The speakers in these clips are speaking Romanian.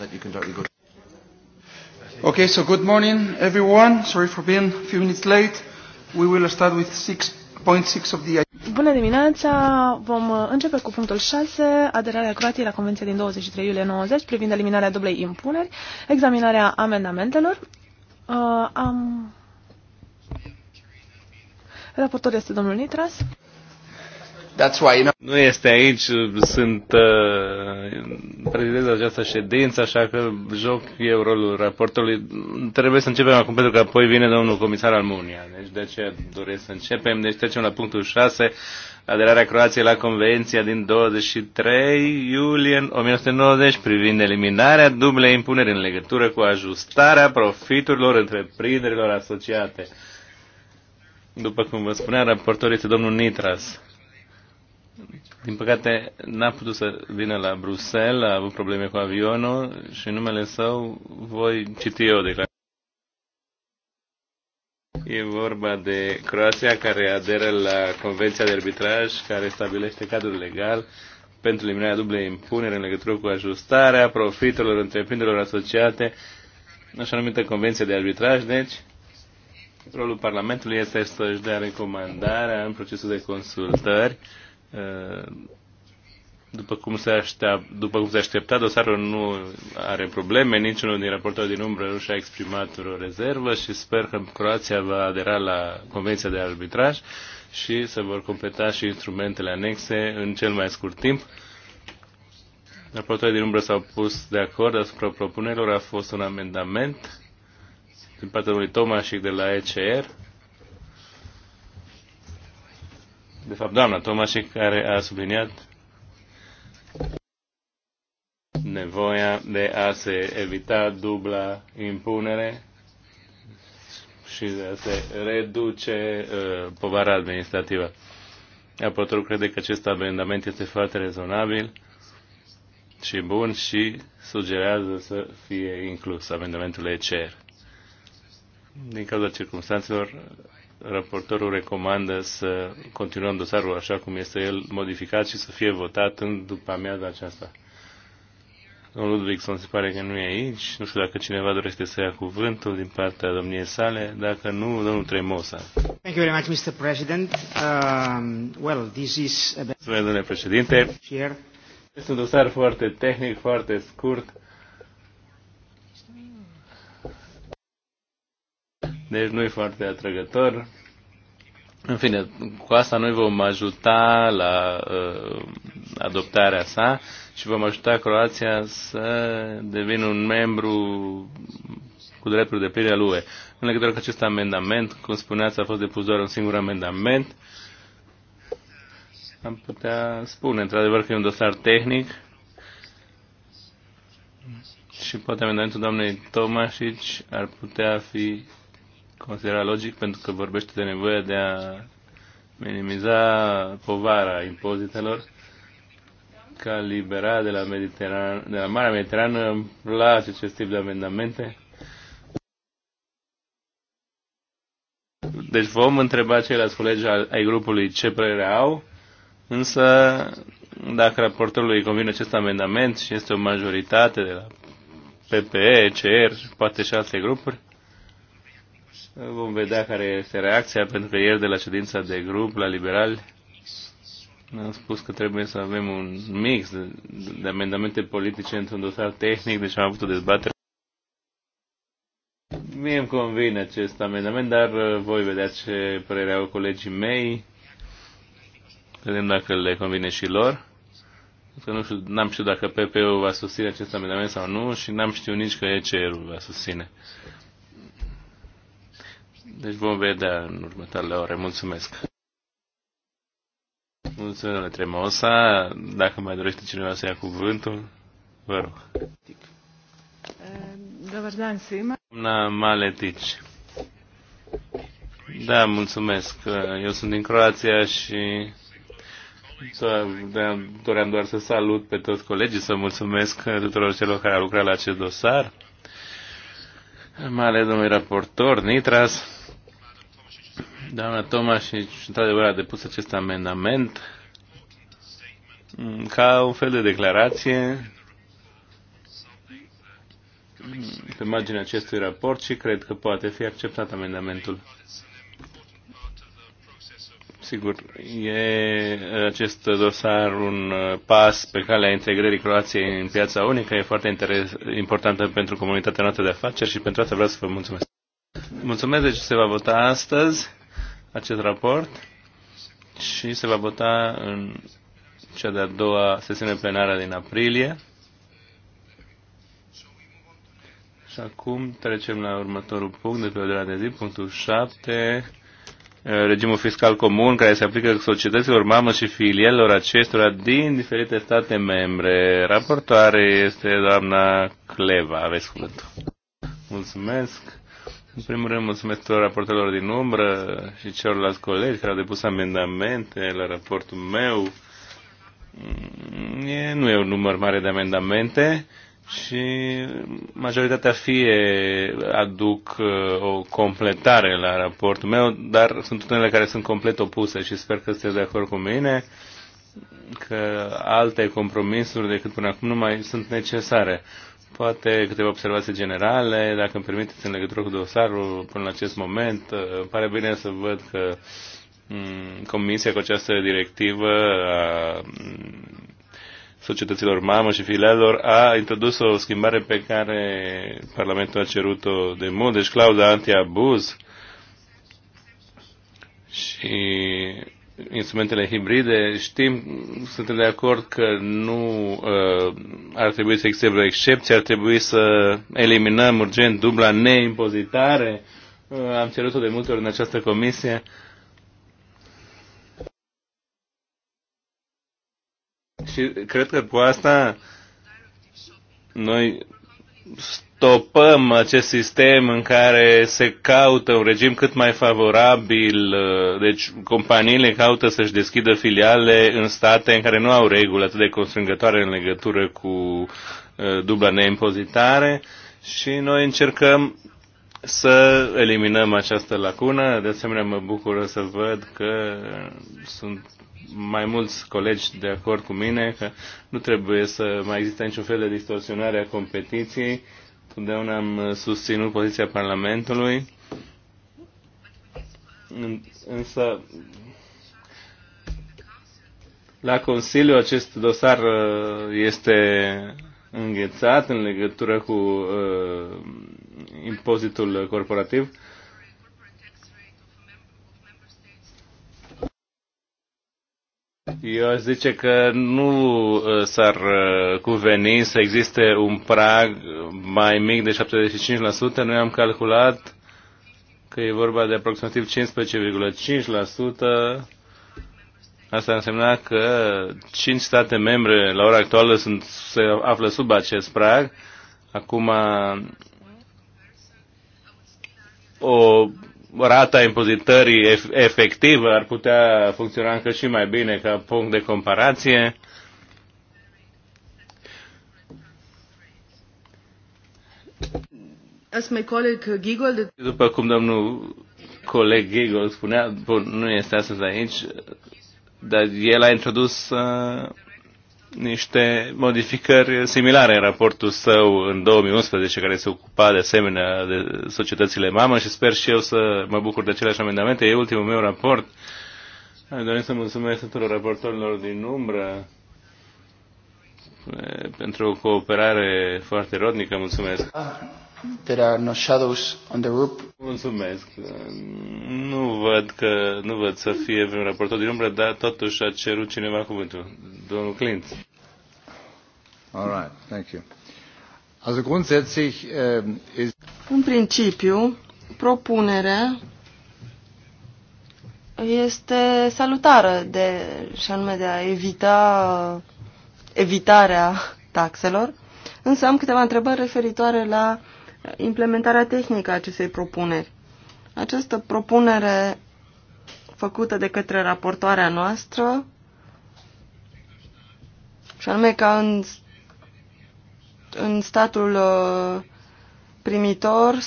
that you can directly go to. Okay, so good morning, everyone. Sorry for being a few minutes late. We will start with 6.6 of the... Bună dimineața! Vom uh, începe cu punctul 6, aderarea Croatiei la Convenția din 23 iulie 90 privind eliminarea dublei impuneri, examinarea amendamentelor. Uh, am... Raportor este domnul Nitras. That's why, you know... Nu este aici, sunt uh, prezidez această ședință, așa că joc eu rolul raportului. Trebuie să începem acum, pentru că apoi vine domnul comisar Almunia. Deci de ce doresc să începem. Deci trecem la punctul 6, aderarea Croației la Convenția din 23 iulie 1990 privind eliminarea dublei impuneri în legătură cu ajustarea profiturilor întreprinderilor asociate. După cum vă spunea, raportorul este domnul Nitras. Din păcate, n-a putut să vină la Bruxelles, a avut probleme cu avionul și în numele său voi citi eu declarația. E vorba de Croația care aderă la Convenția de Arbitraj care stabilește cadrul legal pentru eliminarea dublei impuneri în legătură cu ajustarea profitelor întreprinderilor asociate, așa numită Convenție de Arbitraj, deci rolul Parlamentului este să-și dea recomandarea în procesul de consultări Ă, după cum se, aștept, după cum se aștepta, dosarul nu are probleme, niciunul din raportorii din umbră nu și-a exprimat o rezervă și sper că Croația va adera la Convenția de Arbitraj și să vor completa și instrumentele anexe în cel mai scurt timp. Raportorii din umbră s-au pus de acord asupra propunerilor, a fost un amendament din partea lui Tomașic de la ECR, de fapt doamna Tomașic, care a subliniat nevoia de a se evita dubla impunere și de a se reduce uh, povara administrativă. Apotru crede că acest amendament este foarte rezonabil și bun și sugerează să fie inclus amendamentul ECR. Din cauza circunstanțelor, raportorul recomandă să continuăm dosarul așa cum este el modificat și să fie votat în după amiaza aceasta. Domnul Ludvigson se pare că nu e aici. Nu știu dacă cineva dorește să ia cuvântul din partea domniei sale. Dacă nu, domnul Tremosa. Thank you very much, Mr. President. Uh, well, this is... Mulțumesc, domnule președinte. Este un dosar foarte tehnic, foarte scurt deci nu e foarte atrăgător. În fine, cu asta noi vom ajuta la uh, adoptarea sa și vom ajuta Croația să devină un membru cu drepturi de plină al UE. În legătură cu acest amendament, cum spuneați, a fost depus doar un singur amendament. Am putea spune, într-adevăr, că e un dosar tehnic și poate amendamentul doamnei Tomașici ar putea fi considera logic pentru că vorbește de nevoia de a minimiza povara impozitelor ca libera de la, Mediteran, de la Marea Mediterană. Îmi place acest tip de amendamente. Deci vom întreba ceilalți colegi ai grupului ce părere au, însă dacă raportorului convine acest amendament și este o majoritate de la PPE, CR, poate și alte grupuri, Vom vedea care este reacția, pentru că ieri de la ședința de grup, la liberali, am spus că trebuie să avem un mix de, de amendamente politice într-un dosar tehnic, deci am avut o dezbatere. Mie îmi convine acest amendament, dar uh, voi vedea ce părere au colegii mei. Vedem dacă le convine și lor. Că nu știu, n-am știut dacă PP-ul va susține acest amendament sau nu și n-am știut nici că ECR-ul va susține. Deci vom vedea în următoarele ore. Mulțumesc! Mulțumesc, domnule Tremosa. Dacă mai dorește cineva să ia cuvântul, vă rog. Dobar dan Doamna Da, mulțumesc. Eu sunt din Croația și doream doar să salut pe toți colegii, să mulțumesc tuturor celor care au lucrat la acest dosar, mai ales domnul raportor Nitras. Doamna Tomașici, într-adevăr, a depus acest amendament ca un fel de declarație pe marginea acestui raport și cred că poate fi acceptat amendamentul. Sigur, e acest dosar un pas pe calea integrării Croației în piața unică, e foarte interes, importantă pentru comunitatea noastră de afaceri și pentru asta vreau să vă mulțumesc. Mulțumesc, ce deci se va vota astăzi acest raport și se va vota în cea de-a doua sesiune plenară din aprilie. Și acum trecem la următorul punct de pe ordinea de zi, punctul 7, eh, regimul fiscal comun care se aplică societăților mamă și filielor acestora din diferite state membre. Raportoare este doamna Cleva, aveți cuvântul. Mulțumesc. În primul rând, mulțumesc tuturor raportelor din umbră și celorlalți colegi care au depus amendamente la raportul meu. Mm, e, nu e un număr mare de amendamente și majoritatea fie aduc uh, o completare la raportul meu, dar sunt unele care sunt complet opuse și sper că sunteți de acord cu mine că alte compromisuri decât până acum nu mai sunt necesare. Poate câteva observații generale, dacă îmi permiteți, în legătură cu dosarul până la acest moment. Îmi pare bine să văd că mm, Comisia cu această directivă a mm, societăților mamă și filelor a introdus o schimbare pe care Parlamentul a cerut-o de mult, deci clauza anti-abuz și instrumentele hibride, știm, suntem de acord că nu uh, ar trebui să existe vreo excepție, ar trebui să eliminăm urgent dubla neimpozitare. Uh, am cerut-o de multe ori în această comisie. Și cred că cu asta noi stopăm acest sistem în care se caută un regim cât mai favorabil, uh, deci companiile caută să-și deschidă filiale în state în care nu au reguli atât de constrângătoare în legătură cu uh, dubla neimpozitare și noi încercăm să eliminăm această lacună. De asemenea, mă bucur să văd că sunt mai mulți colegi de acord cu mine că nu trebuie să mai existe niciun fel de distorsionare a competiției Întotdeauna am uh, susținut poziția Parlamentului, însă la Consiliu acest dosar uh, este înghețat în legătură cu uh, impozitul corporativ Eu aș zice că nu ă, s-ar ă, cuveni să existe un prag mai mic de 75%. Noi am calculat că e vorba de aproximativ 15,5%. Asta însemna că 5 state membre la ora actuală sunt, se află sub acest prag. Acum o rata impozitării efectivă ar putea funcționa încă și mai bine ca punct de comparație. După cum domnul coleg Giegold spunea, bun, nu este astăzi aici, dar el a introdus uh, niște modificări similare în raportul său în 2011, care se ocupa de asemenea de societățile mamă și sper și eu să mă bucur de aceleași amendamente. E ultimul meu raport. Am dorit să mulțumesc tuturor raportorilor din umbră eh, pentru o cooperare foarte rodnică. Mulțumesc! Ah. There are no shadows on the roof. Mulțumesc. Nu văd că nu văd să fie vreun raportor din umbră, dar totuși a cerut cineva cuvântul. Domnul Clint. All right, thank you. Also grundsätzlich um, äh, is... În principiu, propunerea este salutară de, și anume de a evita evitarea taxelor, însă am câteva întrebări referitoare la implementarea tehnică a acestei propuneri. Această propunere făcută de către raportoarea noastră, și anume ca în, în statul uh, primitor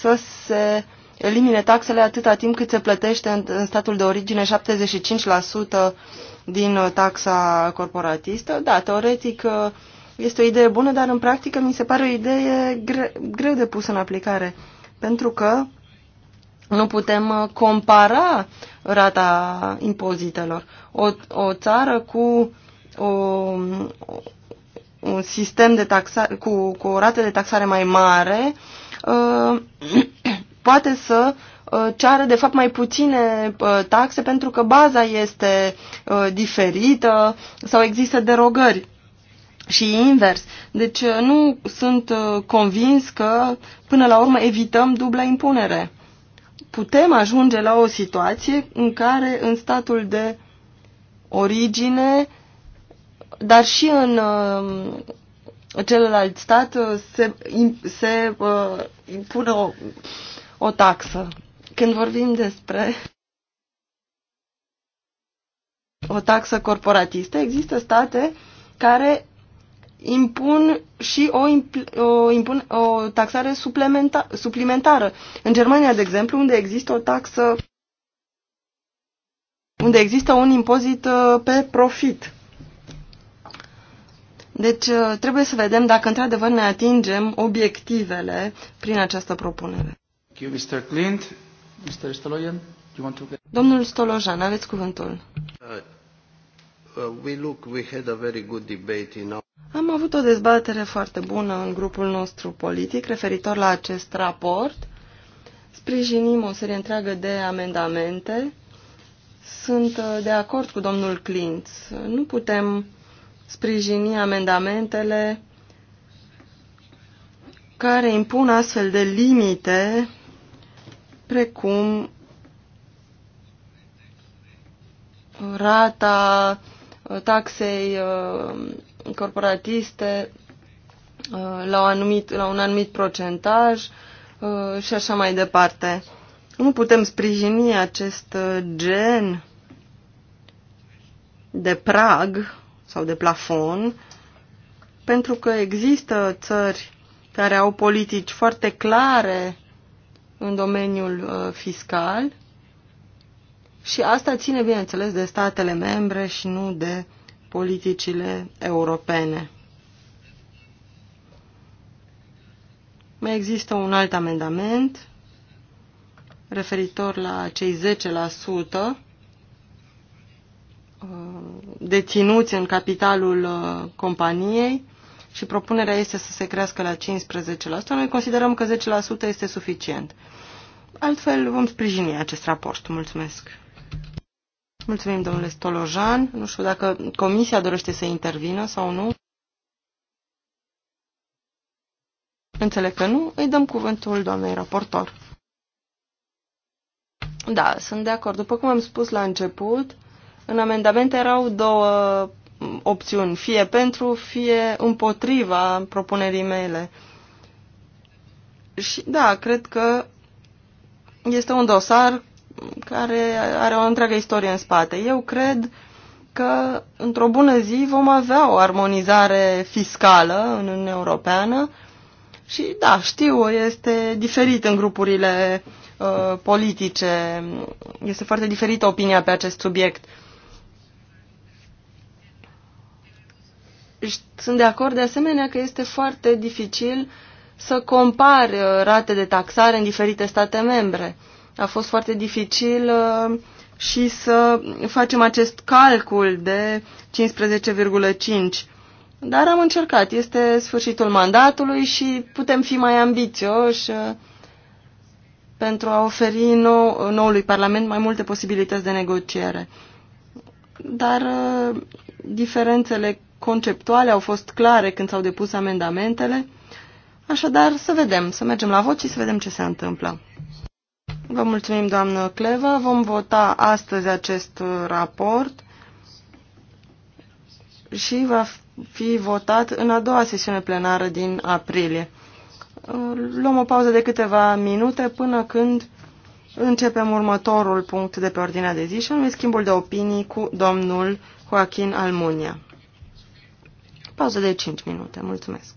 să se elimine taxele atâta timp cât se plătește în, în statul de origine 75% din taxa corporatistă. Da, teoretic uh, este o idee bună, dar în practică mi se pare o idee gre greu de pus în aplicare, pentru că nu putem uh, compara rata impozitelor. O, o țară cu o, un sistem de taxare, cu, cu o rată de taxare mai mare uh, poate să uh, ceară de fapt mai puține uh, taxe pentru că baza este diferită sau există derogări și invers. Deci uh, nu sunt uh, convins că până la urmă evităm dubla impunere. Putem ajunge la o situație în care în statul de origine, dar și în uh, celălalt stat se, se uh, impune o, o taxă. Când vorbim despre o taxă corporatistă, există state care impun și o, o, impun, o taxare suplementa, suplimentară. În Germania, de exemplu, unde există o taxă, unde există un impozit uh, pe profit. Deci uh, trebuie să vedem dacă într-adevăr ne atingem obiectivele prin această propunere. Mr. Clint, Mr. Stolojan, you want to get... Domnul Stolojan, aveți cuvântul. Uh, uh, we look, we had a very good debate in our avut o dezbatere foarte bună în grupul nostru politic referitor la acest raport. Sprijinim o serie întreagă de amendamente. Sunt uh, de acord cu domnul Clint. Nu putem sprijini amendamentele care impun astfel de limite precum rata uh, taxei uh, corporatiste uh, la, un anumit, la un anumit procentaj uh, și așa mai departe. Nu putem sprijini acest uh, gen de prag sau de plafon pentru că există țări care au politici foarte clare în domeniul fiscal și asta ține, bineînțeles, de statele membre și nu de politicile europene. Mai există un alt amendament referitor la cei 10% uh, deținuți în capitalul uh, companiei și propunerea este să se crească la 15%. Noi considerăm că 10% este suficient. Altfel vom sprijini acest raport. Mulțumesc! Mulțumim, domnule Stolojan. Nu știu dacă comisia dorește să intervină sau nu. Înțeleg că nu. Îi dăm cuvântul doamnei raportor. Da, sunt de acord. După cum am spus la început, în amendament erau două opțiuni, fie pentru, fie împotriva propunerii mele. Și da, cred că este un dosar care are o întreagă istorie în spate. Eu cred că într-o bună zi vom avea o armonizare fiscală în Uniunea Europeană și, da, știu, este diferit în grupurile uh, politice, este foarte diferită opinia pe acest subiect. Sunt de acord de asemenea că este foarte dificil să compari uh, rate de taxare în diferite state membre. Uh, a fost foarte dificil uh, și să facem acest calcul de 15,5. Dar am încercat. Este sfârșitul mandatului și putem fi mai ambițioși uh, pentru a oferi nou, uh, noului Parlament mai multe posibilități de negociere. Dar diferențele conceptuale au fost clare când s-au depus amendamentele. Așadar, să vedem, să mergem la vot și să vedem ce se întâmplă. Vă mulțumim, doamnă Cleva. Vom vota astăzi acest uh, raport și va fi votat în a doua sesiune plenară din aprilie. Uh, luăm o pauză de câteva minute până când începem următorul punct de pe ordinea de zi și anume schimbul de opinii cu domnul Joaquin Almunia. Pauză de 5 minute. Mulțumesc.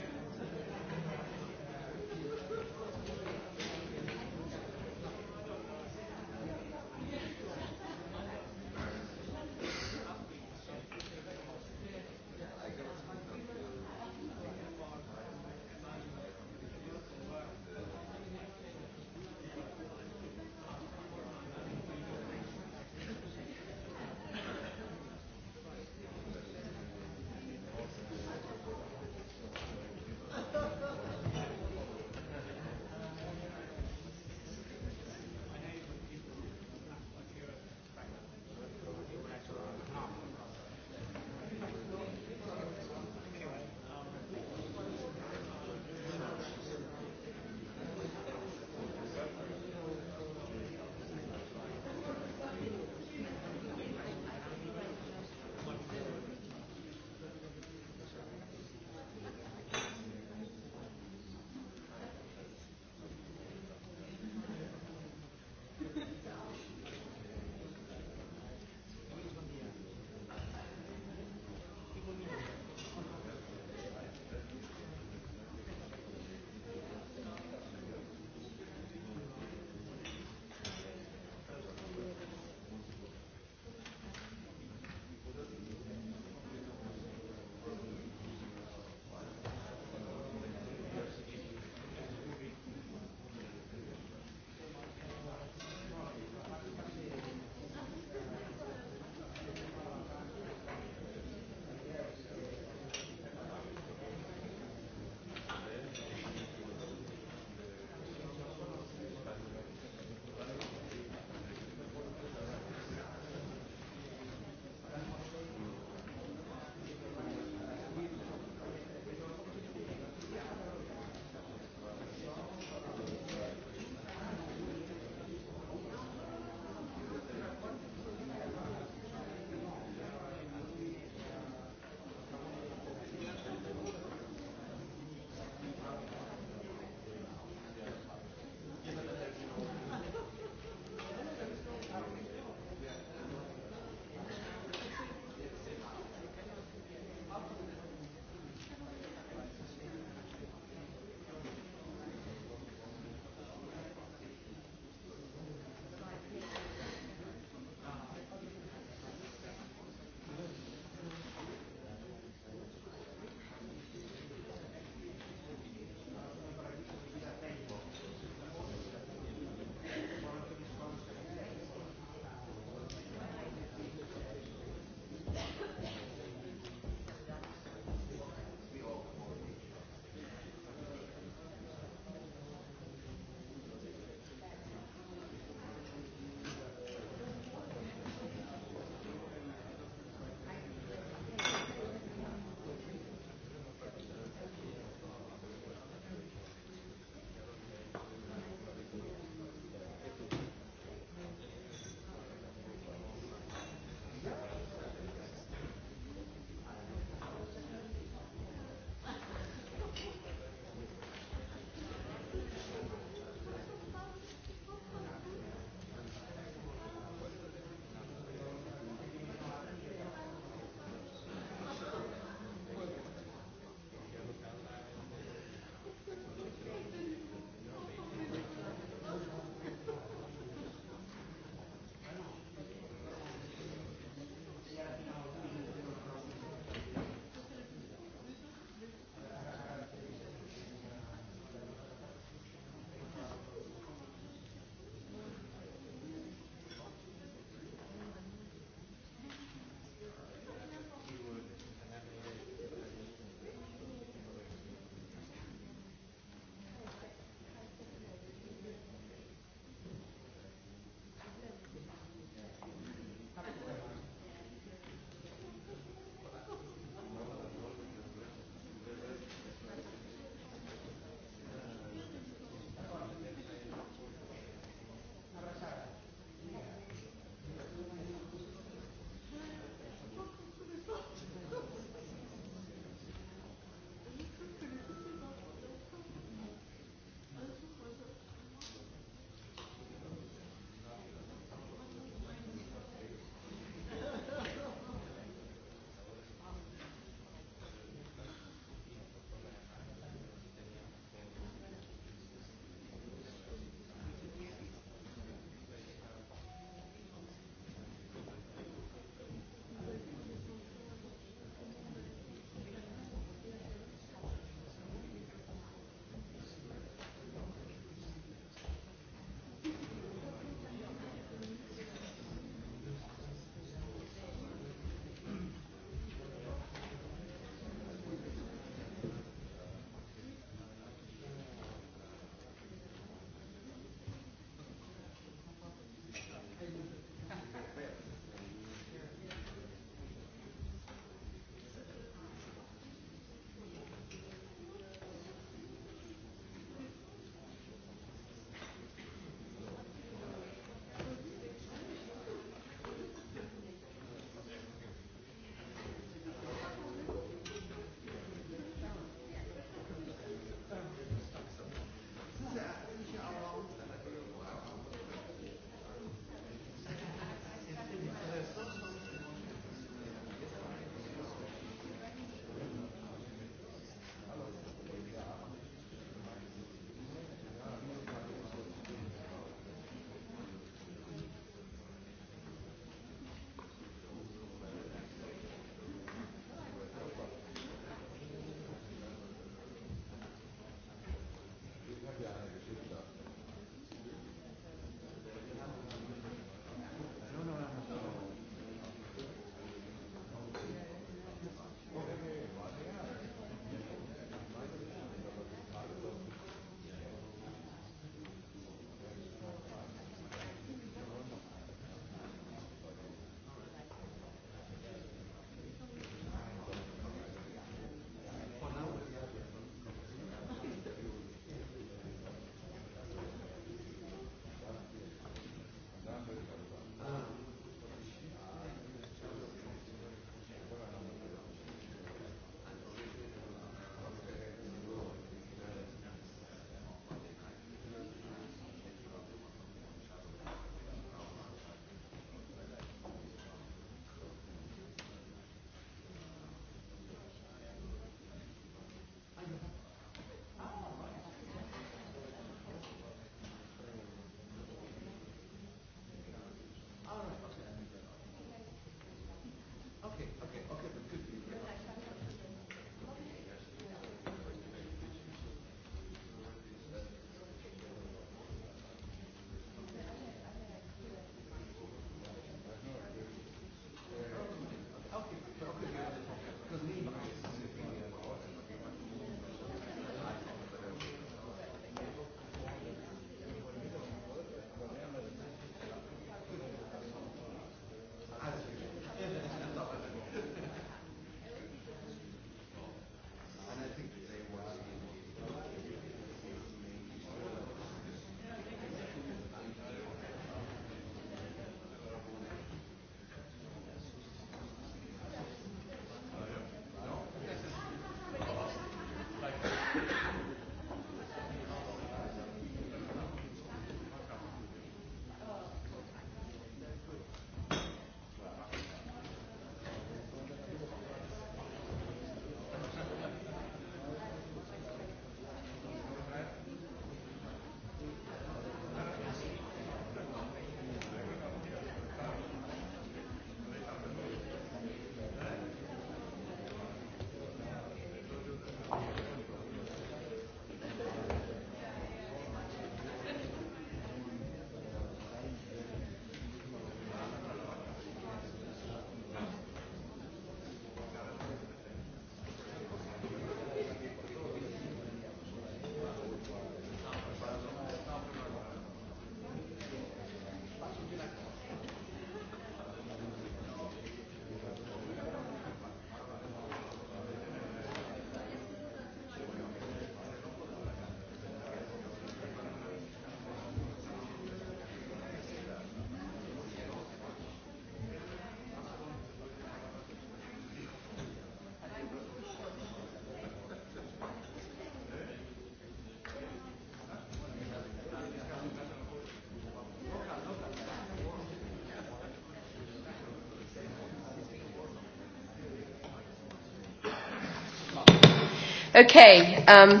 Okay, um,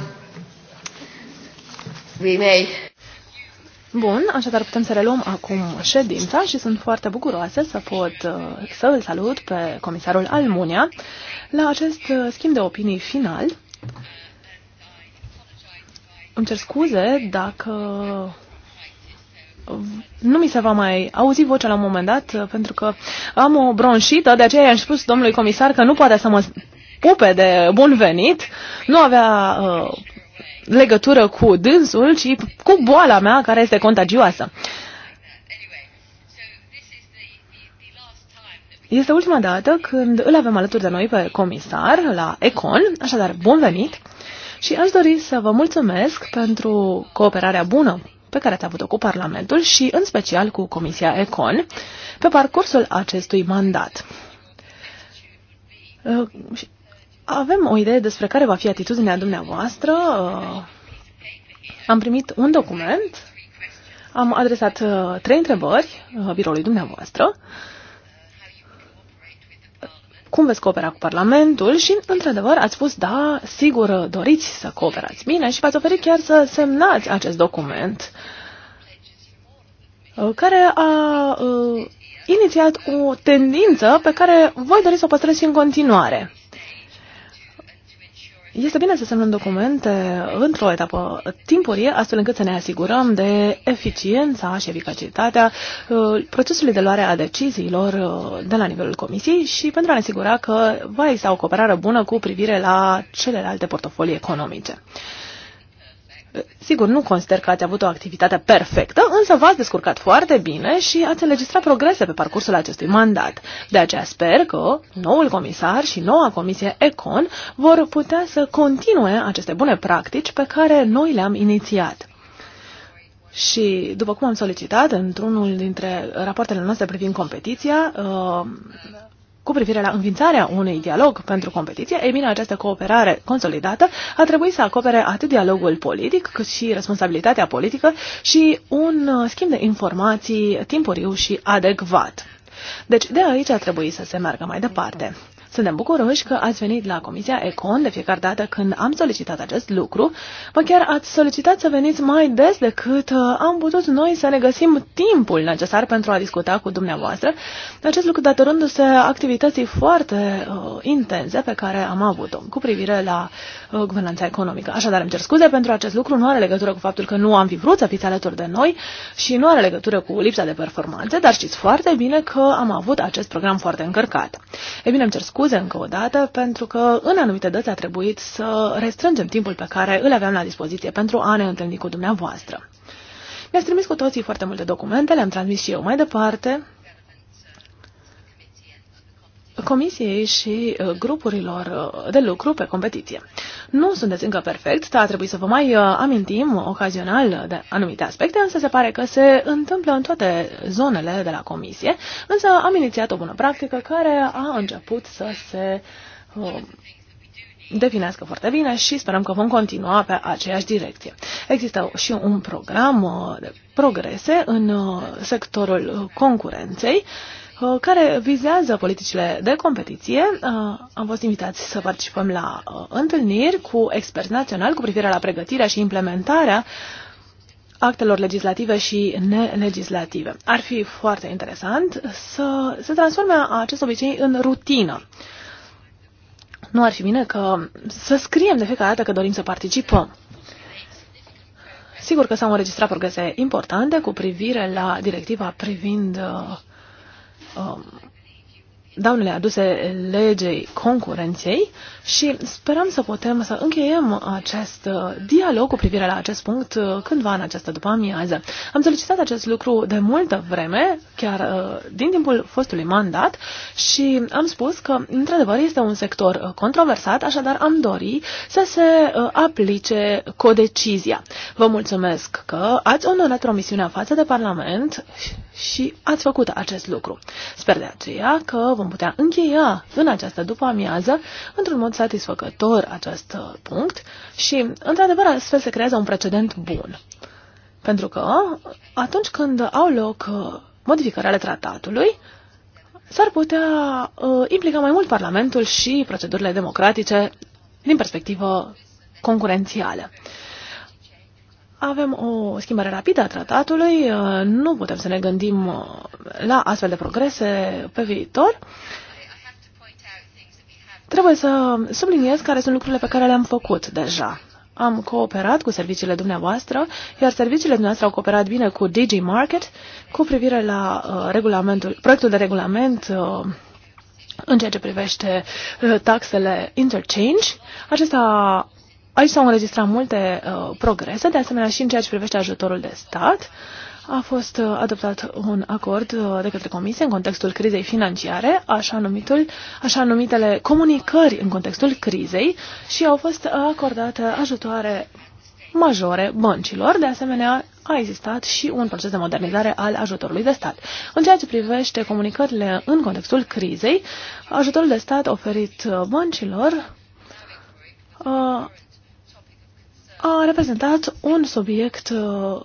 we may... Bun, așadar putem să reluăm acum ședința și sunt foarte bucuroasă să pot uh, să îl salut pe comisarul Almunia la acest uh, schimb de opinii final. Îmi cer scuze dacă nu mi se va mai auzi vocea la un moment dat, uh, pentru că am o bronșită, de aceea i-am spus domnului comisar că nu poate să mă pupe de bun venit nu avea uh, legătură cu dânsul, ci cu boala mea care este contagioasă. Este ultima dată când îl avem alături de noi pe comisar la Econ, așadar bun venit și aș dori să vă mulțumesc pentru cooperarea bună pe care ați avut-o cu Parlamentul și în special cu Comisia Econ pe parcursul acestui mandat. Uh, avem o idee despre care va fi atitudinea dumneavoastră. Am primit un document, am adresat uh, trei întrebări uh, biroului dumneavoastră. Cum veți coopera cu Parlamentul? Și, într-adevăr, ați spus, da, sigur, uh, doriți să cooperați bine și v-ați oferit chiar să semnați acest document care a inițiat o tendință pe care voi doriți să o păstrez și în continuare. Este bine să semnăm documente într-o etapă timpurie, astfel încât să ne asigurăm de eficiența și eficacitatea uh, procesului de luare a deciziilor uh, de la nivelul Comisiei și pentru a ne asigura că va exista o cooperare bună cu privire la celelalte portofolii economice. Sigur, nu consider că ați avut o activitate perfectă, însă v-ați descurcat foarte bine și ați înregistrat progrese pe parcursul acestui mandat. De aceea sper că noul comisar și noua comisie ECON vor putea să continue aceste bune practici pe care noi le-am inițiat. Și, după cum am solicitat într-unul dintre rapoartele noastre privind competiția, uh, cu privire la înființarea unui dialog pentru competiție, ei bine, această cooperare consolidată a trebuit să acopere atât dialogul politic, cât și responsabilitatea politică și un uh, schimb de informații timpuriu și adecvat. Deci de aici a trebuit să se meargă mai departe. Suntem bucuroși că ați venit la Comisia Econ de fiecare dată când am solicitat acest lucru. Vă chiar ați solicitat să veniți mai des decât uh, am putut noi să ne găsim timpul necesar pentru a discuta cu dumneavoastră. Acest lucru datorându-se activității foarte uh, intense pe care am avut-o cu privire la uh, guvernanța economică. Așadar, îmi cer scuze pentru acest lucru. Nu are legătură cu faptul că nu am fi vrut să fiți alături de noi și nu are legătură cu lipsa de performanțe, dar știți foarte bine că am avut acest program foarte încărcat. E bine, îmi cer scuze scuze încă o dată pentru că în anumite dăți a trebuit să restrângem timpul pe care îl aveam la dispoziție pentru a ne întâlni cu dumneavoastră. Mi-ați trimis cu toții foarte multe documente, le-am transmis și eu mai departe Comisiei și uh, grupurilor uh, de lucru pe competiție. Nu sunteți încă perfect, dar a trebuit să vă mai uh, amintim ocazional de anumite aspecte, însă se pare că se întâmplă în toate zonele de la Comisie, însă am inițiat o bună practică care a început să se um, definească foarte bine și sperăm că vom continua pe aceeași direcție. Există și un program de progrese în sectorul concurenței, Uh, care vizează politicile de competiție. Uh, am fost invitați să participăm la uh, întâlniri cu experți naționali cu privire la pregătirea și implementarea actelor legislative și nelegislative. Ar fi foarte interesant să se transforme acest obicei în rutină. Nu ar fi bine că să scriem de fiecare dată că dorim să participăm. Sigur că s-au înregistrat progrese importante cu privire la directiva privind Um, daunele aduse legei concurenței și sperăm să putem să încheiem acest uh, dialog cu privire la acest punct uh, cândva în această după amiază. Am solicitat acest lucru de multă vreme, chiar uh, din timpul fostului mandat și am spus că, într-adevăr, este un sector controversat, așadar am dori să se aplice codecizia. Vă mulțumesc că ați onorat promisiunea față de Parlament și ați făcut acest lucru. Sper de aceea că vom putea încheia în această după-amiază într-un mod satisfăcător acest uh, punct și, într-adevăr, astfel se creează un precedent bun. Pentru că atunci când au loc uh, modificări ale tratatului, s-ar putea uh, implica mai mult Parlamentul și procedurile democratice din perspectivă concurențială avem o schimbare rapidă a tratatului, uh, nu putem să ne gândim uh, la astfel de progrese pe viitor. Trebuie să subliniez care sunt lucrurile pe care le-am făcut deja. Am cooperat cu serviciile dumneavoastră, iar serviciile dumneavoastră au cooperat bine cu DG Market cu privire la uh, regulamentul, proiectul de regulament în ceea ce privește taxele interchange. Acesta Aici s-au înregistrat multe uh, progrese, de asemenea și în ceea ce privește ajutorul de stat. A fost uh, adoptat un acord uh, de către Comisie în contextul crizei financiare, așa, numitul, așa numitele comunicări în contextul crizei și au fost acordate ajutoare majore băncilor. De asemenea, a existat și un proces de modernizare al ajutorului de stat. În ceea ce privește comunicările în contextul crizei, ajutorul de stat oferit uh, băncilor uh, a reprezentat un subiect uh,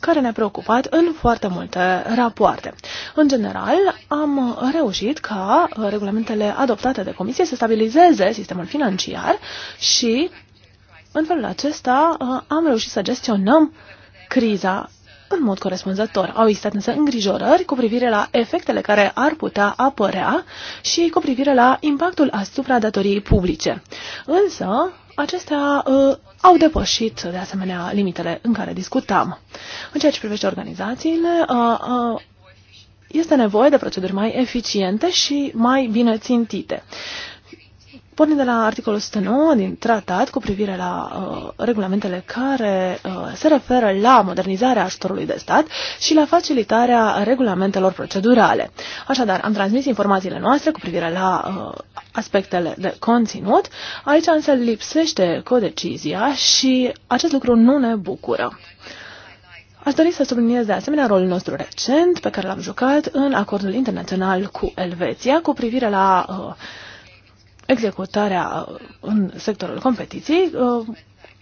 care ne-a preocupat în foarte multe rapoarte. În general, am reușit ca uh, regulamentele adoptate de comisie să stabilizeze sistemul financiar și în felul acesta uh, am reușit să gestionăm criza în mod corespunzător. Au existat însă îngrijorări cu privire la efectele care ar putea apărea și cu privire la impactul asupra datoriei publice. Însă, acestea uh, au depășit, de asemenea, limitele în care discutam. În ceea ce privește organizațiile, uh, uh, este nevoie de proceduri mai eficiente și mai bine țintite. Pornind de la articolul 109 din tratat cu privire la uh, regulamentele care uh, se referă la modernizarea ajutorului de stat și la facilitarea regulamentelor procedurale. Așadar, am transmis informațiile noastre cu privire la uh, aspectele de conținut. Aici însă lipsește codecizia și acest lucru nu ne bucură. Aș dori să subliniez de asemenea rolul nostru recent pe care l-am jucat în acordul internațional cu Elveția cu privire la uh, executarea uh, în sectorul competiției. Uh,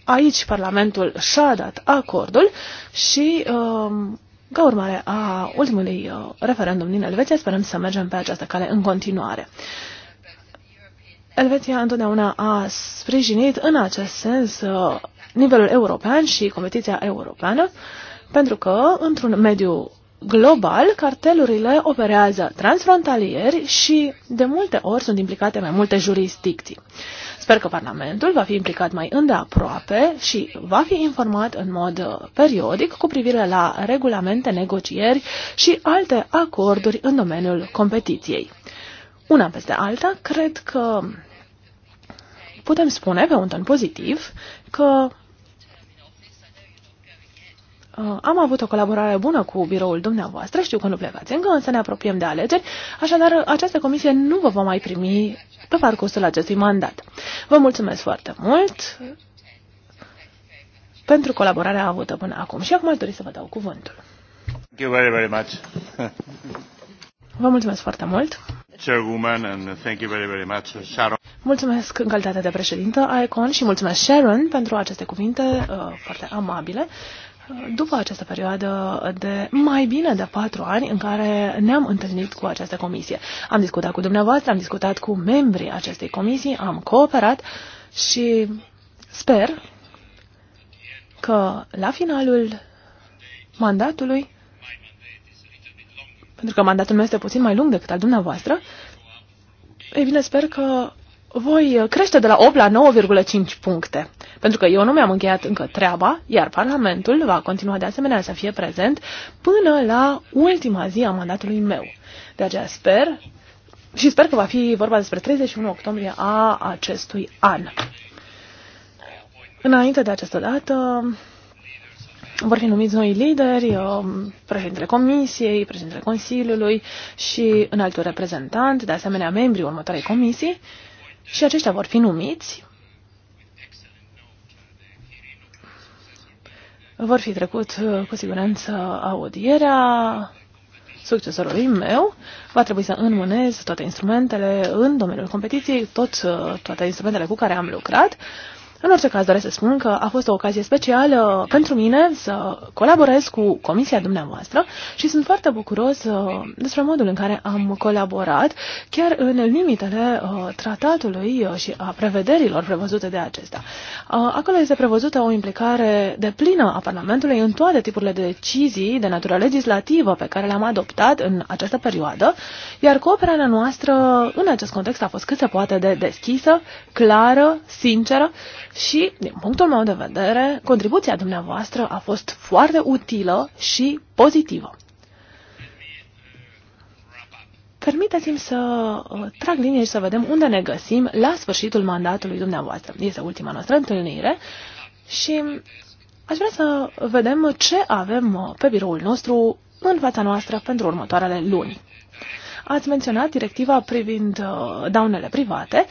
aici Parlamentul și-a dat acordul și uh, ca urmare a ultimului referendum din Elveția sperăm să mergem pe această cale în continuare. Elveția întotdeauna a sprijinit în acest sens nivelul european și competiția europeană, pentru că într-un mediu global, cartelurile operează transfrontalieri și de multe ori sunt implicate mai multe jurisdicții. Sper că Parlamentul va fi implicat mai îndeaproape și va fi informat în mod uh, periodic cu privire la regulamente, negocieri și alte acorduri în domeniul competiției. Una peste alta, cred că putem spune pe un ton pozitiv că Uh, am avut o colaborare bună cu biroul dumneavoastră, știu că nu plecați încă, însă ne apropiem de alegeri, așadar uh, această comisie nu vă va mai primi pe parcursul acestui mandat. Vă mulțumesc foarte mult pentru colaborarea avută până acum și acum aș dori să vă dau cuvântul. Thank you very, very much. Vă mulțumesc foarte mult. Chairwoman and thank you very, very much, Sharon. Mulțumesc în calitate de președintă ICON și mulțumesc Sharon pentru aceste cuvinte uh, foarte amabile. Uh, după această perioadă de mai bine de patru ani în care ne-am întâlnit cu această comisie. Am discutat cu dumneavoastră, am discutat cu membrii acestei comisii, am cooperat și sper că la finalul mandatului, pentru că mandatul meu este puțin mai lung decât al dumneavoastră, e bine, sper că voi crește de la 8 la 9,5 puncte. Pentru că eu nu mi-am încheiat încă treaba, iar Parlamentul va continua de asemenea să fie prezent până la ultima zi a mandatului meu. De aceea sper și sper că va fi vorba despre 31 octombrie a acestui an. Înainte de această dată, vor fi numiți noi lideri, uh, președintele Comisiei, președintele Consiliului și în altul reprezentant, de asemenea membrii următoarei comisii, și aceștia vor fi numiți vor fi trecut uh, cu siguranță audierea succesorului meu. Va trebui să înmânez toate instrumentele în domeniul competiției, tot, uh, toate instrumentele cu care am lucrat. În orice caz doresc să spun că a fost o ocazie specială pentru mine să colaborez cu comisia dumneavoastră și sunt foarte bucuros uh, despre modul în care am colaborat, chiar în limitele uh, tratatului uh, și a prevederilor prevăzute de acesta. Acolo este prevăzută o implicare de plină a Parlamentului în toate tipurile de decizii de natură legislativă pe care le-am adoptat în această perioadă, iar cooperarea noastră în acest context a fost cât se poate de deschisă, clară, sinceră și, din punctul meu de vedere, contribuția dumneavoastră a fost foarte utilă și pozitivă. Permiteți-mi să uh, trag linie și să vedem unde ne găsim la sfârșitul mandatului dumneavoastră. Este ultima noastră întâlnire și aș vrea să vedem ce avem uh, pe biroul nostru în fața noastră pentru următoarele luni. Ați menționat directiva privind uh, daunele private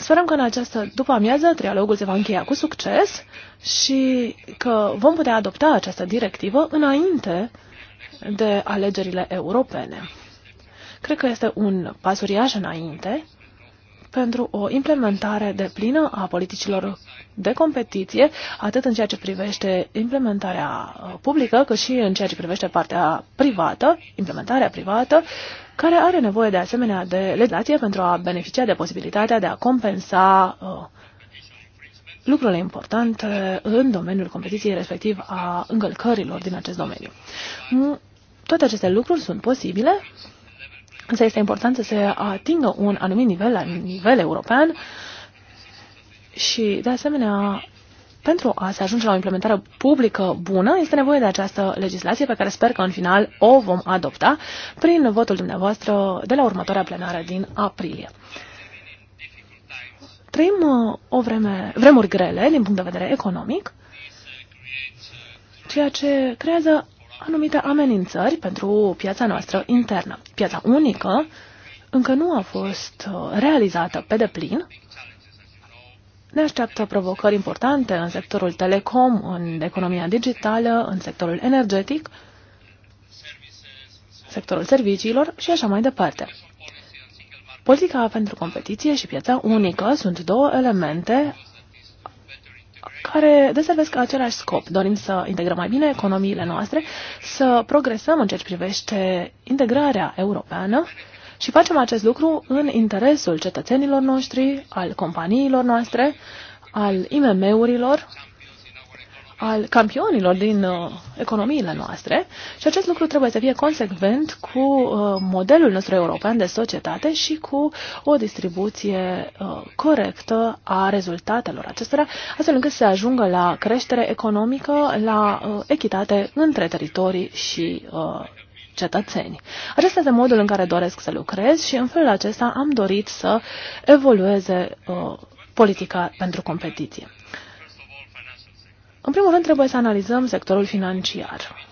Sperăm că în această după-amiază trialogul se va încheia cu succes și că vom putea adopta această directivă înainte de alegerile europene. Cred că este un pas uriaș înainte pentru o implementare de plină a politicilor de competiție, atât în ceea ce privește implementarea uh, publică, cât și în ceea ce privește partea privată, implementarea privată, care are nevoie de asemenea de legislație pentru a beneficia de posibilitatea de a compensa uh, lucrurile importante în domeniul competiției, respectiv a încălcărilor din acest domeniu. Toate aceste lucruri sunt posibile, însă este important să se atingă un anumit nivel la nivel european și, de asemenea, pentru a se ajunge la o implementare publică bună, este nevoie de această legislație pe care sper că în final o vom adopta prin votul dumneavoastră de la următoarea plenară din aprilie. Trăim uh, o vreme, vremuri grele din punct de vedere economic, ceea ce creează anumite amenințări pentru piața noastră internă. Piața unică încă nu a fost uh, realizată pe deplin, ne așteaptă provocări importante în sectorul telecom, în economia digitală, în sectorul energetic, sectorul serviciilor și așa mai departe. Politica pentru competiție și piața unică sunt două elemente care deservesc același scop. Dorim să integrăm mai bine economiile noastre, să progresăm în ceea ce privește integrarea europeană și facem acest lucru în interesul cetățenilor noștri, al companiilor noastre, al IMM-urilor, al campionilor din uh, economiile noastre și acest lucru trebuie să fie consecvent cu uh, modelul nostru european de societate și cu o distribuție uh, corectă a rezultatelor acestora, astfel încât să ajungă la creștere economică, la uh, echitate între teritorii și uh, cetățeni. Acesta este modul în care doresc să lucrez și în felul acesta am dorit să evolueze uh, politica pentru competiție. În primul rând trebuie să analizăm sectorul financiar.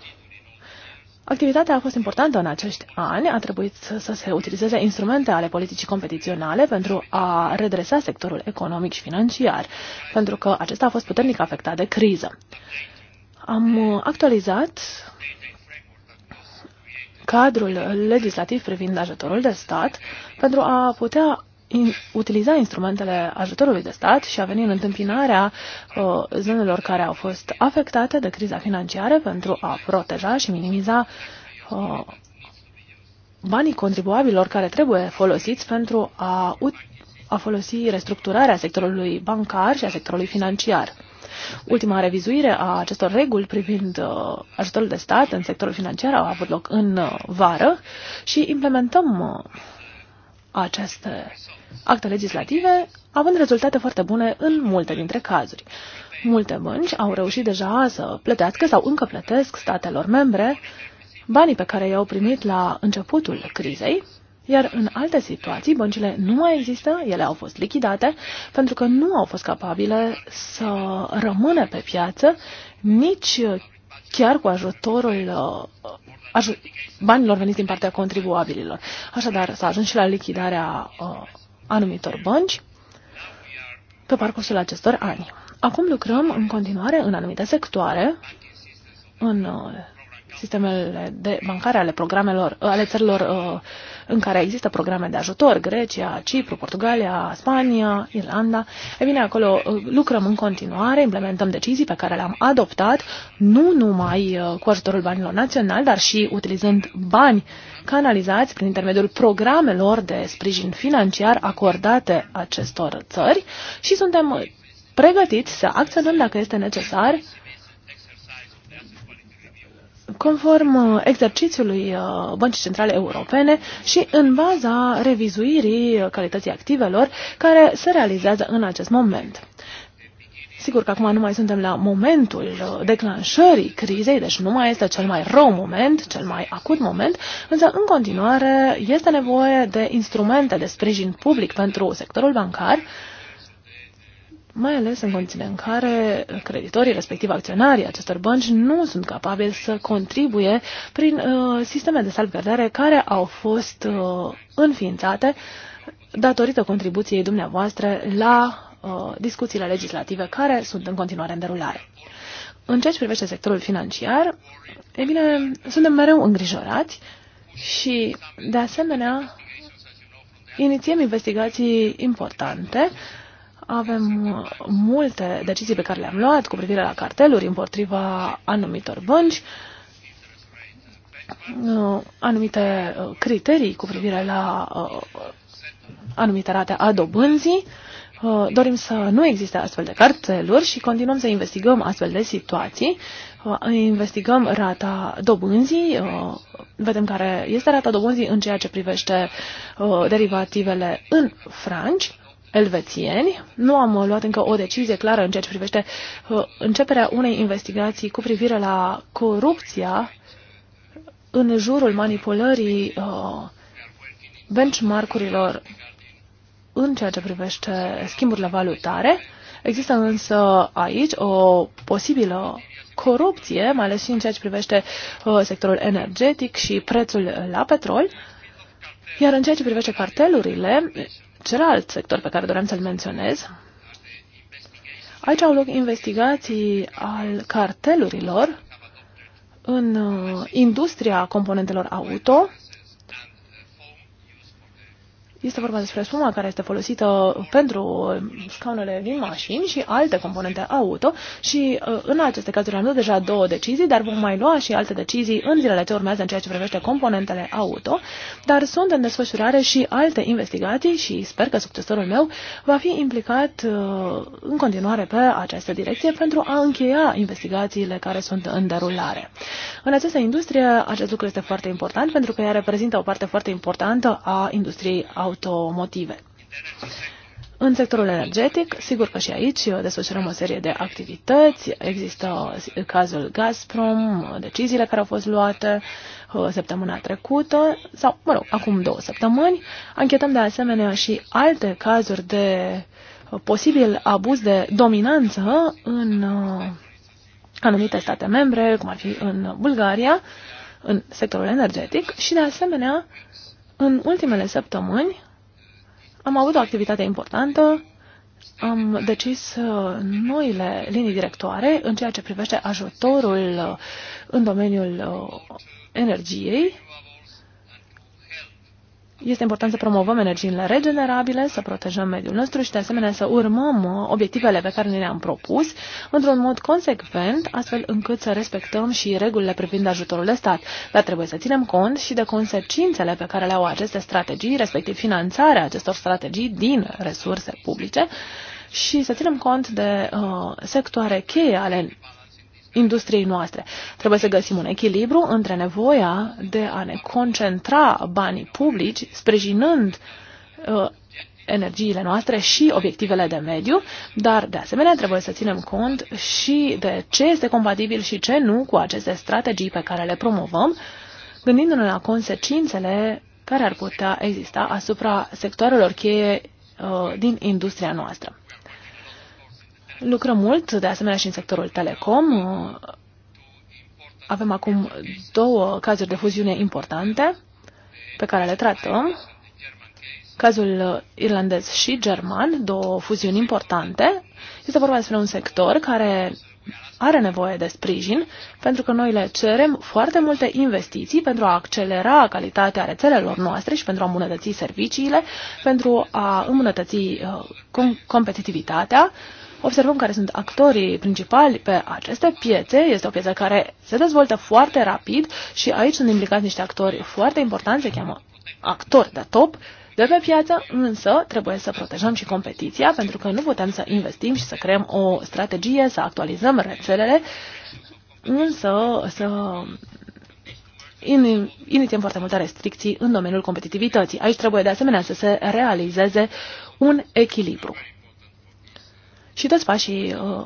Activitatea a fost importantă în acești ani, a trebuit să se utilizeze instrumente ale politicii competiționale pentru a redresa sectorul economic și financiar, pentru că acesta a fost puternic afectat de criză. Am uh, actualizat cadrul legislativ privind ajutorul de stat pentru a putea in, utiliza instrumentele ajutorului de stat și a venit în întâmpinarea uh, zonelor care au fost afectate de criza financiară pentru a proteja și minimiza uh, banii contribuabilor care trebuie folosiți pentru a, a folosi restructurarea sectorului bancar și a sectorului financiar. Ultima revizuire a acestor reguli privind uh, ajutorul de stat în sectorul financiar a avut loc în uh, vară și implementăm uh, aceste acte legislative având rezultate foarte bune în multe dintre cazuri. Multe bănci au reușit deja să plătească sau încă plătesc statelor membre banii pe care i-au primit la începutul crizei iar în alte situații, băncile nu mai există, ele au fost lichidate pentru că nu au fost capabile să rămână pe piață nici chiar cu ajutorul uh, aj- banilor veniți din partea contribuabililor. Așadar, s-a ajuns și la lichidarea uh, anumitor bănci pe parcursul acestor ani. Acum lucrăm în continuare în anumite sectoare, în uh, sistemele de bancare ale programelor, ale țărilor uh, în care există programe de ajutor, Grecia, Cipru, Portugalia, Spania, Irlanda. E bine, acolo uh, lucrăm în continuare, implementăm decizii pe care le-am adoptat, nu numai uh, cu ajutorul banilor naționali, dar și utilizând bani canalizați prin intermediul programelor de sprijin financiar acordate acestor țări și suntem pregătiți să acționăm dacă este necesar conform uh, exercițiului uh, Băncii Centrale Europene și în baza revizuirii uh, calității activelor care se realizează în acest moment. Sigur că acum nu mai suntem la momentul declanșării crizei, deci nu mai este cel mai rău moment, cel mai acut moment, însă în continuare este nevoie de instrumente de sprijin public pentru sectorul bancar, mai ales în condițiile în care creditorii, respectiv acționarii acestor bănci, nu sunt capabili să contribuie prin uh, sisteme de salvgardare care au fost uh, înființate datorită contribuției dumneavoastră la uh, discuțiile legislative care sunt în continuare în derulare. În ceea ce privește sectorul financiar, e bine, suntem mereu îngrijorați și, de asemenea, inițiem investigații importante avem uh, multe decizii pe care le-am luat cu privire la carteluri împotriva anumitor bănci, uh, anumite uh, criterii cu privire la anumite rate a dobânzii. Dorim să nu existe astfel de carteluri și continuăm să investigăm astfel de situații. Investigăm rata dobânzii, vedem care este rata dobânzii în ceea ce privește derivativele în franci elvețieni. Nu am luat încă o decizie clară în ceea ce privește uh, începerea unei investigații cu privire la corupția în jurul manipulării uh, benchmark-urilor în ceea ce privește schimburile valutare. Există însă aici o posibilă corupție, mai ales și în ceea ce privește uh, sectorul energetic și prețul la petrol. Iar în ceea ce privește cartelurile, celălalt sector pe care doream să-l menționez. Aici au loc investigații al cartelurilor în uh, industria componentelor auto este vorba despre suma care este folosită pentru uh, scaunele din mașini și alte componente auto și uh, în aceste cazuri am luat deja două decizii, dar vom mai lua și alte decizii în zilele ce urmează în ceea ce privește componentele auto, dar sunt în desfășurare și alte investigații și sper că succesorul meu va fi implicat uh, în continuare pe această direcție pentru a încheia investigațiile care sunt în derulare. În această industrie acest lucru este foarte important pentru că ea reprezintă o parte foarte importantă a industriei auto automotive. În sectorul energetic, sigur că și aici desfășurăm o serie de activități. Există cazul Gazprom, deciziile care au fost luate uh, săptămâna trecută sau, mă rog, acum două săptămâni. Anchetăm de asemenea și alte cazuri de uh, posibil abuz de dominanță în uh, anumite state membre, cum ar fi în Bulgaria, în sectorul energetic și, de asemenea, în ultimele săptămâni am avut o activitate importantă, am decis uh, noile linii directoare în ceea ce privește ajutorul uh, în domeniul uh, energiei este important să promovăm energiile regenerabile, să protejăm mediul nostru și, de asemenea, să urmăm uh, obiectivele pe care ne le-am propus într-un mod consecvent, astfel încât să respectăm și regulile privind ajutorul de stat. Dar trebuie să ținem cont și de consecințele pe care le au aceste strategii, respectiv finanțarea acestor strategii din resurse publice și să ținem cont de uh, sectoare cheie ale industriei noastre. Trebuie să găsim un echilibru între nevoia de a ne concentra banii publici, sprijinând uh, energiile noastre și obiectivele de mediu, dar de asemenea trebuie să ținem cont și de ce este compatibil și ce nu cu aceste strategii pe care le promovăm, gândindu-ne la consecințele care ar putea exista asupra sectoarelor cheie uh, din industria noastră. Lucrăm mult, de asemenea, și în sectorul telecom. Avem acum două cazuri de fuziune importante pe care le tratăm. Cazul irlandez și german, două fuziuni importante. Este vorba despre un sector care are nevoie de sprijin, pentru că noi le cerem foarte multe investiții pentru a accelera calitatea rețelelor noastre și pentru a îmbunătăți serviciile, pentru a îmbunătăți uh, competitivitatea observăm care sunt actorii principali pe aceste piețe. Este o piață care se dezvoltă foarte rapid și aici sunt implicați niște actori foarte importanți, se cheamă actori de top, de pe piață, însă, trebuie să protejăm și competiția, pentru că nu putem să investim și să creăm o strategie, să actualizăm rețelele, însă să inițiem foarte multe restricții în domeniul competitivității. Aici trebuie de asemenea să se realizeze un echilibru. Și toți pașii uh,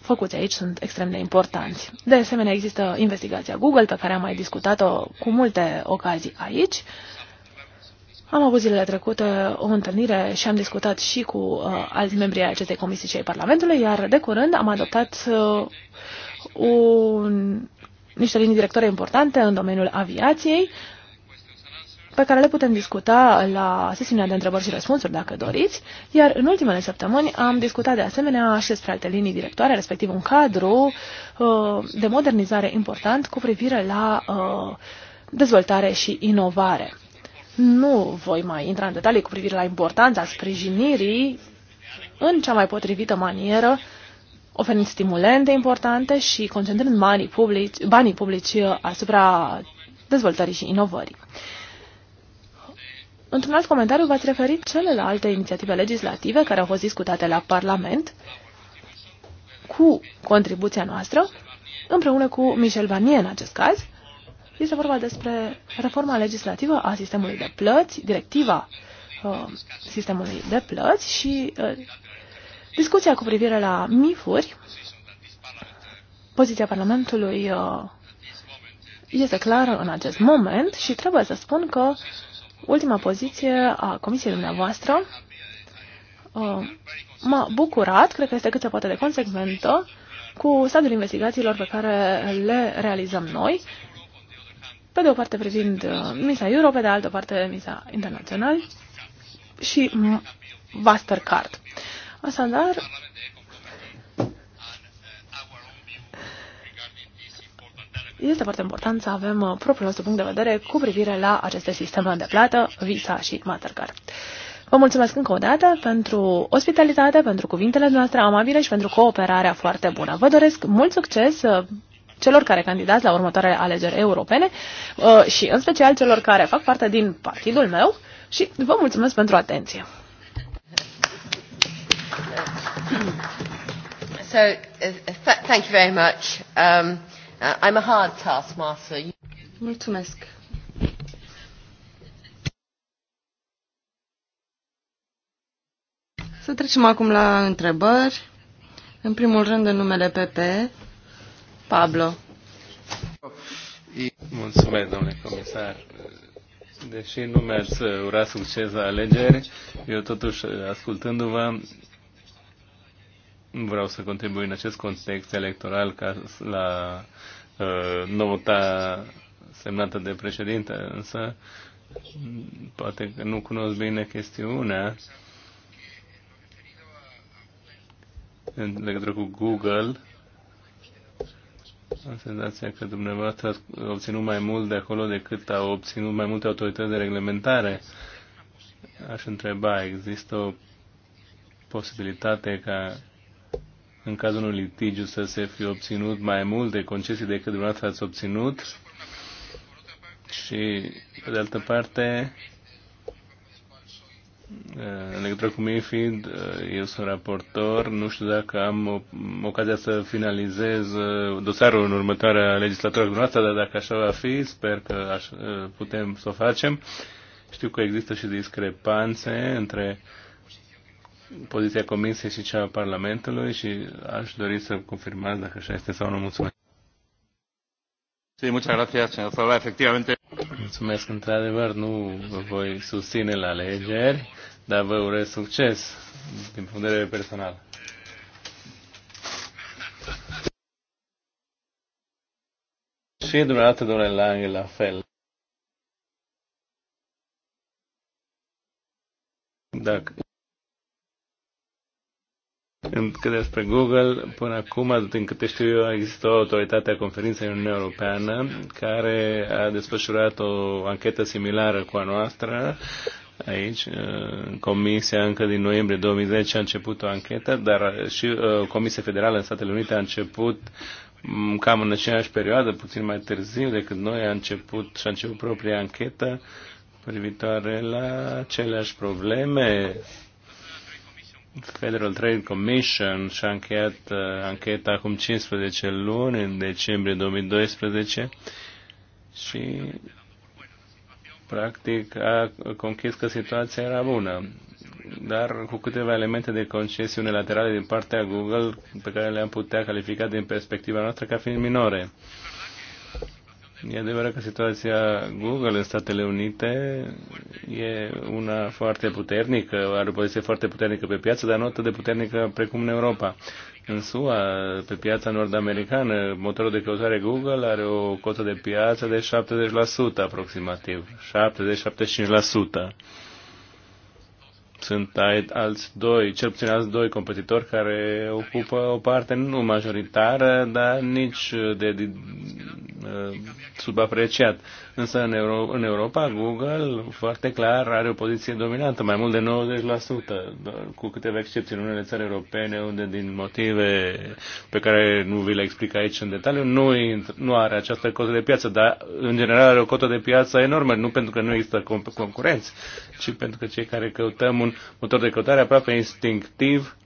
făcuți aici sunt extrem de importanți. De asemenea, există investigația Google, pe care am mai discutat-o cu multe ocazii aici. Am avut zilele trecute o întâlnire și am discutat și cu uh, alți membri ai acestei comisii și ai Parlamentului, iar de curând am adoptat uh, un, niște linii directoare importante în domeniul aviației pe care le putem discuta la sesiunea de întrebări și răspunsuri, dacă doriți, iar în ultimele săptămâni am discutat de asemenea și despre alte linii directoare, respectiv un cadru uh, de modernizare important cu privire la uh, dezvoltare și inovare. Nu voi mai intra în detalii cu privire la importanța sprijinirii în cea mai potrivită manieră, oferind stimulente importante și concentrând banii publici, banii publici uh, asupra dezvoltării și inovării. Într-un alt comentariu v-ați referit celelalte inițiative legislative care au fost discutate la Parlament cu contribuția noastră, împreună cu Michel Barnier în acest caz. Este vorba despre reforma legislativă a sistemului de plăți, directiva uh, sistemului de plăți și uh, discuția cu privire la MIF-uri. Poziția Parlamentului uh, este clară în acest moment și trebuie să spun că ultima poziție a comisiei dumneavoastră uh, m-a bucurat, cred că este cât se poate de consecventă, cu stadiul investigațiilor pe care le realizăm noi, pe de o parte privind uh, misa euro, pe de altă parte misa internațional și Mastercard. Așadar, Este foarte important să avem uh, propriul nostru punct de vedere cu privire la aceste sisteme de plată, Visa și Mastercard. Vă mulțumesc încă o dată pentru ospitalitate, pentru cuvintele noastre amabile și pentru cooperarea foarte bună. Vă doresc mult succes uh, celor care candidați la următoarele alegeri europene uh, și în special celor care fac parte din partidul meu și vă mulțumesc pentru atenție. So, thank you very much. Um... Uh, I'm a hard taskmaster. Mulțumesc. Să trecem acum la întrebări. În primul rând, în numele PP, Pablo. Mulțumesc, domnule comisar. Deși nu mi-ați ura succes la alegeri, eu totuși, ascultându-vă, vreau să contribui în acest context electoral ca la Uh, nota semnată de președinte, însă poate că nu cunosc bine chestiunea în legătură cu Google. Am senzația că dumneavoastră ați obținut mai mult de acolo decât au obținut mai multe autorități de reglementare. Aș întreba, există o posibilitate ca în cazul unui litigiu să se fi obținut mai mult de concesii decât dumneavoastră ați obținut și, pe de altă parte, în legătură cu MIFID, eu sunt raportor, nu știu dacă am ocazia să finalizez uh, dosarul în următoarea legislatură cu dar dacă așa va fi, sper că aș, uh, putem să o facem. Știu că există și discrepanțe între uh, poziția Comisiei și cea a Parlamentului și aș dori să confirmați dacă așa este sau nu. Mulțumesc. Sí, muchas gracias, señor Zola. Efectivamente. Mulțumesc, într-adevăr, nu vă voi susține la alegeri, dar vă urez succes din punct de vedere personal. Și dumneavoastră, domnule Lang, la fel. Dacă Că despre Google, până acum, din câte știu eu, există o autoritate a conferinței Uniunii Europeană care a desfășurat o anchetă similară cu a noastră. Aici, uh, Comisia încă din noiembrie 2010 a început o anchetă, dar uh, și uh, Comisia Federală în Statele Unite a început mm, cam în aceeași perioadă, puțin mai târziu decât noi, a început și a început propria anchetă privitoare la aceleași probleme Federal Trade Commission și-a încheiat uh, ancheta acum 15 luni, în decembrie 2012, și practic a conchis că situația era bună, dar cu câteva elemente de concesiune laterale din partea Google pe care le-am putea califica din perspectiva noastră ca fiind minore. Uh, E adevărat că situația Google în Statele Unite e una foarte puternică, are o poziție foarte puternică pe piață, dar nu atât de puternică precum în Europa. În SUA, pe piața nord-americană, motorul de căutare Google are o cotă de piață de 70% aproximativ, 70-75% sunt alți doi, cel puțin alți doi competitori care ocupă o parte nu majoritară, dar nici uh, de, de uh, subapreciat. Însă în, Euro- în Europa, Google foarte clar are o poziție dominantă, mai mult de 90%, cu câteva excepții în unele țări europene, unde din motive pe care nu vi le explic aici în detaliu, nu, nu are această cotă de piață, dar în general are o cotă de piață enormă, nu pentru că nu există concurenți, ci pentru că cei care căutăm un motor de căutare aproape instinctiv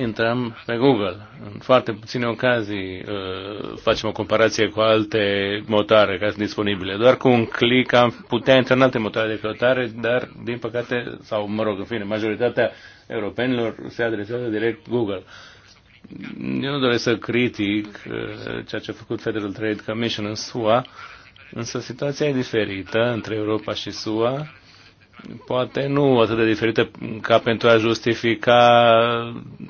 intrăm pe Google. În foarte puține ocazii uh, facem o comparație cu alte motoare care sunt disponibile. Doar cu un click am putea intra în alte motoare de căutare, dar, din păcate, sau, mă rog, în fine, majoritatea europenilor se adresează direct Google. Eu nu doresc să critic uh, ceea ce a făcut Federal Trade Commission în SUA, însă situația e diferită între Europa și SUA poate nu atât de diferite ca pentru a justifica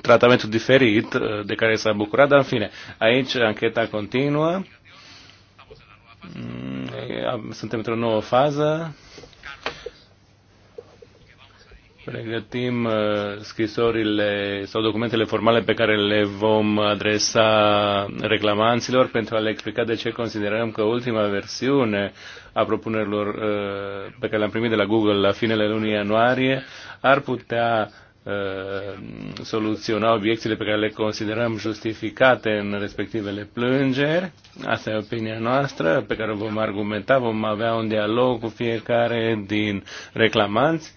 tratamentul diferit uh, de care s-a bucurat, dar în fine, aici ancheta continuă, mm, suntem într-o nouă fază pregătim uh, scrisorile sau documentele formale pe care le vom adresa reclamanților pentru a le explica de ce considerăm că ultima versiune a propunerilor uh, pe care le-am primit de la Google la finele lunii ianuarie ar putea uh, soluționa obiecțiile pe care le considerăm justificate în respectivele plângeri. Asta e opinia noastră pe care o vom argumenta, vom avea un dialog cu fiecare din reclamanți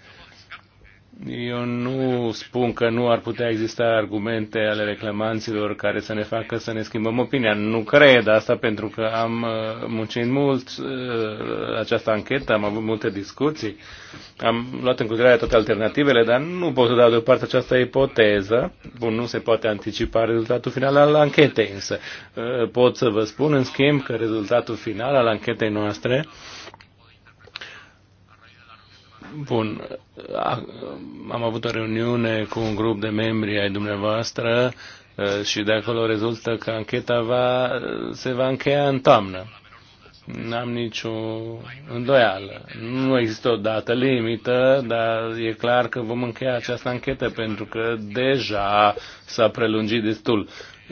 eu nu spun că nu ar putea exista argumente ale reclamanților care să ne facă să ne schimbăm opinia. Nu cred asta pentru că am uh, muncit mult uh, această anchetă, am avut multe discuții, am luat în considerare toate alternativele, dar nu pot să dau deoparte această ipoteză. Bun, nu se poate anticipa rezultatul final al anchetei, însă uh, pot să vă spun în schimb că rezultatul final al anchetei noastre Bun, am avut o reuniune cu un grup de membri ai dumneavoastră și de acolo rezultă că ancheta va, se va încheia în toamnă. N-am nicio îndoială. Nu există o dată limită, dar e clar că vom încheia această anchetă pentru că deja s-a prelungit destul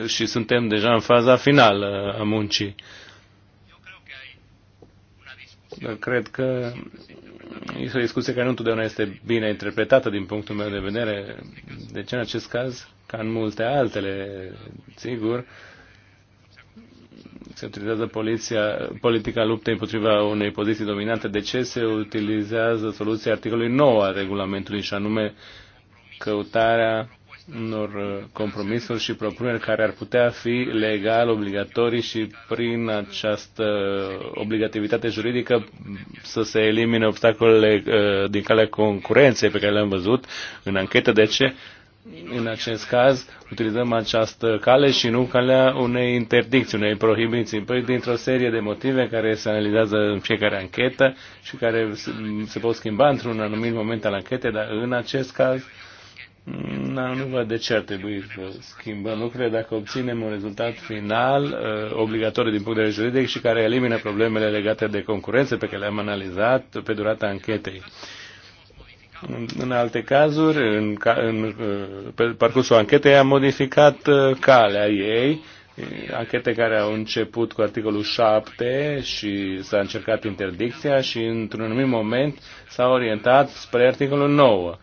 și suntem deja în faza finală a muncii. Cred că este o discuție care nu întotdeauna este bine interpretată din punctul meu de vedere. ce deci, în acest caz, ca în multe altele, sigur, se utilizează poliția, politica luptei împotriva unei poziții dominante. De ce se utilizează soluția articolului 9 a regulamentului, și anume căutarea unor uh, compromisuri și propuneri care ar putea fi legal, obligatorii și prin această obligativitate juridică să se elimine obstacolele uh, din calea concurenței pe care le-am văzut în anchetă. De ce? În acest caz, utilizăm această cale și nu calea unei interdicții, unei prohibiții, păi dintr-o serie de motive care se analizează în fiecare anchetă și care se pot schimba într-un anumit moment al anchetei, dar în acest caz No, da, nu văd de ce ar trebui să schimbăm lucrurile dacă obținem un rezultat final uh, obligatoriu din punct de vedere juridic și care elimină problemele legate de concurență pe care le-am analizat pe durata anchetei. În alte cazuri, în, în, uh, pe parcursul anchetei am modificat uh, calea ei, anchete care au început cu articolul 7 și s-a încercat interdicția și într-un anumit moment s-a orientat spre articolul 9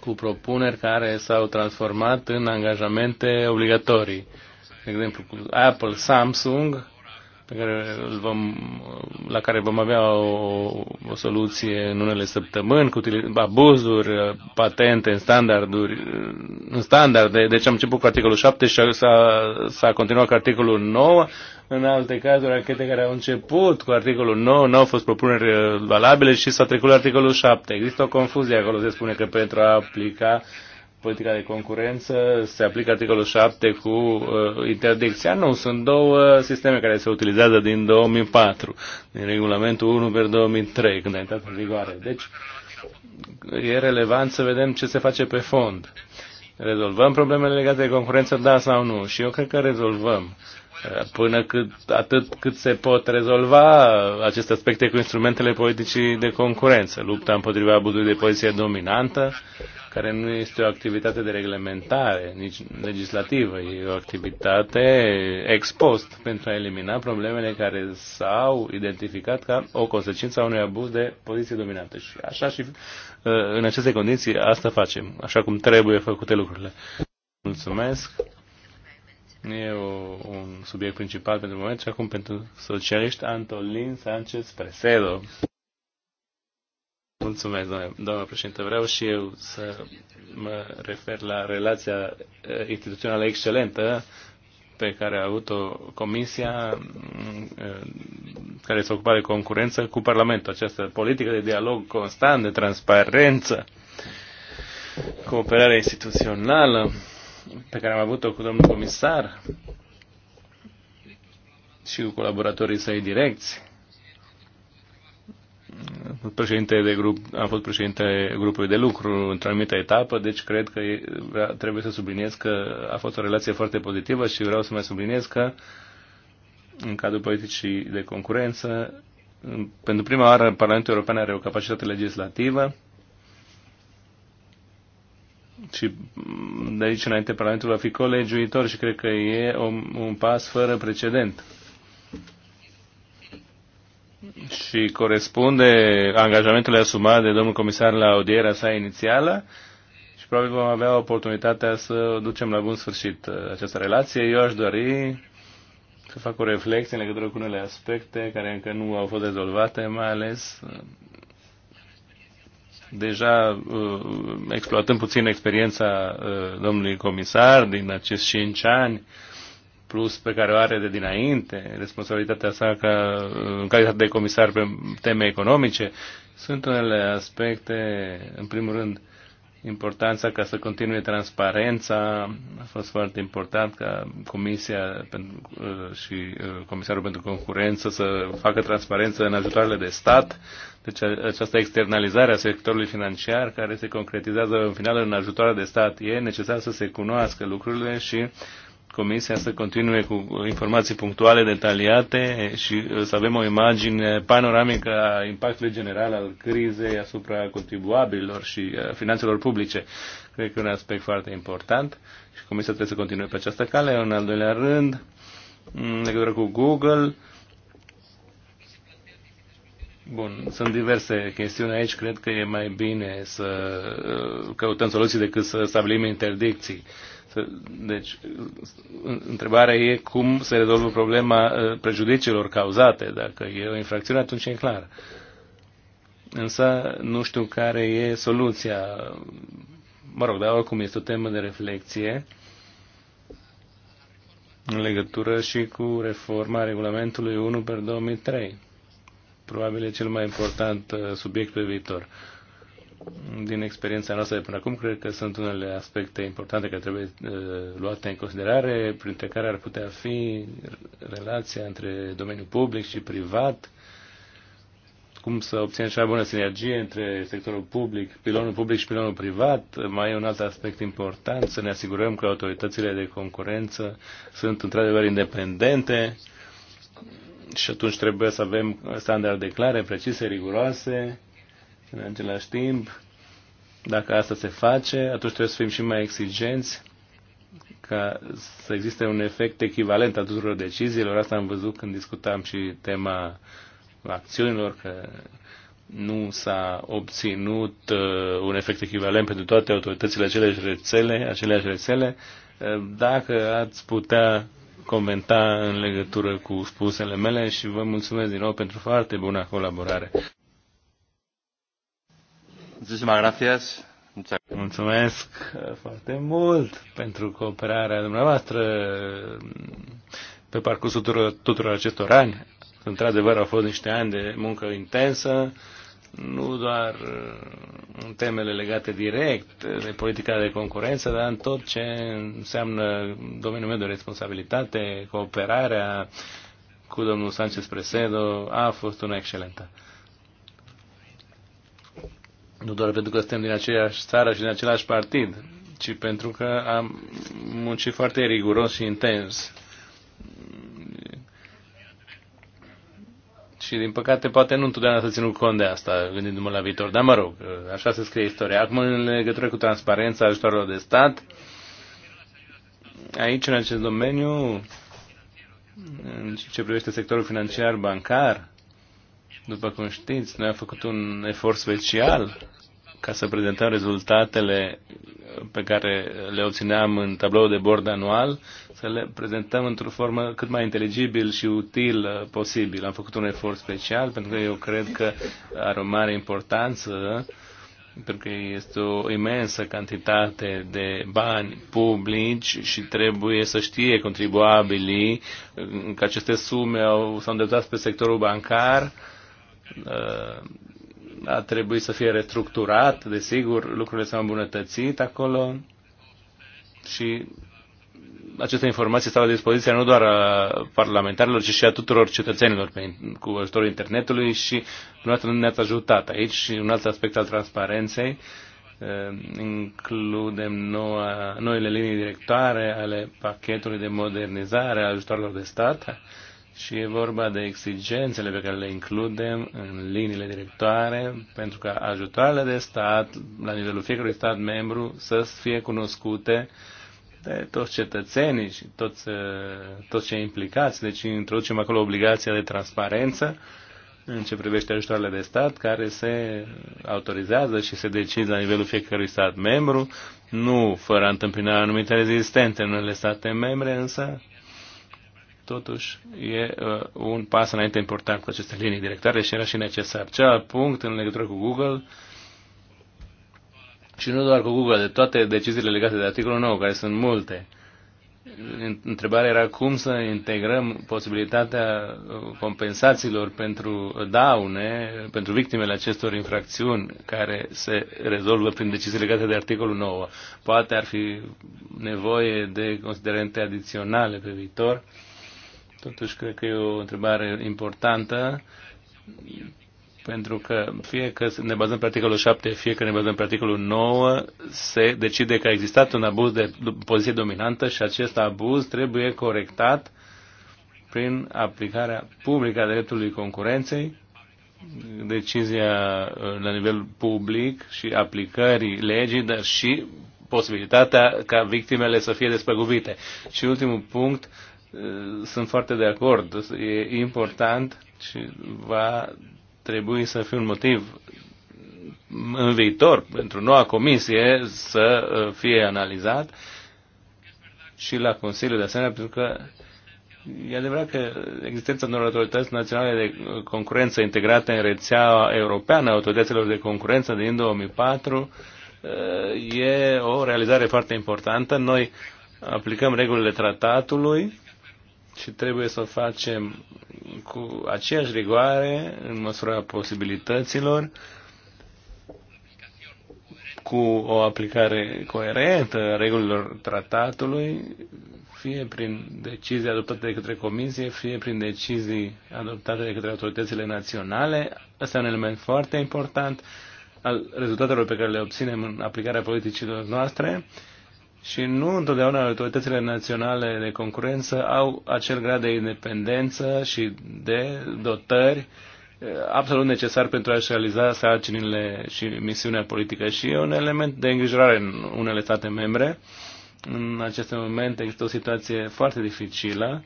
cu propuneri care s-au transformat în angajamente obligatorii. De exemplu, cu Apple, Samsung pe care îl vom, la care vom avea o, o soluție în unele săptămâni, cu abuzuri, patente în standarduri, în standarde. Deci am început cu articolul 7 și s-a continuat cu articolul 9. În alte cazuri, anchete care au început cu articolul 9 nu au fost propuneri uh, valabile și s-a trecut la articolul 7. Există o confuzie acolo, se spune că pentru a aplica uh, politica de concurență, se aplică articolul 7 cu uh, interdicția. Nu, sunt două sisteme care se utilizează din 2004, din regulamentul 1 per 2003, când a intrat în vigoare. Deci, e relevant să vedem ce se face pe fond. Rezolvăm problemele legate de concurență, da sau nu? Și eu cred că rezolvăm uh, până cât, atât cât se pot rezolva aceste aspecte cu instrumentele politicii de concurență, lupta împotriva abuzului de poziție dominantă, care nu este o activitate de reglementare, nici legislativă, e o activitate ex post pentru a elimina problemele care s-au identificat ca o consecință a unui abuz de poziție dominantă. Și așa și uh, în aceste condiții asta facem, așa cum trebuie făcute lucrurile. Mulțumesc. E o, un subiect principal pentru moment și acum pentru socialiști Antolin Sanchez Presedo. Mulțumesc, doamnă președinte. Vreau și eu să mă refer la relația eh, instituțională excelentă pe care a avut-o comisia mm, eh, care se ocupa de concurență cu Parlamentul. Această politică de dialog constant, de transparență, cooperare instituțională pe care am avut-o cu domnul comisar și cu colaboratorii săi direcți președinte de grup, am fost președinte grupului de lucru într-o anumită etapă, deci cred că trebuie să subliniez că a fost o relație foarte pozitivă și vreau să mai subliniez că în cadrul politicii de concurență, pentru prima oară Parlamentul European are o capacitate legislativă și de aici înainte Parlamentul va fi colegiuitor și cred că e un, un pas fără precedent și corespunde angajamentele asumate de domnul comisar la audierea sa inițială și probabil vom avea oportunitatea să ducem la bun sfârșit uh, această relație. Eu aș dori să fac o reflexie în legătură cu unele aspecte care încă nu au fost rezolvate, mai ales uh, deja uh, exploatăm puțin experiența domnului comisar din acești 5 ani plus pe care o are de dinainte, responsabilitatea sa ca, în calitate de comisar pe teme economice, sunt unele aspecte, în primul rând, importanța ca să continue transparența. A fost foarte important ca Comisia uh, și uh, Comisarul pentru Concurență să facă transparență în ajutoarele de stat. Deci această externalizare a sectorului financiar care se concretizează în final în ajutoare de stat. E necesar să se cunoască lucrurile și Comisia să continue cu informații punctuale, detaliate și uh, să avem o imagine panoramică a impactului general al crizei asupra contribuabililor și uh, finanțelor publice. Cred că e un aspect foarte important și Comisia trebuie să continue pe această cale. În al doilea rând, în legătură cu Google, Bun, sunt diverse chestiuni aici. Cred că e mai bine să uh, căutăm soluții decât să stabilim interdicții. Uh, deci, întrebarea e cum se rezolvă problema uh, prejudiciilor cauzate. Dacă e o infracțiune, atunci e clar. Însă, nu știu care e soluția. Mă rog, dar oricum este o temă de reflexie în legătură și cu reforma regulamentului 1 per 2003. Probabil e cel mai important uh, subiect pe viitor din experiența noastră de până acum, cred că sunt unele aspecte importante care trebuie uh, luate în considerare, printre care ar putea fi relația între domeniul public și privat, cum să obținem cea mai bună sinergie între sectorul public, pilonul public și pilonul privat. Mai e un alt aspect important, să ne asigurăm că autoritățile de concurență sunt într-adevăr independente și atunci trebuie să avem standarde clare, precise, riguroase, în același timp, dacă asta se face, atunci trebuie să fim și mai exigenți ca să existe un efect echivalent a tuturor deciziilor. Asta am văzut când discutam și tema acțiunilor, că nu s-a obținut uh, un efect echivalent pentru toate autoritățile aceleași rețele, aceleași rețele. Uh, dacă ați putea comenta în legătură cu spusele mele și vă mulțumesc din nou pentru foarte bună colaborare. Muchísimas gracias. Mulțumesc foarte mult pentru cooperarea dumneavoastră pe parcursul tuturor, tuturor acestor ani. Într-adevăr, au fost niște ani de muncă intensă, nu doar uh, în temele legate direct de politica de concurență, dar în tot ce înseamnă domeniul meu de responsabilitate, cooperarea cu domnul Sanchez Presedo a fost una excelentă nu doar pentru că suntem din aceeași țară și din același partid, ci pentru că am muncit foarte riguros și intens. Și, din păcate, poate nu întotdeauna să a ținut cont de asta, gândindu-mă la viitor. Dar, mă rog, așa se scrie istoria. Acum, în legătură cu transparența ajutorilor de stat, aici, în acest domeniu, în ce privește sectorul financiar bancar, după cum știți, noi am făcut un efort special ca să prezentăm rezultatele pe care le obțineam în tablou de bord anual, să le prezentăm într-o formă cât mai inteligibil și util uh, posibil. Am făcut un efort special pentru că eu cred că are o mare importanță pentru că este o imensă cantitate de bani publici și trebuie să știe contribuabilii uh, că aceste sume au, s-au îndreptat pe sectorul bancar Uh, a trebuit să fie restructurat, desigur, lucrurile s-au îmbunătățit acolo și aceste informații stau la dispoziția nu doar a parlamentarilor, ci și a tuturor cetățenilor pe, cu ajutorul internetului și dumneavoastră ne-ați ajutat aici și un alt aspect al transparenței. Uh, includem noua, noile linii directoare ale pachetului de modernizare a ajutorilor de stat și e vorba de exigențele pe care le includem în liniile directoare pentru ca ajutoarele de stat, la nivelul fiecărui stat membru, să fie cunoscute de toți cetățenii și toți, uh, toți cei implicați. Deci introducem acolo obligația de transparență în ce privește ajutoarele de stat, care se autorizează și se decide la nivelul fiecărui stat membru, nu fără a întâmpina anumite rezistente în unele state membre, însă totuși e uh, un pas înainte important cu aceste linii directoare și era și necesar. Cealalt punct în legătură cu Google și nu doar cu Google, de toate deciziile legate de articolul nou, care sunt multe. Întrebarea era cum să integrăm posibilitatea uh, compensațiilor pentru daune, pentru victimele acestor infracțiuni care se rezolvă prin decizii legate de articolul 9. Poate ar fi nevoie de considerente adiționale pe viitor Totuși, cred că e o întrebare importantă, pentru că fie că ne bazăm pe articolul 7, fie că ne bazăm pe articolul 9, se decide că a existat un abuz de poziție dominantă și acest abuz trebuie corectat prin aplicarea publică a dreptului concurenței, decizia uh, la nivel public și aplicării legii, dar și posibilitatea ca victimele să fie despăgubite. Și ultimul punct, sunt foarte de acord. E important și va trebui să fie un motiv în viitor pentru noua comisie să uh, fie analizat și la Consiliu de asemenea, pentru că E adevărat că existența unor autorități naționale de uh, concurență integrate în rețeaua europeană a autorităților de concurență din 2004 uh, e o realizare foarte importantă. Noi aplicăm regulile tratatului și trebuie să o facem cu aceeași rigoare în măsura posibilităților, cu o aplicare coerentă a regulilor tratatului, fie prin decizii adoptate de către Comisie, fie prin decizii adoptate de către autoritățile naționale. Asta e un element foarte important al rezultatelor pe care le obținem în aplicarea politicilor noastre și nu întotdeauna autoritățile naționale de concurență au acel grad de independență și de dotări eh, absolut necesar pentru a-și realiza sarcinile și misiunea politică. Și e un element de îngrijorare în unele state membre. În acest moment există o situație foarte dificilă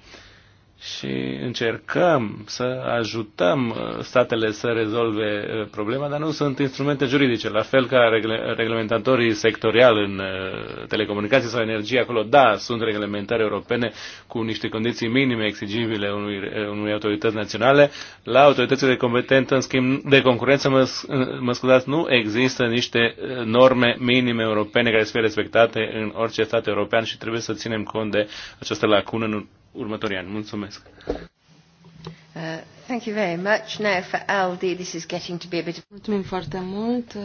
și încercăm să ajutăm uh, statele să rezolve uh, problema, dar nu sunt instrumente juridice, la fel ca reglementatorii sectoriali în uh, telecomunicații sau energie acolo. Da, sunt reglementări europene cu niște condiții minime exigibile unui, unui autorități naționale. La autoritățile competente, în schimb, de concurență, mă, mă scuzați, nu există niște norme minime europene care să fie respectate în orice stat european și trebuie să ținem cont de această lacună în următorii ani. Mulțumesc! Mulțumim foarte mult. Uh,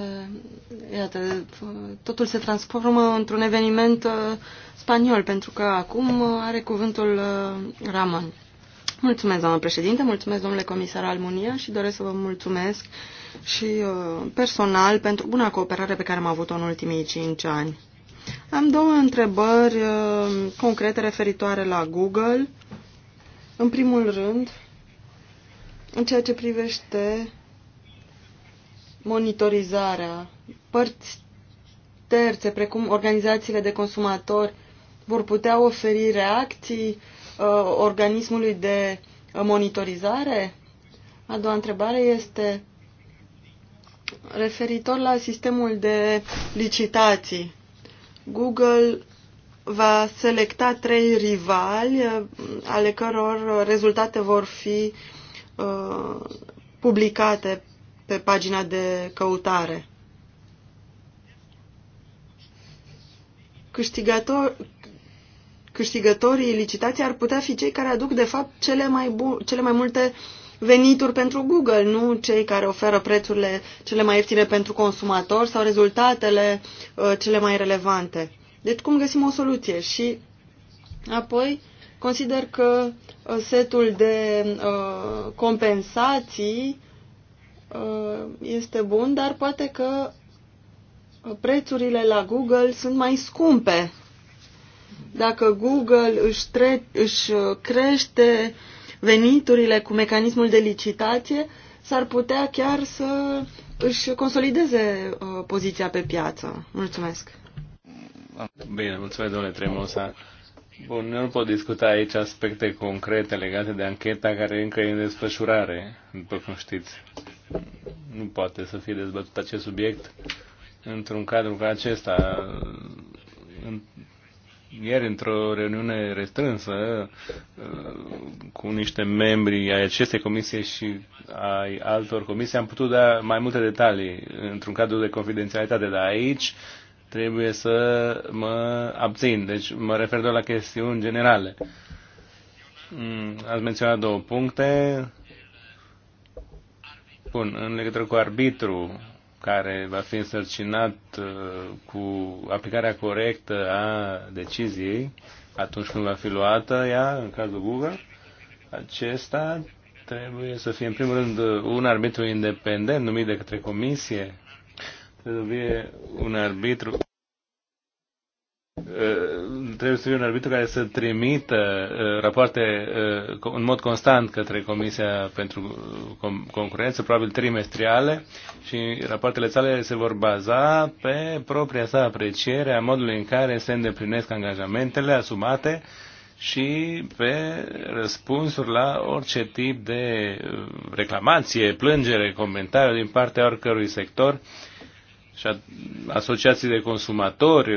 iată, uh, totul se transformă într-un eveniment uh, spaniol, pentru că acum are cuvântul Raman. Mulțumesc, doamnă președinte, mulțumesc, domnule comisar Almunia și doresc să vă mulțumesc și personal pentru buna cooperare pe care am avut-o în ultimii cinci ani. Am două întrebări uh, concrete referitoare la Google. În primul rând, în ceea ce privește monitorizarea, părți terțe, precum organizațiile de consumatori, vor putea oferi reacții uh, organismului de uh, monitorizare? A doua întrebare este referitor la sistemul de licitații. Google va selecta trei rivali eh, ale căror rezultate vor fi eh, publicate pe pagina de căutare. Câștigător, câștigătorii licitației ar putea fi cei care aduc, de fapt, cele mai, cele mai multe venituri pentru Google, nu cei care oferă prețurile cele mai ieftine pentru consumator sau rezultatele uh, cele mai relevante. Deci cum găsim o soluție? Și apoi consider că uh, setul de uh, compensații este bun, dar poate că prețurile la Google sunt mai scumpe. Dacă Google își, tre- își crește uh, veniturile cu mecanismul de licitație, s-ar putea chiar să își consolideze uh, poziția pe piață. Mulțumesc. Bine, mulțumesc, domnule Tremosa. Bun, nu pot discuta aici aspecte concrete legate de ancheta care încă e în desfășurare, după cum știți. Nu poate să fie dezbătut acest subiect într-un cadru ca acesta, ieri într-o reuniune restrânsă uh, cu niște membri ai acestei comisie și ai altor comisii am putut da mai multe detalii într-un cadru de confidențialitate, dar aici trebuie să mă abțin, deci mă refer doar la chestiuni generale. Mm, ați menționat două puncte. Bun, în legătură cu arbitru, care va fi însărcinat uh, cu aplicarea corectă a deciziei atunci când va fi luată ea, în cazul Google, acesta trebuie să fie, în primul rând, un arbitru independent numit de către comisie, trebuie un arbitru Uh, trebuie să fie un arbitru care să trimită uh, rapoarte uh, în mod constant către Comisia pentru Concurență, probabil trimestriale, și rapoartele sale se vor baza pe propria sa apreciere a modului în care se îndeplinesc angajamentele asumate și pe răspunsuri la orice tip de reclamație, plângere, comentariu din partea oricărui sector și asociații de consumatori,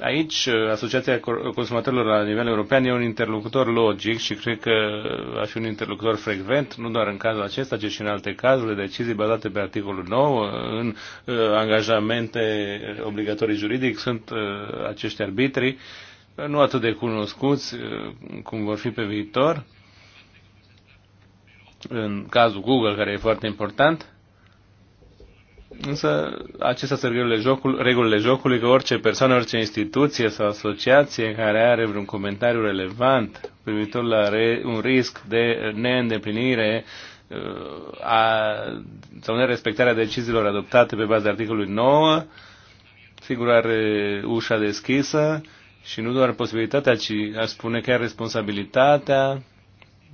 Aici, uh, Asociația Consumatorilor la nivel european e un interlocutor logic și cred că va fi un interlocutor frecvent, nu doar în cazul acesta, ci și în alte cazuri, de decizii bazate pe articolul 9, în uh, angajamente obligatorii juridic, sunt uh, acești arbitri, nu atât de cunoscuți cum vor fi pe viitor, în cazul Google, care e foarte important, Însă acestea sunt regulile, jocul, regulile jocului că orice persoană, orice instituție sau asociație care are vreun comentariu relevant privitor la re, un risc de neîndeplinire uh, a, sau nerespectarea deciziilor adoptate pe baza articolului 9, sigur are ușa deschisă și nu doar posibilitatea, ci aș spune chiar responsabilitatea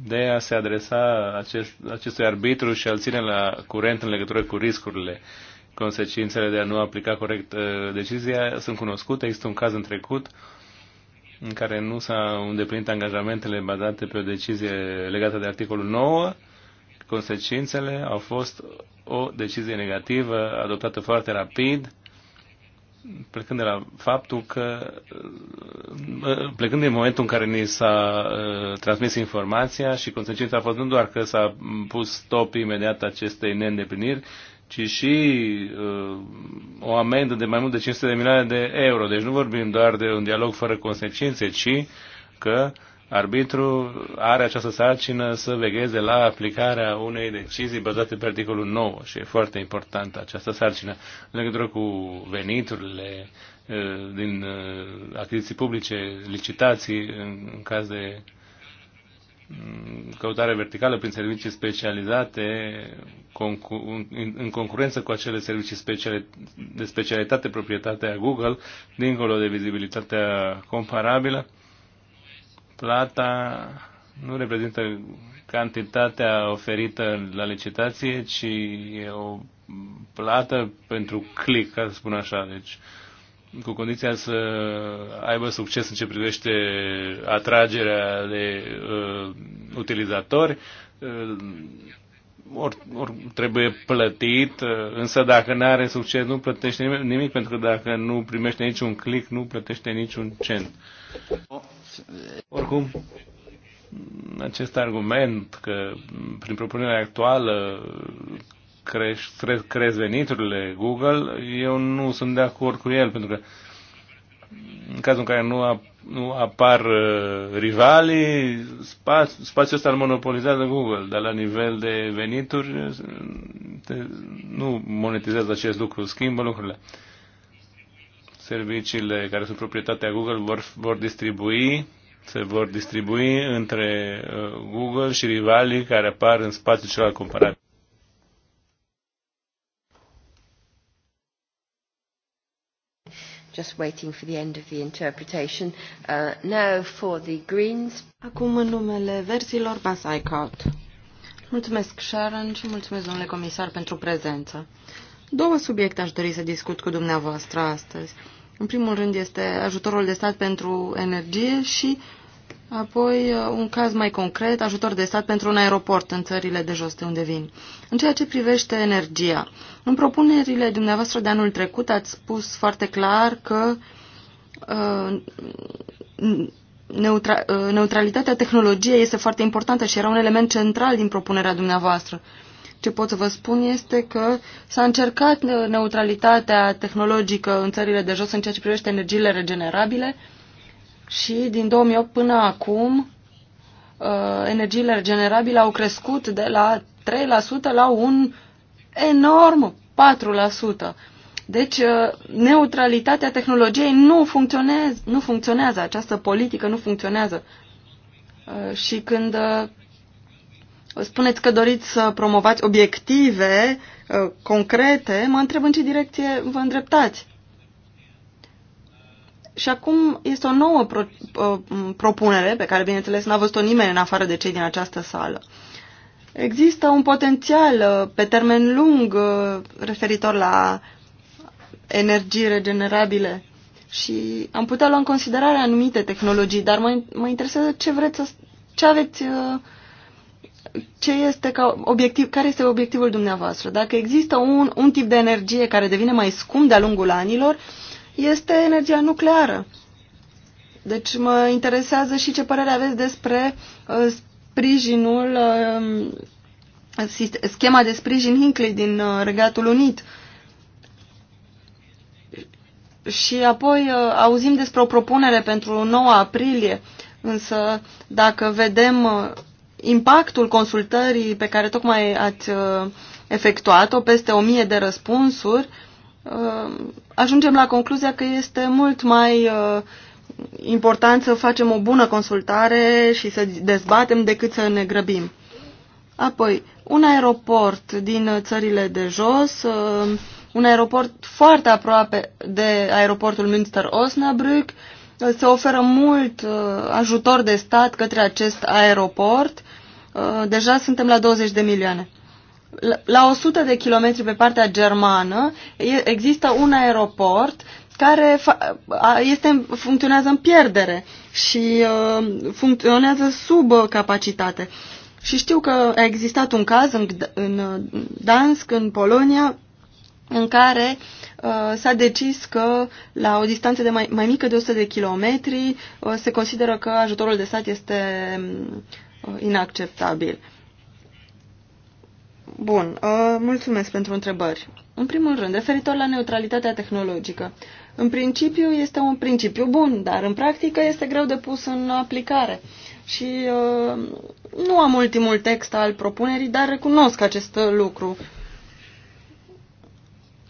de a se adresa acest, acestui arbitru și a-l ține la curent în legătură cu riscurile uh, consecințele de a nu aplica corect uh, decizia sunt cunoscute. Există un caz în trecut în care nu s-au îndeplinit angajamentele bazate pe o decizie legată de articolul 9. Consecințele au fost o decizie negativă adoptată foarte rapid plecând de la faptul că, uh, uh, plecând din momentul în care ni s-a transmis informația și consecința a fost nu doar că s-a pus stop imediat acestei neîndepliniri, ci și uh, o amendă de mai mult de 500 de milioane de euro. Deci nu vorbim doar de un dialog fără consecințe, ci că arbitru are această sarcină să vegheze la aplicarea unei decizii bazate pe articolul 9 și e foarte importantă această sarcină în legătură cu veniturile uh, din uh, achiziții publice, licitații în, în caz de căutare verticală prin servicii specializate în concurență cu acele servicii de specialitate a Google, dincolo de vizibilitatea comparabilă. Plata nu reprezintă cantitatea oferită la licitație, ci e o plată pentru click, ca să spun așa. Deci, cu condiția să aibă succes în ce privește atragerea de uh, utilizatori. Uh, or, or, trebuie plătit, uh, însă dacă nu are succes nu plătește nimic, nimic, pentru că dacă nu primește niciun click, nu plătește niciun cent. Oricum, acest argument că prin propunerea actuală crezi cresc veniturile Google, eu nu sunt de acord cu el, pentru că în cazul în care nu, nu apar uh, rivalii, spa- spațiul ăsta îl monopolizează Google, dar la nivel de venituri uh, te, nu monetizează acest lucru, schimbă lucrurile. Serviciile care sunt proprietatea Google vor, vor distribui, se vor distribui între uh, Google și rivalii care apar în spațiul celălalt comparat Just waiting for the end of the interpretation. Uh, now for the Greens. Acum în numele verzilor Bas Mulțumesc, Sharon, și mulțumesc, domnule comisar, pentru prezență. Două subiecte aș dori să discut cu dumneavoastră astăzi. În primul rând este ajutorul de stat pentru energie și Apoi, uh, un caz mai concret, ajutor de stat pentru un aeroport în țările de jos de unde vin. În ceea ce privește energia, în propunerile dumneavoastră de anul trecut ați spus foarte clar că uh, neutra uh, neutralitatea tehnologiei este foarte importantă și era un element central din propunerea dumneavoastră. Ce pot să vă spun este că s-a încercat uh, neutralitatea tehnologică în țările de jos în ceea ce privește energiile regenerabile, uh, și din 2008 până acum uh, energiile regenerabile au crescut de la 3% la un enorm 4%. Deci uh, neutralitatea tehnologiei nu funcționează, nu funcționează, această politică nu funcționează. Uh, și când spuneți că doriți să promovați obiective concrete, mă întreb în ce direcție vă îndreptați. Și acum este o nouă pro, propunere, pe care, bineînțeles, n-a văzut-o nimeni în afară de cei din această sală. Există un potențial uh, pe termen lung uh, referitor la energii regenerabile și am putea lua în considerare anumite tehnologii, dar mă, mă interesează ce vreți să, ce aveți, uh, ce este ca obiectiv, care este obiectivul dumneavoastră. Dacă există un, un tip de energie care devine mai scump de-a lungul anilor, uh, este energia nucleară. Deci mă interesează și ce părere aveți despre uh, sprijinul, uh, schema de sprijin Hinkley din uh, Regatul Unit. Și apoi uh, auzim despre o propunere pentru 9 aprilie, însă dacă vedem uh, impactul consultării pe care tocmai ați uh, efectuat-o, peste 1000 de răspunsuri, uh, Uh, ajungem la concluzia că este mult mai uh, important să facem o bună consultare și să dezbatem decât să ne grăbim. Apoi, un aeroport din țările de jos, uh, un aeroport foarte aproape de aeroportul Münster-Osnabrück, se oferă mult ajutor de stat către acest aeroport. Deja suntem la 20 de milioane la 100 de kilometri pe partea germană există un aeroport care este, funcționează în pierdere și uh, funcționează sub capacitate. Și știu că a existat un caz în, în uh, Dansk, în Polonia, în care uh, s-a decis că la o distanță de mai, mai mică de 100 de kilometri uh, se consideră că ajutorul de stat este mm, uh, inacceptabil. Uh, Bun, uh, mulțumesc pentru întrebări. În primul rând, referitor la neutralitatea tehnologică. În principiu este un principiu bun, dar în practică este greu de pus în aplicare. Și uh, nu am ultimul text al propunerii, dar recunosc acest lucru.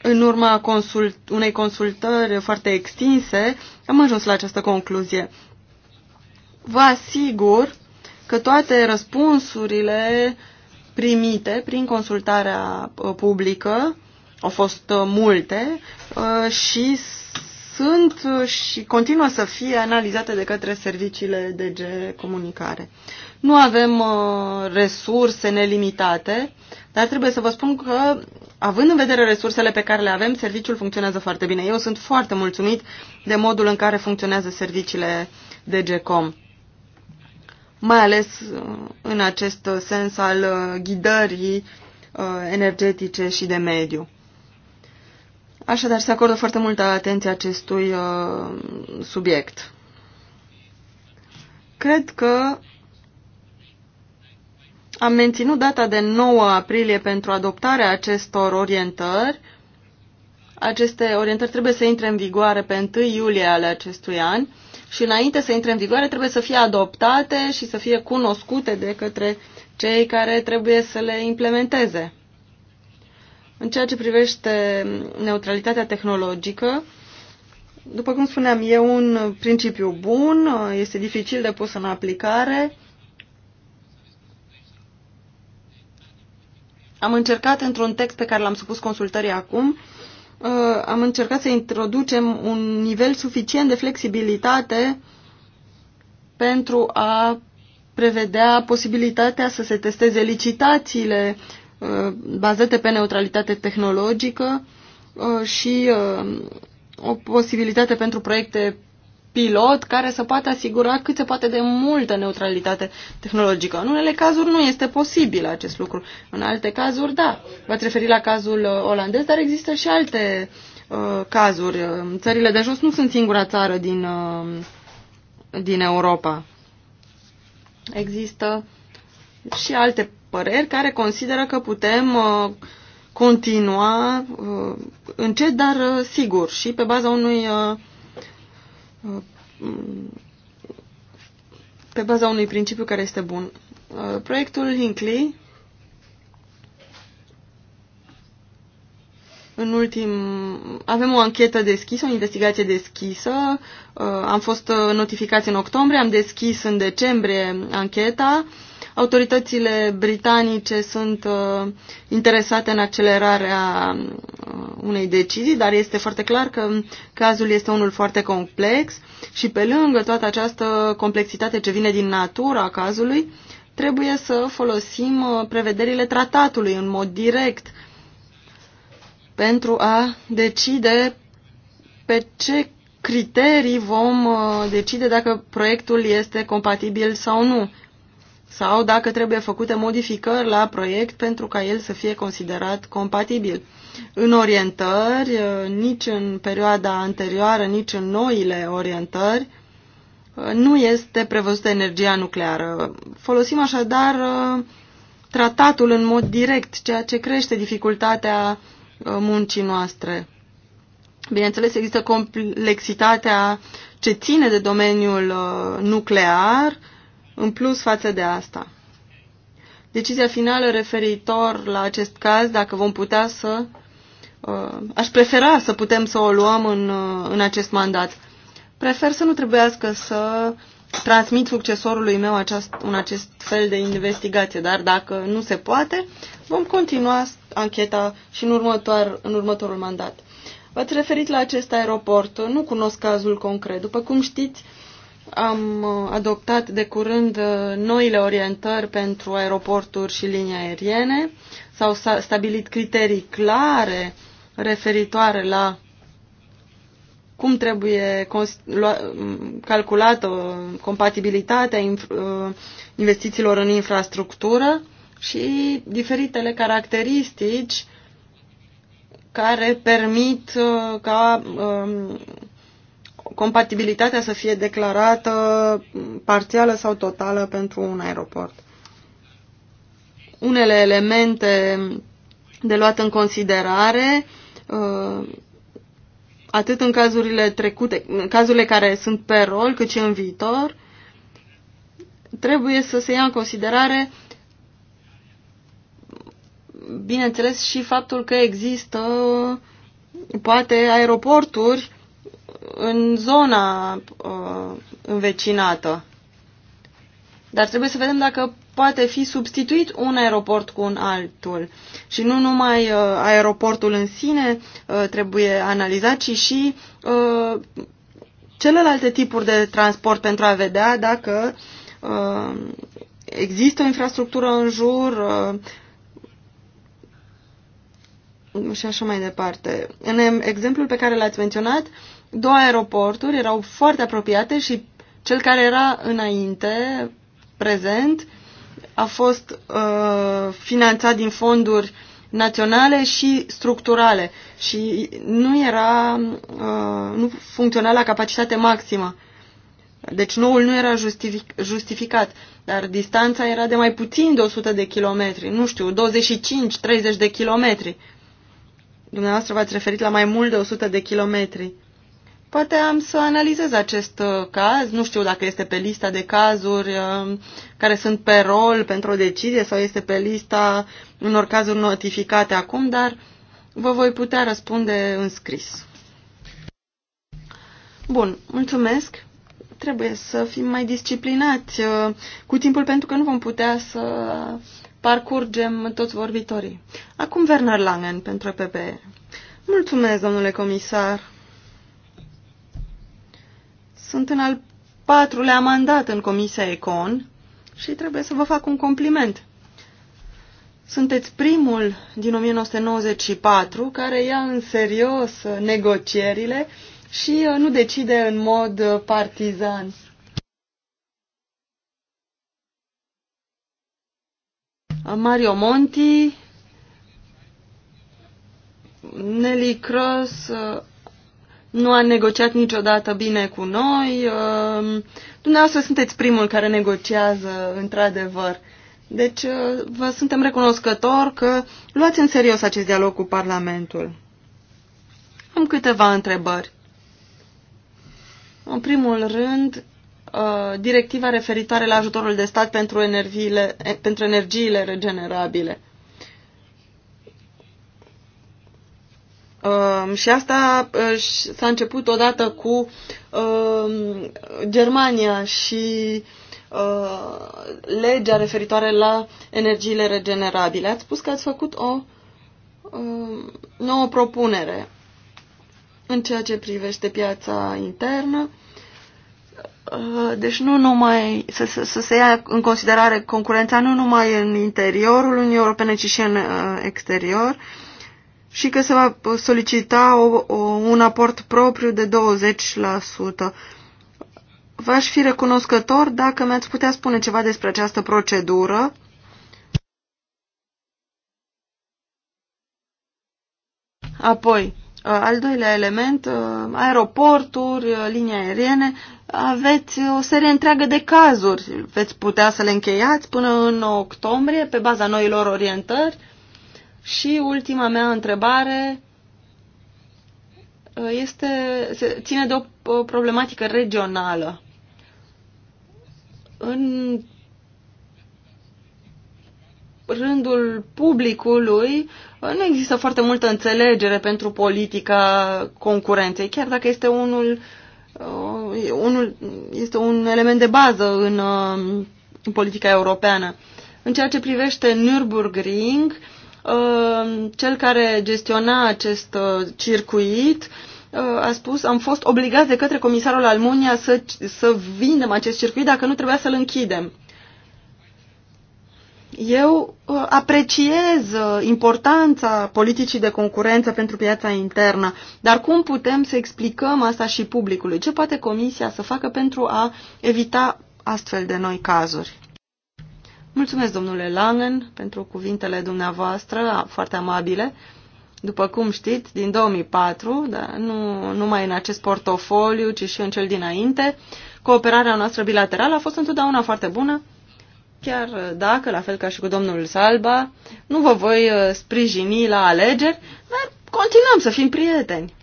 În urma consult unei consultări foarte extinse, am ajuns la această concluzie. Vă asigur că toate răspunsurile uh, primite prin consultarea uh, publică, au fost uh, multe uh, și sunt și continuă să fie analizate de către serviciile DG Comunicare. Nu avem resurse nelimitate, dar trebuie să vă spun că, având în vedere resursele pe care le avem, serviciul funcționează foarte bine. Eu sunt foarte mulțumit de modul în care funcționează serviciile DGCOM mai ales uh, în acest sens al uh, ghidării uh, energetice și de mediu. Așadar, se acordă foarte multă atenție acestui subiect. Cred că am menținut data de 9 aprilie pentru adoptarea acestor orientări. Aceste orientări trebuie să intre în vigoare pe 1 iulie ale acestui an și înainte să intre în vigoare trebuie să fie adoptate și să fie cunoscute de către cei care trebuie să le implementeze. În ceea ce privește neutralitatea tehnologică, după cum spuneam, e un principiu bun, este dificil de pus în aplicare. Am încercat într-un text pe care l-am supus consultării acum Uh, am încercat să introducem un nivel suficient de flexibilitate pentru a prevedea posibilitatea să se testeze licitațiile uh, bazate pe neutralitate tehnologică uh, și o posibilitate pentru proiecte pilot care să poată asigura cât se poate de multă neutralitate tehnologică. În unele cazuri nu este posibil acest lucru. În alte cazuri, da. V-ați referit la cazul uh, olandez, dar există și alte uh, cazuri. Uh, țările de jos nu sunt singura țară din, uh, din Europa. Există și alte păreri care consideră că putem uh, continua uh, încet, dar uh, sigur și pe baza unui uh, pe baza unui principiu care este bun. Uh, proiectul Hinckley, în ultim... Avem o anchetă deschisă, o investigație deschisă. Uh, am fost uh, notificați în octombrie, am deschis în decembrie ancheta Autoritățile britanice sunt uh, interesate în accelerarea uh, unei decizii, dar este foarte clar că cazul este unul foarte complex și pe lângă toată această complexitate ce vine din natura cazului, trebuie să folosim uh, prevederile tratatului în mod direct pentru a decide pe ce criterii vom uh, decide dacă proiectul este compatibil sau nu sau dacă trebuie făcute modificări la proiect pentru ca el să fie considerat compatibil. În orientări, uh, nici în perioada anterioară, nici în noile orientări, uh, nu este prevăzută energia nucleară. Folosim așadar uh, tratatul în mod direct, ceea ce crește dificultatea muncii noastre. Bineînțeles, există complexitatea ce ține de domeniul nuclear, în plus față de asta. Decizia finală referitor la acest caz, dacă vom putea să... Uh, aș prefera să putem să o luăm în, uh, în acest mandat. Prefer să nu trebuiască să transmit succesorului meu aceast, un acest fel de investigație, dar dacă nu se poate, vom continua ancheta și în, următoar, în următorul mandat. V-ați referit la acest aeroport. Nu cunosc cazul concret. După cum știți, am uh, adoptat de curând uh, noile orientări pentru aeroporturi și linii aeriene. S-au stabilit criterii clare referitoare la cum trebuie mm, calculată compatibilitatea uh, investițiilor în infrastructură și diferitele caracteristici care permit ca um, compatibilitatea să fie declarată parțială sau totală pentru un aeroport. Unele elemente de luat în considerare, uh, atât în cazurile trecute, în cazurile care sunt pe rol, cât și în viitor, trebuie să se ia în considerare bineînțeles și faptul că există poate aeroporturi în zona uh, învecinată. Dar trebuie să vedem dacă poate fi substituit un aeroport cu un altul. Și nu numai uh, aeroportul în sine uh, trebuie analizat, ci și uh, celelalte tipuri de transport pentru a vedea dacă uh, există o infrastructură în jur uh, și așa mai departe. În exemplul pe care l-ați menționat, uh, două aeroporturi erau foarte apropiate și cel care era înainte, prezent, a fost uh, finanțat din fonduri naționale și structurale și nu era, uh, nu funcționa la capacitate maximă. Deci noul nu era justific, justificat, dar distanța era de mai puțin de 100 de kilometri, nu știu, 25-30 de kilometri. Dumneavoastră v-ați referit la mai mult de 100 de kilometri. Poate am să analizez acest uh, caz, nu știu dacă este pe lista de cazuri uh, care sunt pe rol pentru o decizie sau este pe lista unor cazuri notificate acum, dar vă voi putea răspunde în scris. Bun, mulțumesc. Trebuie să fim mai disciplinați uh, cu timpul pentru că nu vom putea să parcurgem toți vorbitorii. Acum Werner Langen pentru PPE. Mulțumesc, domnule comisar. Sunt în al patrulea mandat în Comisia Econ și trebuie să vă fac un compliment. Sunteți primul din 1994 care ia în serios negocierile și uh, nu decide în mod uh, partizan. Uh, Mario Monti, Nelly Cross, nu a negociat niciodată bine cu noi. Uh, dumneavoastră sunteți primul care negociază într-adevăr. Deci uh, vă suntem recunoscători că luați în serios acest dialog cu Parlamentul. Am câteva întrebări. În primul rând, uh, directiva referitoare la ajutorul de stat pentru energiile, pentru energiile regenerabile. Um, și asta uh, s-a început odată cu um, Germania și uh, legea referitoare la energiile regenerabile. Ați spus că ați făcut o um, nouă propunere în ceea ce privește piața internă. Uh, deci nu numai să, să, să se ia în considerare concurența nu numai în interiorul Uniunii Europene, ci și în exterior. Uh, și că se va solicita o, o, un aport propriu de 20%. V-aș fi recunoscător dacă mi-ați putea spune ceva despre această procedură. Apoi, uh, al doilea element, uh, aeroporturi, uh, linii aeriene, aveți o serie întreagă de cazuri. Veți putea să le încheiați până în octombrie pe baza noilor orientări și ultima mea întrebare uh, este, se ține de o problematică regională. În rândul publicului uh, nu există foarte multă înțelegere pentru politica concurenței, chiar dacă este unul, uh, unul este un element de bază în, în politica europeană. În ceea ce privește Nürburgring, Uh, cel care gestiona acest uh, circuit uh, a spus, am fost obligați de către comisarul Almunia să, să vindem acest circuit dacă nu trebuia să-l închidem. Eu apreciez importanța politicii de concurență pentru piața internă, dar cum putem să explicăm asta și publicului? Ce poate Comisia să facă pentru a evita astfel de noi cazuri? Mulțumesc, domnule Langen, pentru cuvintele dumneavoastră foarte amabile. După cum știți, din 2004, da, nu numai în acest portofoliu, ci și în cel dinainte, cooperarea noastră bilaterală a fost întotdeauna foarte bună, chiar uh, dacă, la fel ca și cu domnul Salba, nu vă voi uh, sprijini la alegeri, dar continuăm să fim prieteni.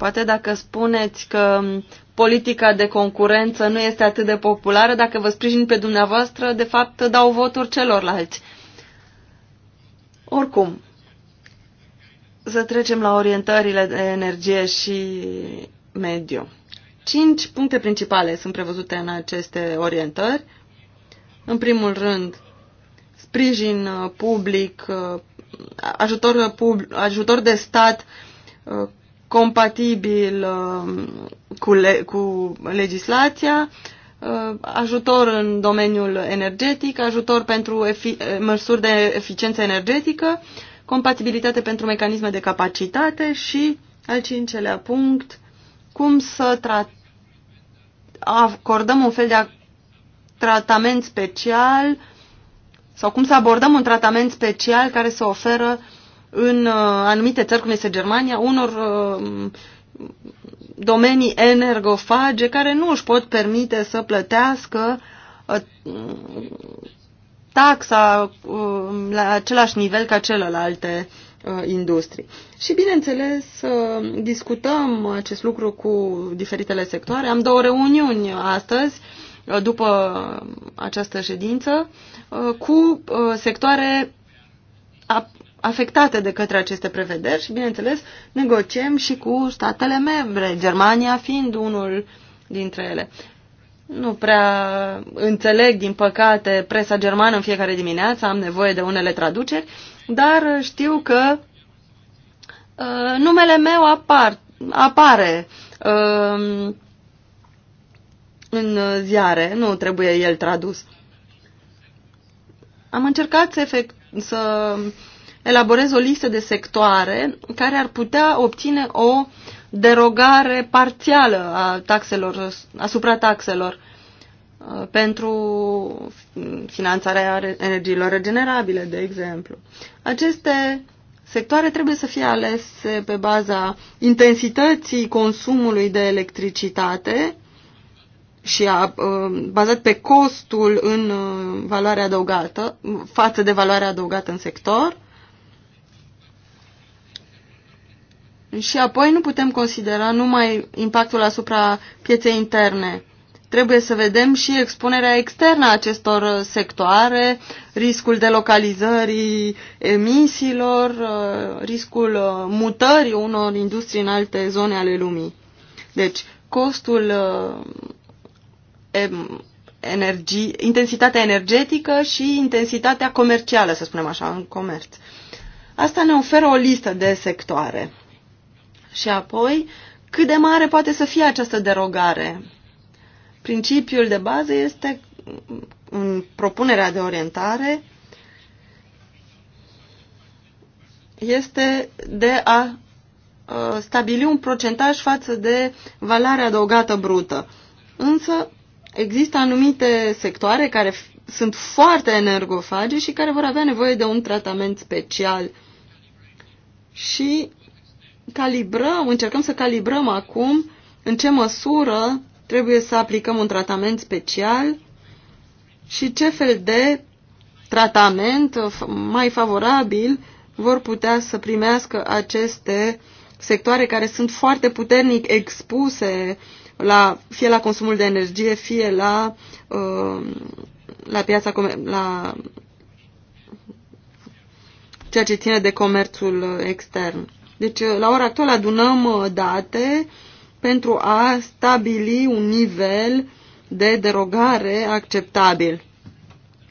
Poate dacă spuneți că politica de concurență nu este atât de populară, dacă vă sprijin pe dumneavoastră, de fapt dau voturi celorlalți. Oricum, să trecem la orientările de energie și mediu. Cinci puncte principale sunt prevăzute în aceste orientări. În primul rând, sprijin uh, public, uh, ajutor, uh, ajutor de stat compatibil um, cu, le, cu legislația, uh, ajutor în domeniul energetic, ajutor pentru uh, măsuri de eficiență energetică, compatibilitate pentru mecanisme de capacitate și, al cincelea punct, cum să acordăm un fel de tratament special sau cum să abordăm un tratament special care să oferă uh, în uh, anumite țări, cum este Germania, unor uh, domenii energofage care nu își pot permite să plătească uh, taxa la același nivel ca celelalte industrii. Și, bineînțeles, discutăm acest lucru cu diferitele sectoare. Am două reuniuni astăzi, după această ședință, cu sectoare afectate de către aceste prevederi și, bineînțeles, negociem și cu statele membre, Germania fiind unul dintre ele. Nu prea înțeleg, din păcate, presa germană în fiecare dimineață, am nevoie de unele traduceri, dar știu că uh, numele meu apar, apare uh, în ziare, nu trebuie el tradus. Am încercat să, efect, să uh, elaborez o listă de sectoare care ar putea obține o derogare parțială a taxelor, asupra taxelor uh, pentru finanțarea energiilor regenerabile, de exemplu. Aceste sectoare trebuie să fie alese pe baza intensității consumului de electricitate și a, uh, bazat pe costul în uh, valoarea adăugată, față de valoarea adăugată în sector, Și apoi nu putem considera numai impactul asupra pieței interne. Trebuie să vedem și expunerea externă a acestor sectoare, riscul de localizării emisiilor, riscul mutării unor industrii în alte zone ale lumii. Deci, costul uh, energie, intensitatea energetică și intensitatea comercială, să spunem așa, în comerț. Asta ne oferă o listă de sectoare. Și apoi, cât de mare poate să fie această derogare? Principiul de bază este mm, în propunerea de orientare este de a uh, stabili un procentaj față de valoarea adăugată brută. Însă există anumite sectoare care sunt foarte energofage și care vor avea nevoie de un tratament special. Și calibrăm, încercăm să calibrăm acum în ce măsură trebuie să aplicăm un tratament special și ce fel de tratament mai favorabil vor putea să primească aceste sectoare care sunt foarte puternic expuse la, fie la consumul de energie, fie la, uh, la piața, la ceea ce ține de comerțul extern. Deci, la ora actuală adunăm uh, date pentru a stabili un nivel de derogare acceptabil.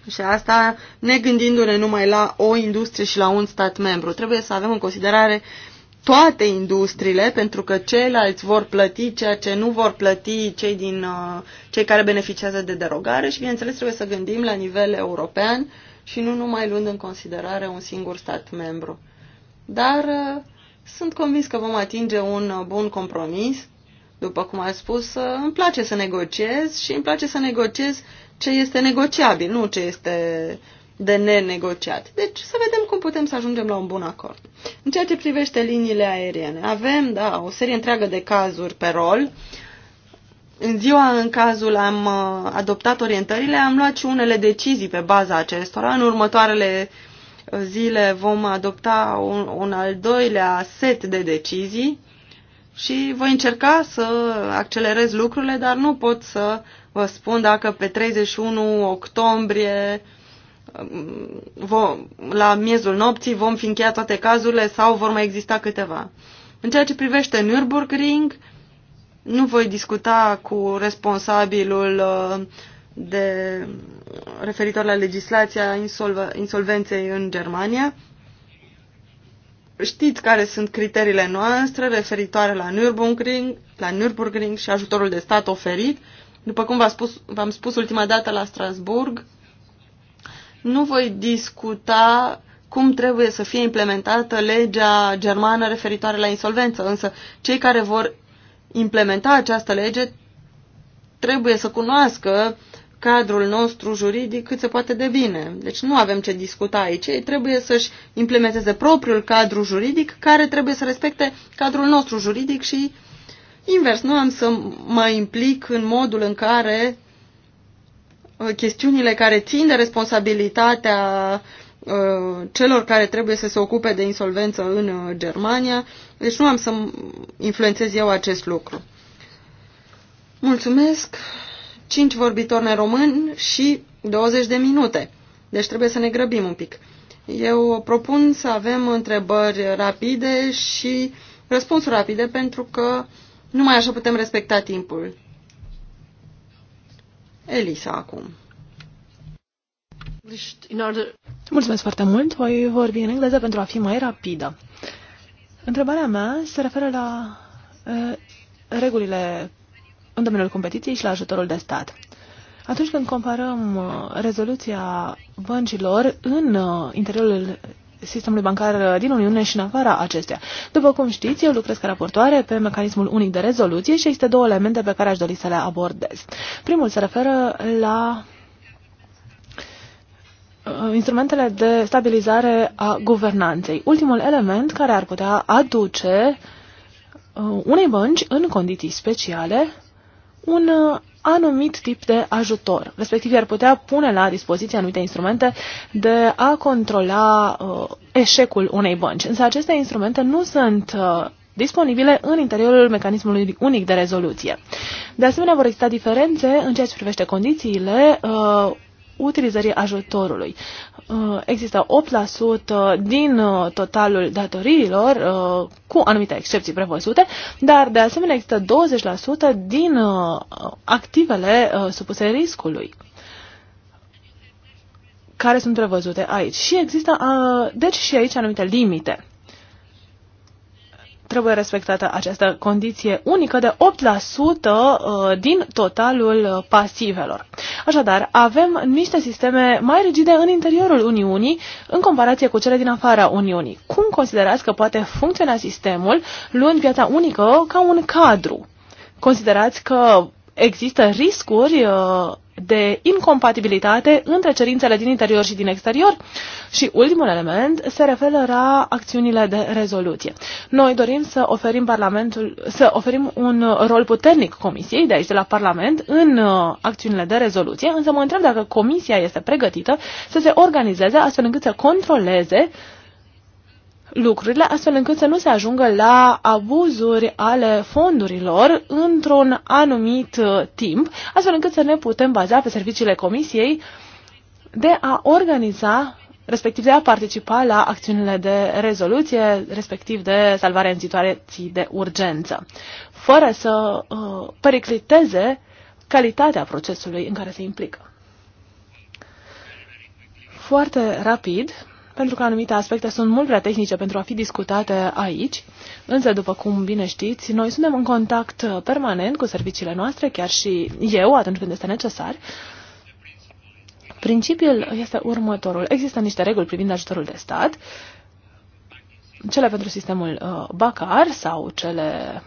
Și asta ne gândindu-ne numai la o industrie și la un stat membru. Trebuie să avem în considerare toate industriile, pentru că ceilalți vor plăti ceea ce nu vor plăti cei, din, uh, cei care beneficiază de derogare și, bineînțeles, trebuie să gândim la nivel european și nu numai luând în considerare un singur stat membru. Dar uh, sunt convins că vom atinge un bun compromis. După cum ai spus, îmi place să negociez și îmi place să negociez ce este negociabil, nu ce este de nenegociat. Deci să vedem cum putem să ajungem la un bun acord. În ceea ce privește liniile aeriene, avem, da, o serie întreagă de cazuri pe rol. În ziua în cazul am uh, adoptat orientările, am luat și unele decizii pe baza acestora. În următoarele zile vom adopta un, un al doilea set de decizii și voi încerca să accelerez lucrurile, dar nu pot să vă spun dacă pe 31 octombrie um, vom, la miezul nopții vom fi încheiat toate cazurile sau vor mai exista câteva. În ceea ce privește Nürburgring, nu voi discuta cu responsabilul uh, de referitor la legislația insolvenței în Germania. Știți care sunt criteriile noastre referitoare la Nürburgring, la Nürburgring și ajutorul de stat oferit. După cum v-am spus, spus ultima dată la Strasburg, nu voi discuta cum trebuie să fie implementată legea germană referitoare la insolvență, însă cei care vor implementa această lege trebuie să cunoască cadrul nostru juridic cât se poate de bine. Deci nu avem ce discuta aici. Ei trebuie să-și implementeze propriul cadru juridic care trebuie să respecte cadrul nostru juridic și invers. Nu am să mă implic în modul în care uh, chestiunile care țin de responsabilitatea uh, celor care trebuie să se ocupe de insolvență în uh, Germania. Deci nu am să influențez eu acest lucru. Mulțumesc. 5 vorbitori neromâni și 20 de minute. Deci trebuie să ne grăbim un pic. Eu propun să avem întrebări rapide și răspunsuri rapide pentru că numai așa putem respecta timpul. Elisa acum. Mulțumesc foarte mult. Voi vorbi în engleză pentru a fi mai rapidă. Întrebarea mea se referă la eh, regulile în domeniul competiției și la ajutorul de stat. Atunci când comparăm uh, rezoluția băncilor în uh, interiorul sistemului bancar uh, din Uniune și în afara acestea. După cum știți, eu lucrez ca raportoare pe mecanismul unic de rezoluție și există două elemente pe care aș dori să le abordez. Primul se referă la instrumentele de stabilizare a guvernanței. Ultimul element care ar putea aduce unei bănci în condiții speciale un uh, anumit tip de ajutor. Respectiv, ar putea pune la dispoziție anumite instrumente de a controla uh, eșecul unei bănci. Însă aceste instrumente nu sunt uh, disponibile în interiorul mecanismului unic de rezoluție. De asemenea, vor exista diferențe în ceea ce privește condițiile uh, utilizării ajutorului. Uh, există 8% din uh, totalul datoriilor, uh, cu anumite excepții prevăzute, dar de asemenea există 20% din activele supuse riscului care sunt prevăzute aici. Și există, deci și aici, anumite limite trebuie respectată această condiție unică de 8% uh, din totalul uh, pasivelor. Așadar, avem niște sisteme mai rigide în interiorul Uniunii în comparație cu cele din afara Uniunii. Cum considerați că poate funcționa sistemul luând piața unică ca un cadru? Considerați că există riscuri uh, de incompatibilitate între cerințele din interior și din exterior și ultimul element se referă la acțiunile de rezoluție. Noi dorim să oferim, Parlamentul, să oferim un rol puternic Comisiei de aici, de la Parlament, în uh, acțiunile de rezoluție, însă mă întreb dacă Comisia este pregătită să se organizeze astfel încât să controleze uh, lucrurile, astfel încât să nu se ajungă la abuzuri ale fondurilor într-un anumit uh, timp, astfel încât să ne putem baza pe serviciile comisiei de a organiza respectiv de a participa la acțiunile de rezoluție, respectiv de salvare în situații de urgență, fără să uh, pericliteze calitatea procesului în care se implică. Foarte rapid, pentru că anumite aspecte sunt mult prea tehnice pentru a fi discutate aici, însă, după cum bine știți, noi suntem în contact uh, permanent cu serviciile noastre, chiar și eu, atunci când este necesar. Principiul este următorul. Există niște reguli privind ajutorul de stat, cele pentru sistemul uh, BACAR sau cele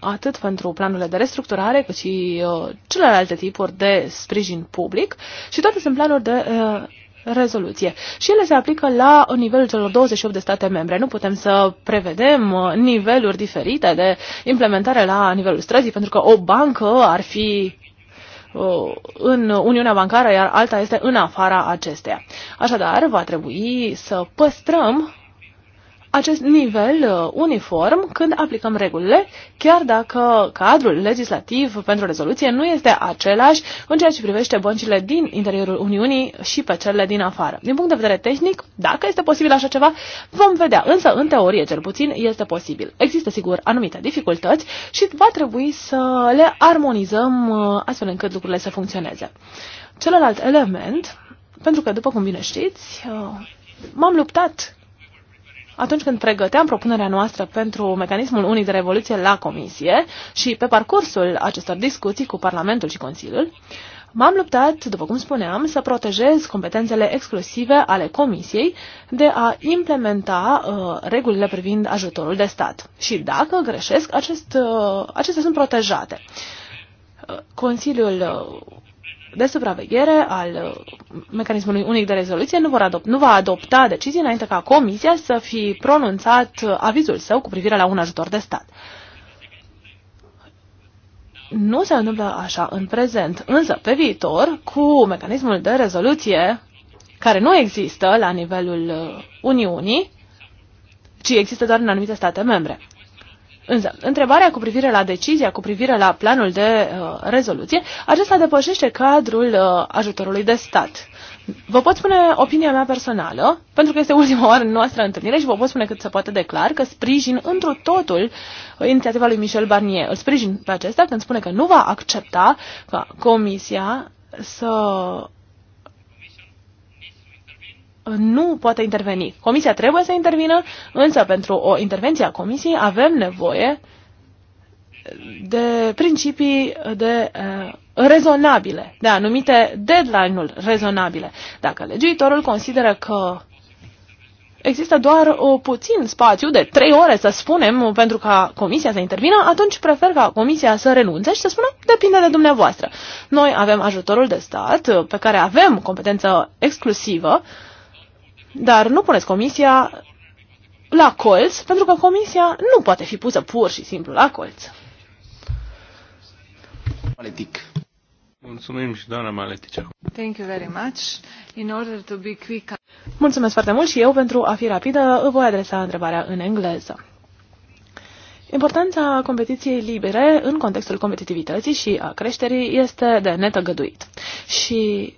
atât pentru planurile de restructurare, cât și uh, celelalte tipuri de sprijin public și toate sunt planuri de uh, rezoluție. Și ele se aplică la nivelul celor 28 de state membre. Nu putem să prevedem uh, niveluri diferite de implementare la nivelul străzii, pentru că o bancă ar fi uh, în Uniunea Bancară, iar alta este în afara acesteia. Așadar, va trebui să păstrăm acest nivel uh, uniform când aplicăm regulile, chiar dacă cadrul legislativ pentru rezoluție nu este același în ceea ce privește băncile din interiorul Uniunii și pe cele din afară. Din punct de vedere tehnic, dacă este posibil așa ceva, vom vedea, însă în teorie cel puțin este posibil. Există sigur anumite dificultăți și va trebui să le armonizăm uh, astfel încât lucrurile să funcționeze. Celălalt element, pentru că după cum bine știți, uh, m-am luptat atunci când pregăteam propunerea noastră pentru mecanismul unic de revoluție la Comisie și pe parcursul acestor discuții cu Parlamentul și Consiliul, m-am luptat, după cum spuneam, să protejez competențele exclusive ale Comisiei de a implementa uh, regulile privind ajutorul de stat. Și dacă greșesc, acest, uh, acestea sunt protejate. Uh, Consiliul uh, de supraveghere al uh, mecanismului unic de rezoluție nu, vor adop- nu va adopta decizii înainte ca Comisia să fi pronunțat uh, avizul său cu privire la un ajutor de stat. Nu se întâmplă așa în prezent, însă pe viitor, cu mecanismul de rezoluție care nu există la nivelul uh, Uniunii, ci există doar în anumite state membre. Însă, întrebarea cu privire la decizia, cu privire la planul de uh, rezoluție, acesta depășește cadrul uh, ajutorului de stat. Vă pot spune opinia mea personală, pentru că este ultima oară în noastră întâlnire și vă pot spune cât se poate declar că sprijin întru totul uh, inițiativa lui Michel Barnier. Îl sprijin pe acesta când spune că nu va accepta ca Comisia să nu poate interveni. Comisia trebuie să intervină, însă pentru o intervenție a Comisiei avem nevoie de principii de uh, rezonabile, de anumite deadline-uri rezonabile. Dacă legiuitorul consideră că există doar o puțin spațiu de trei ore, să spunem, pentru ca comisia să intervină, atunci prefer ca comisia să renunțe și să spună depinde de dumneavoastră. Noi avem ajutorul de stat, pe care avem competență exclusivă, uh, dar nu puneți comisia la colț, pentru că comisia nu poate fi pusă pur și simplu la colț. Maletic. Mulțumim și doamna Maletic. Thank you very much. In order to be quick... Mulțumesc foarte mult și eu pentru a fi rapidă îi voi adresa întrebarea în engleză. Importanța competiției libere în contextul competitivității și a creșterii este de netăgăduit. Și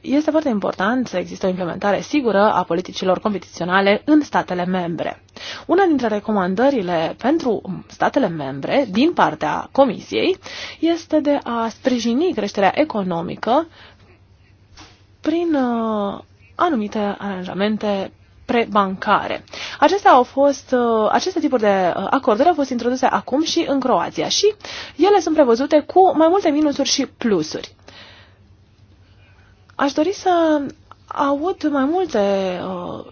este foarte important să există o implementare sigură a politicilor competiționale în statele membre. Una dintre recomandările pentru statele membre din partea Comisiei este de a sprijini creșterea economică prin uh, anumite aranjamente prebancare. Acestea au fost, uh, aceste tipuri de uh, acorduri au fost introduse acum și în Croația și ele sunt prevăzute cu mai multe minusuri și plusuri. Aș dori să aud mai multe uh,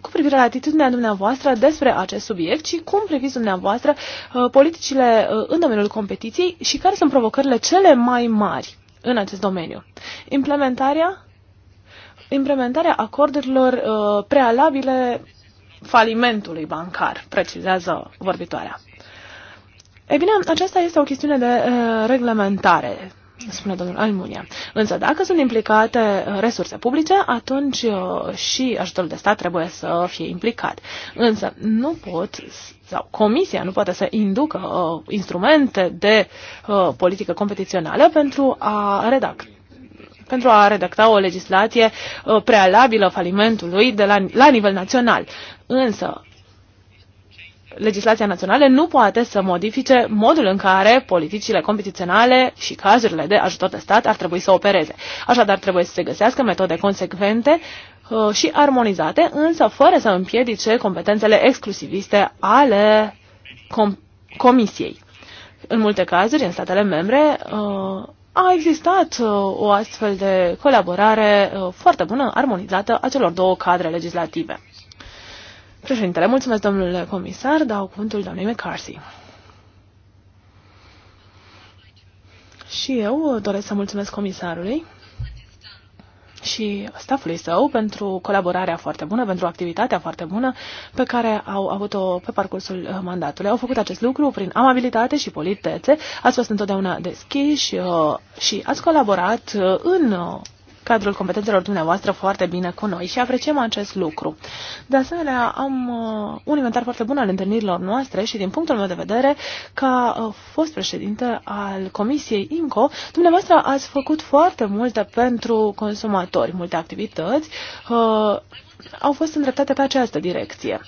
cu privire la atitudinea dumneavoastră despre acest subiect și cum priviți dumneavoastră uh, politicile uh, în domeniul competiției și care sunt provocările cele mai mari în acest domeniu. Implementarea, implementarea acordurilor uh, prealabile falimentului bancar, precizează vorbitoarea. E bine, aceasta este o chestiune de uh, reglementare spune domnul Almunia. Însă dacă sunt implicate uh, resurse publice, atunci uh, și ajutorul de stat trebuie să fie implicat. Însă nu pot, sau comisia nu poate să inducă uh, instrumente de uh, politică competițională pentru a redacta pentru a redacta o legislație uh, prealabilă falimentului de la, la nivel național. Însă, legislația națională nu poate să modifice modul în care politicile competiționale și cazurile de ajutor de stat ar trebui să opereze. Așadar, trebuie să se găsească metode consecvente uh, și armonizate, însă fără să împiedice competențele exclusiviste ale com Comisiei. În multe cazuri, în statele membre, uh, a existat uh, o astfel de colaborare foarte bună, armonizată a celor două cadre legislative. Președintele, mulțumesc domnule comisar, dau cuvântul doamnei McCarthy. Și eu doresc să mulțumesc comisarului și staffului său pentru colaborarea foarte bună, pentru activitatea foarte bună pe care au avut-o pe parcursul mandatului. Au făcut acest lucru prin amabilitate și politețe, ați fost întotdeauna deschiși uh, și ați colaborat uh, în uh, cadrul competențelor dumneavoastră foarte bine cu noi și apreciem acest lucru. De asemenea, am uh, un inventar foarte bun al întâlnirilor noastre și din punctul meu de vedere, ca uh, fost președinte al Comisiei INCO, dumneavoastră ați făcut foarte multe pentru consumatori, multe activități, uh, au fost îndreptate pe această direcție.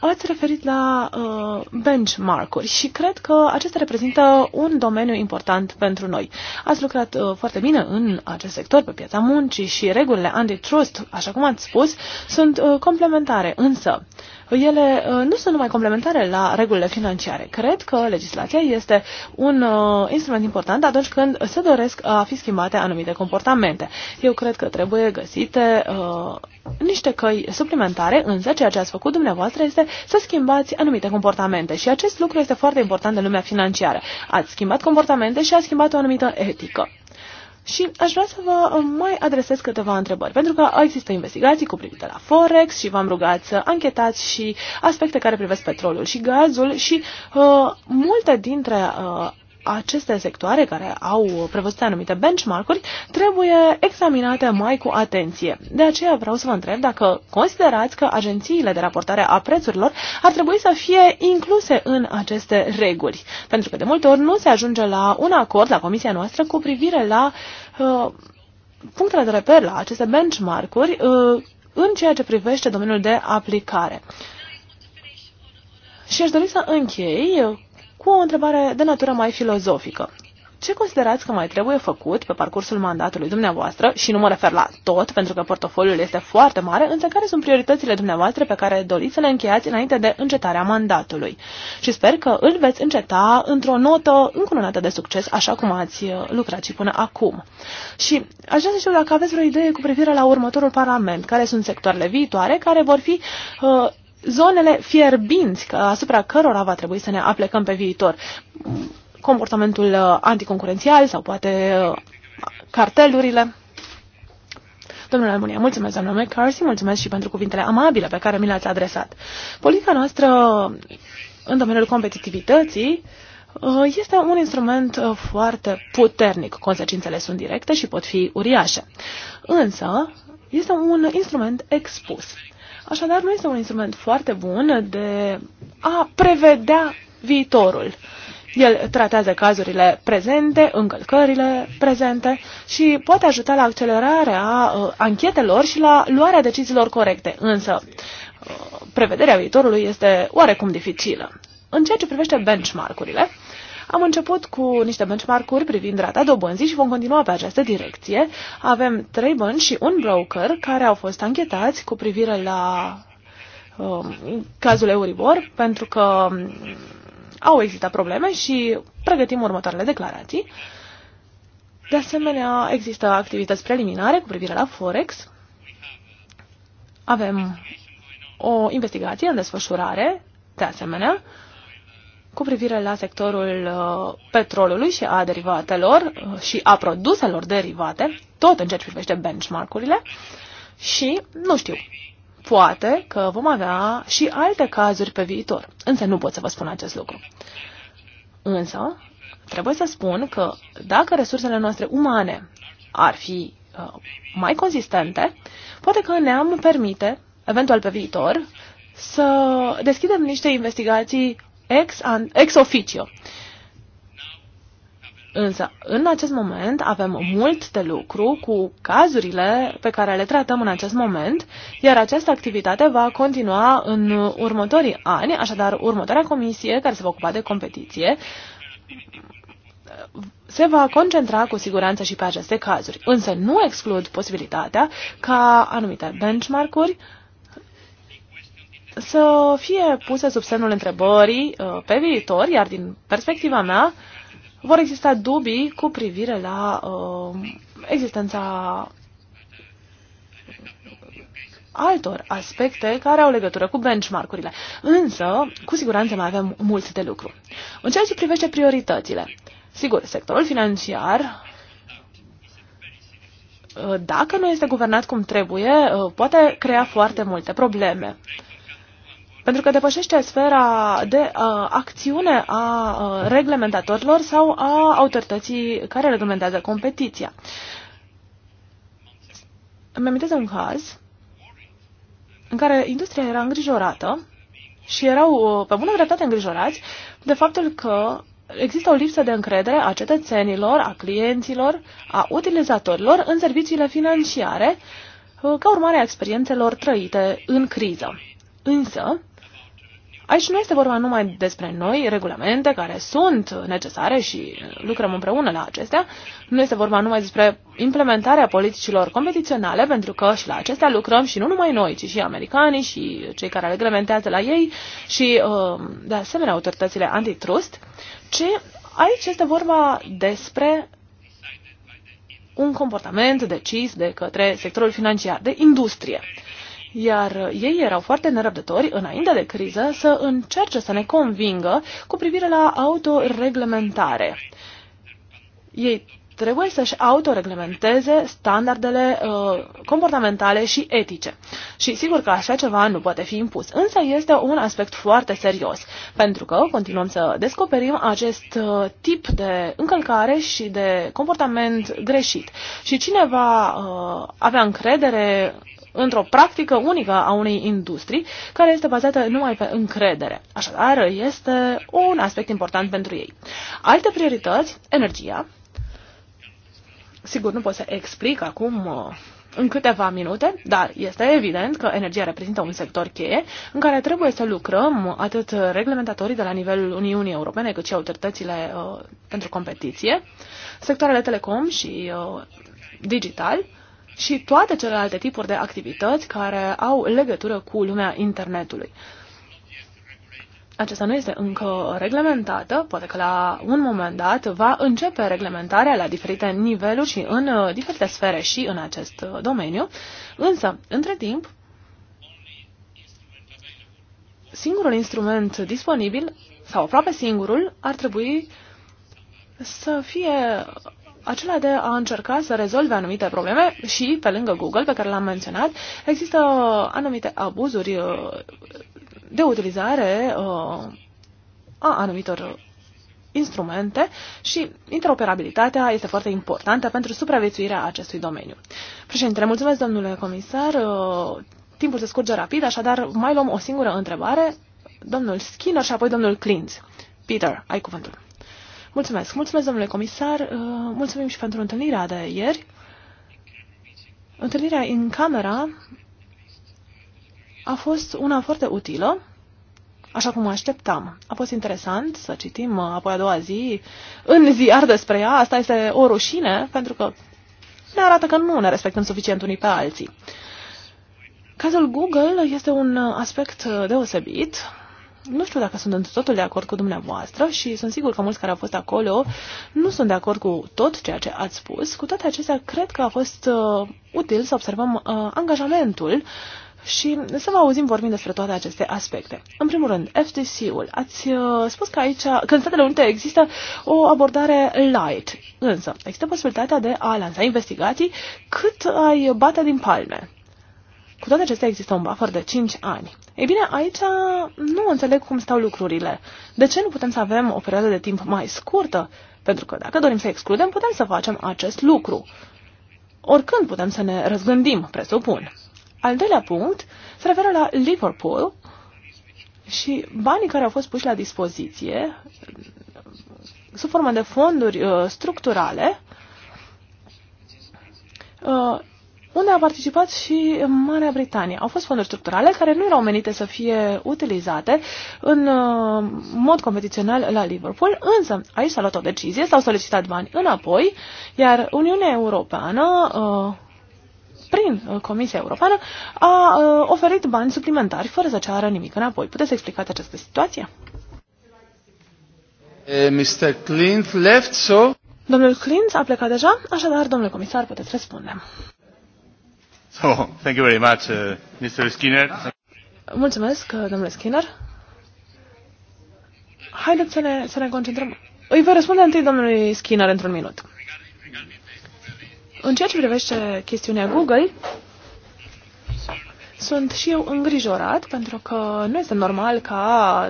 Ați referit la uh, benchmark-uri și cred că acesta reprezintă un domeniu important pentru noi. Ați lucrat uh, foarte bine în acest sector, pe piața muncii și regulile antitrust, așa cum ați spus, sunt uh, complementare. Însă, uh, ele uh, nu sunt numai complementare la regulile financiare. Cred că legislația este un uh, instrument important atunci când se doresc a fi schimbate anumite comportamente. Eu cred că trebuie găsite uh, niște căi suplimentare, însă ceea ce ați făcut dumneavoastră este să schimbați anumite comportamente și acest lucru este foarte important în lumea financiară. Ați schimbat comportamente și ați schimbat o anumită etică. Și aș vrea să vă mai adresez câteva întrebări, pentru că există investigații cu privire la Forex și v-am rugat să anchetați și aspecte care privesc petrolul și gazul și uh, multe dintre uh, aceste sectoare care au prevăzute anumite benchmark-uri trebuie examinate mai cu atenție. De aceea vreau să vă întreb dacă considerați că agențiile de raportare a prețurilor ar trebui să fie incluse în aceste reguli. Pentru că de multe ori nu se ajunge la un acord la comisia noastră cu privire la uh, punctele de reper, la aceste benchmark-uri uh, în ceea ce privește domeniul de aplicare. Și aș dori să închei cu o întrebare de natură mai filozofică. Ce considerați că mai trebuie făcut pe parcursul mandatului dumneavoastră, și nu mă refer la tot, pentru că portofoliul este foarte mare, însă care sunt prioritățile dumneavoastră pe care doriți să le încheiați înainte de încetarea mandatului? Și sper că îl veți înceta într-o notă încununată de succes, așa cum ați uh, lucrat și până acum. Și aș vrea să știu dacă aveți vreo idee cu privire la următorul parlament, care sunt sectoarele viitoare care vor fi uh, zonele fierbinți asupra cărora va trebui să ne aplecăm pe viitor. Comportamentul uh, anticoncurențial sau poate uh, cartelurile. Domnule Almunia, mulțumesc, domnule McCarthy, mulțumesc și pentru cuvintele amabile pe care mi le-ați adresat. Politica noastră uh, în domeniul competitivității este un instrument foarte puternic. Consecințele sunt directe și pot fi uriașe. Însă, este un instrument expus. Așadar, nu este un instrument foarte bun de a prevedea viitorul. El tratează cazurile prezente, încălcările prezente și poate ajuta la accelerarea uh, anchetelor și la luarea deciziilor corecte, însă uh, prevederea viitorului este oarecum dificilă. În ceea ce privește benchmark-urile, am început cu niște benchmark-uri privind rata dobânzii și vom continua pe această direcție. Avem trei bănci și un broker care au fost anchetați cu privire la um, cazul Euribor, pentru că um, au existat probleme și pregătim următoarele declarații. De asemenea, există activități preliminare cu privire la Forex. Avem o investigație în desfășurare, de asemenea, cu privire la sectorul uh, petrolului și a derivatelor uh, și a produselor derivate, tot în ceea ce privește benchmark-urile și, nu știu, poate că vom avea și alte cazuri pe viitor, însă nu pot să vă spun acest lucru. Însă, trebuie să spun că dacă resursele noastre umane ar fi uh, mai consistente, poate că ne-am permite, eventual pe viitor, să deschidem niște investigații ex, an, ex officio. Însă, în acest moment avem mult de lucru cu cazurile pe care le tratăm în acest moment, iar această activitate va continua în următorii ani, așadar următoarea comisie care se va ocupa de competiție se va concentra cu siguranță și pe aceste cazuri. Însă nu exclud posibilitatea ca anumite benchmark-uri uh, să fie puse sub semnul întrebării uh, pe viitor, iar din perspectiva mea vor exista dubii cu privire la uh, existența altor aspecte care au legătură cu benchmark-urile. Însă, cu siguranță mai avem mult de lucru. În ceea ce privește prioritățile, sigur, sectorul financiar uh, dacă nu este guvernat cum trebuie, uh, poate crea foarte multe probleme pentru că depășește sfera de uh, acțiune a uh, reglementatorilor sau a autorității care reglementează competiția. Îmi amintesc un caz în care industria era îngrijorată și erau uh, pe bună dreptate îngrijorați de faptul că există o lipsă de încredere a cetățenilor, a clienților, a utilizatorilor în serviciile financiare uh, ca urmare a experiențelor trăite în criză. Însă, Aici nu este vorba numai despre noi regulamente care sunt necesare și lucrăm împreună la acestea. Nu este vorba numai despre implementarea politicilor competiționale, pentru că și la acestea lucrăm și nu numai noi, ci și americanii și cei care reglementează la ei și, um, de asemenea, autoritățile antitrust, ci aici este vorba despre un comportament decis de către sectorul financiar, de industrie iar ei erau foarte nerăbdători înainte de criză să încerce să ne convingă cu privire la autoreglementare. Ei trebuie să-și autoreglementeze standardele uh, comportamentale și etice. Și sigur că așa ceva nu poate fi impus, însă este un aspect foarte serios, pentru că continuăm să descoperim acest uh, tip de încălcare și de comportament greșit. Și cine va uh, avea încredere într-o practică unică a unei industrii care este bazată numai pe încredere. Așadar, este un aspect important pentru ei. Alte priorități, energia. Sigur, nu pot să explic acum uh, în câteva minute, dar este evident că energia reprezintă un sector cheie în care trebuie să lucrăm atât reglementatorii de la nivelul Uniunii Europene cât și autoritățile uh, pentru competiție, sectoarele telecom și uh, digital, și toate celelalte tipuri de activități care au legătură cu lumea internetului. Aceasta nu este încă reglementată, poate că la un moment dat va începe reglementarea la diferite niveluri și în uh, diferite sfere și în acest uh, domeniu, însă, între timp, singurul instrument disponibil, sau aproape singurul, ar trebui să fie acela de a încerca să rezolve anumite probleme și, pe lângă Google, pe care l-am menționat, există anumite abuzuri uh, de utilizare uh, a anumitor instrumente și interoperabilitatea este foarte importantă pentru supraviețuirea acestui domeniu. Președinte, mulțumesc, domnule comisar. Uh, timpul se scurge rapid, așadar mai luăm o singură întrebare. Domnul Skinner și apoi domnul Clint. Peter, ai cuvântul. Mulțumesc. Mulțumesc, domnule comisar. Uh, mulțumim și pentru întâlnirea de ieri. Întâlnirea în camera a fost una foarte utilă, așa cum așteptam. A fost interesant să citim uh, apoi a doua zi în ziar despre ea. Asta este o rușine, pentru că ne arată că nu ne respectăm suficient unii pe alții. Cazul Google este un uh, aspect deosebit nu știu dacă sunt într totul de acord cu dumneavoastră și sunt sigur că mulți care au fost acolo nu sunt de acord cu tot ceea ce ați spus. Cu toate acestea, cred că a fost uh, util să observăm uh, angajamentul și să vă auzim vorbind despre toate aceste aspecte. În primul rând, FTC-ul. Ați uh, spus că aici, că în Statele Unite există o abordare light, însă există posibilitatea de a lansa investigații cât ai bate din palme. Cu toate acestea există un buffer de 5 ani. Ei bine, aici nu înțeleg cum stau lucrurile. De ce nu putem să avem o perioadă de timp mai scurtă? Pentru că dacă dorim să excludem, putem să facem acest lucru. Oricând putem să ne răzgândim, presupun. Al doilea punct se referă la Liverpool și banii care au fost puși la dispoziție sub formă de fonduri uh, structurale uh, unde a participat și Marea Britanie. Au fost fonduri structurale care nu erau menite să fie utilizate în uh, mod competițional la Liverpool, însă aici s-a luat o decizie, s-au solicitat bani înapoi, iar Uniunea Europeană uh, prin uh, Comisia Europeană, a uh, oferit bani suplimentari fără să ceară nimic înapoi. Puteți explica această situație? Mr. Clint left, so... Domnul Clint a plecat deja, așadar, domnul comisar, puteți răspunde. So, thank you very much, uh, Mr. Skinner. Mulțumesc, uh, domnule Skinner. Haideți să ne, să ne concentrăm. Îi voi răspunde întâi domnului Skinner într-un minut. În ceea ce privește chestiunea Google, sunt și eu îngrijorat pentru că nu este normal ca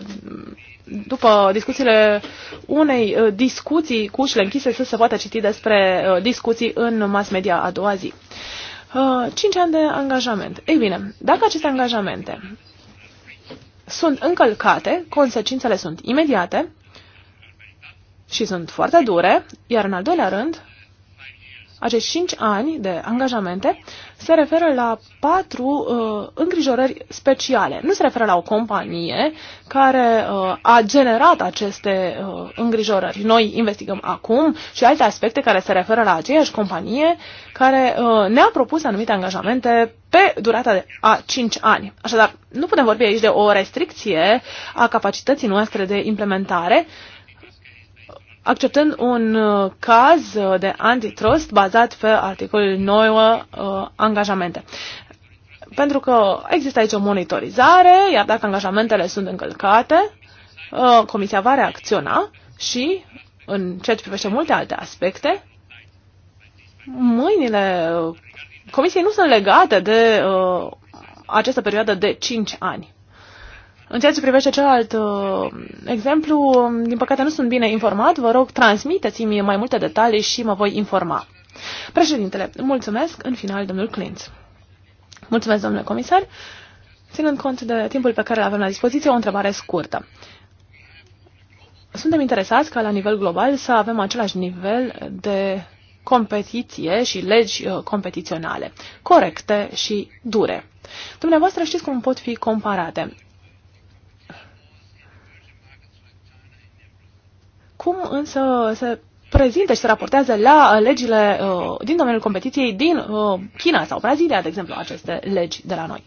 după discuțiile unei uh, discuții cu ușile închise să se poată citi despre uh, discuții în mass media a doua zi. 5 uh, ani de angajament. Ei bine, dacă aceste angajamente sunt încălcate, consecințele sunt imediate și sunt foarte dure, iar în al doilea rând, acești cinci ani de angajamente se referă la patru uh, îngrijorări speciale. Nu se referă la o companie care uh, a generat aceste uh, îngrijorări. Noi investigăm acum și alte aspecte care se referă la aceeași companie care uh, ne-a propus anumite angajamente pe durata de a 5 ani. Așadar, nu putem vorbi aici de o restricție a capacității noastre de implementare, acceptând un uh, caz uh, de antitrust bazat pe articolul 9 uh, angajamente. Pentru că există aici o monitorizare, iar dacă angajamentele sunt încălcate, Comisia va reacționa și, în ceea ce privește multe alte aspecte, mâinile Comisiei nu sunt legate de uh, această perioadă de 5 ani. În ceea ce privește celălalt uh, exemplu, din păcate nu sunt bine informat, vă rog, transmiteți-mi mai multe detalii și mă voi informa. Președintele, mulțumesc, în final, domnul Clint. Mulțumesc, domnule comisar. Ținând cont de timpul pe care îl avem la dispoziție, o întrebare scurtă. Suntem interesați ca la nivel global să avem același nivel de competiție și legi uh, competiționale, corecte și dure. Dumneavoastră știți cum pot fi comparate. cum însă se prezintă și se raportează la uh, legile uh, din domeniul competiției din uh, China sau Brazilia, de exemplu, aceste legi de la noi.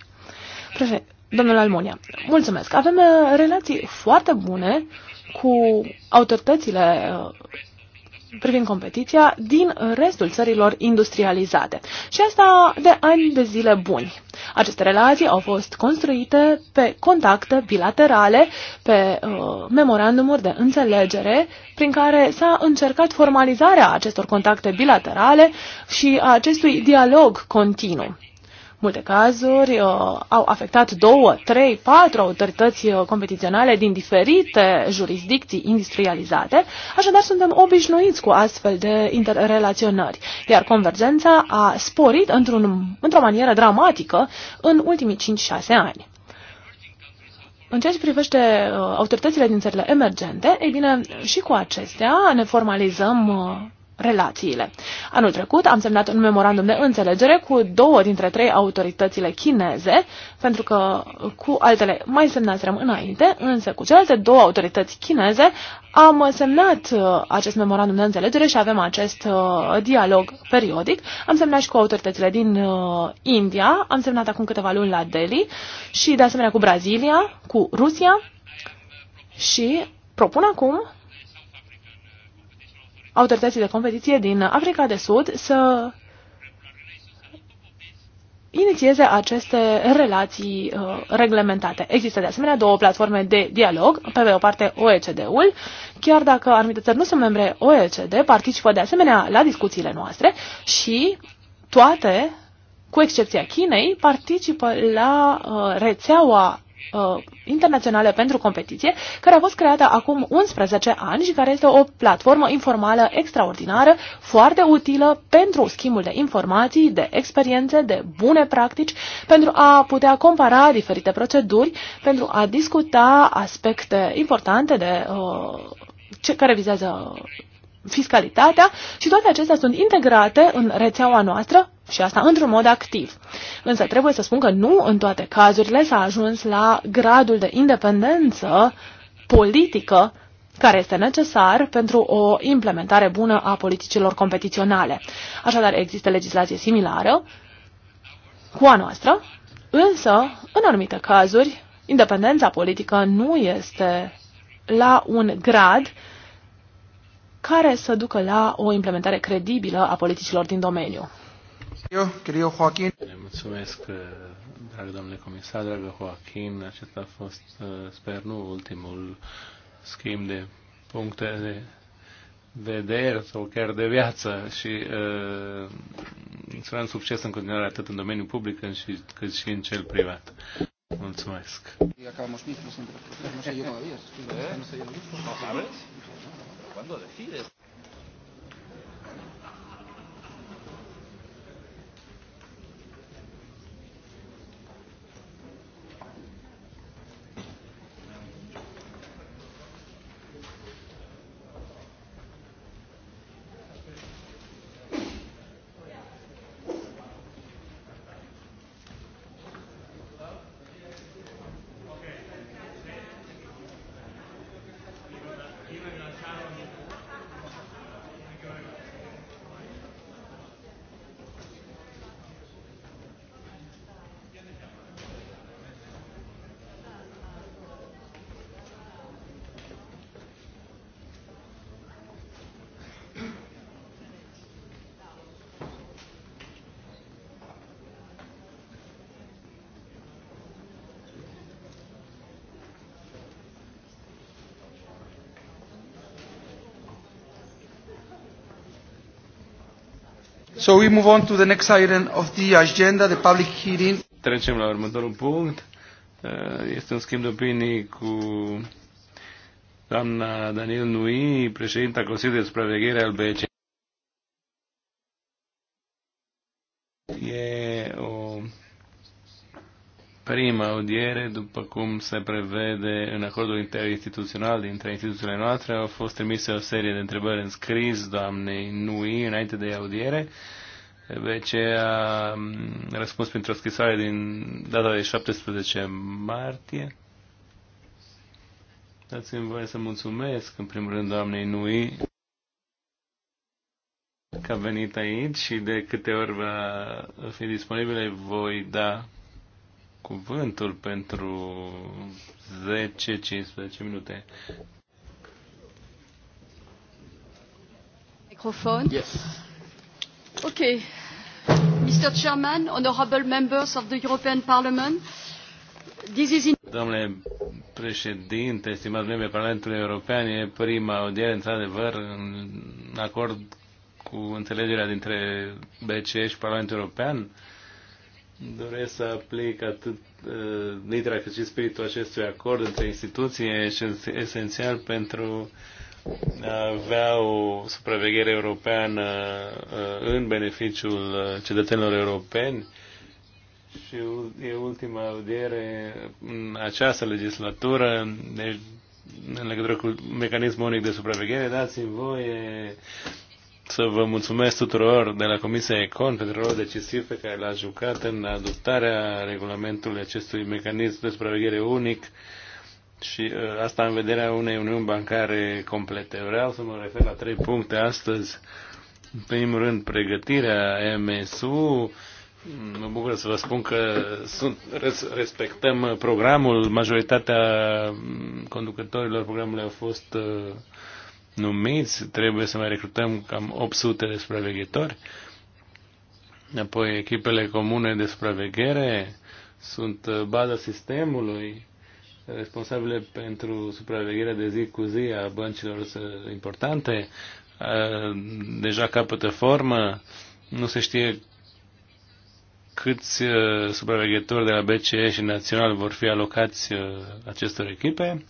Președ, domnul Almonia, mulțumesc. Avem uh, relații foarte bune cu autoritățile uh, privind competiția din restul țărilor industrializate. Și asta de ani de zile buni. Aceste relații au fost construite pe contacte bilaterale, pe uh, memorandumuri de înțelegere, prin care s-a încercat formalizarea acestor contacte bilaterale și a acestui dialog continuu multe cazuri uh, au afectat două, trei, patru autorități uh, competiționale din diferite jurisdicții industrializate, așadar suntem obișnuiți cu astfel de interrelaționări, iar convergența a sporit într-un, într-o manieră dramatică în ultimii 5-6 ani. În ceea ce privește uh, autoritățile din țările emergente, ei bine, și cu acestea ne formalizăm relațiile. Anul trecut am semnat un memorandum de înțelegere cu două dintre trei autoritățile chineze, pentru că cu altele mai semnaserăm înainte, însă cu celelalte două autorități chineze am semnat uh, acest memorandum de înțelegere și avem acest uh, dialog periodic. Am semnat și cu autoritățile din uh, India, am semnat acum câteva luni la Delhi și de asemenea cu Brazilia, cu Rusia și propun acum autorității de competiție din Africa de Sud să inițieze aceste relații uh, reglementate. Există de asemenea două platforme de dialog, pe de o parte OECD-ul, chiar dacă anumite țări nu sunt membre OECD, participă de asemenea la discuțiile noastre și toate, cu excepția Chinei, participă la uh, rețeaua uh, internaționale pentru competiție, care a fost creată acum 11 ani și care este o platformă informală extraordinară, foarte utilă pentru schimbul de informații, de experiențe, de bune practici, pentru a putea compara diferite proceduri, pentru a discuta aspecte importante de uh, ce, care vizează fiscalitatea și toate acestea sunt integrate în rețeaua noastră și asta într-un mod activ. Însă trebuie să spun că nu în toate cazurile s-a ajuns la gradul de independență politică care este necesar pentru o implementare bună a politicilor competiționale. Așadar, există legislație similară cu a noastră, însă, în anumite cazuri, independența politică nu este la un grad care să ducă la o implementare credibilă a politicilor din domeniu. Eu, querido Joaquin. Le mulțumesc, drag domnule comisar, dragă Joaquin. Acesta a fost, sper, nu ultimul schimb de puncte de vedere sau chiar de viață și uh, să succes în continuare atât în domeniul public cât și în cel privat. Mulțumesc cuando decides So we move on to the next item of the agenda, the public hearing. Trecem la următorul punct. Uh, este un schimb de opinii cu doamna Daniel Nui, președinta Consiliului de Supraveghere al BCE. prima audiere, după cum se prevede în acordul interinstituțional dintre instituțiile noastre, au fost trimise o serie de întrebări în scris doamnei Nui înainte de audiere. BC a răspuns printr-o scrisoare din data de 17 martie. Dați-mi voie să mulțumesc, în primul rând, doamnei Nui, că a venit aici și de câte ori va fi disponibile, voi da cuvântul pentru 10-15 minute. Microfon? Yes. Ok. Mr. Chairman, honorable members of the European Parliament, this is in... Domnule președinte, estimați membri Parlamentului European, e prima audiere, într-adevăr, în acord cu înțelegerea dintre BCE și Parlamentul European doresc să aplic atât uh, litera cât și spiritul acestui acord între instituții e esențial pentru a avea o supraveghere europeană uh, în beneficiul uh, cetățenilor europeni și e ultima audiere în această legislatură, deci în legătură cu mecanismul unic de supraveghere, dați-mi voie să vă mulțumesc tuturor de la Comisia Econ pentru rolul decisiv pe care l-a jucat în adoptarea regulamentului acestui mecanism de supraveghere unic și uh, asta în vederea unei uniuni bancare complete. Vreau să mă refer la trei puncte astăzi. În primul rând, pregătirea MSU. Mă bucur să vă spun că sunt, respectăm programul. Majoritatea conducătorilor programului au fost uh, numiți, trebuie să mai recrutăm cam 800 de supraveghetori. Apoi echipele comune de supraveghere sunt uh, baza sistemului, responsabile pentru supravegherea de zi cu zi a băncilor importante, uh, deja capătă formă, nu se știe câți uh, supraveghetori de la BCE și Național vor fi alocați acestor echipe.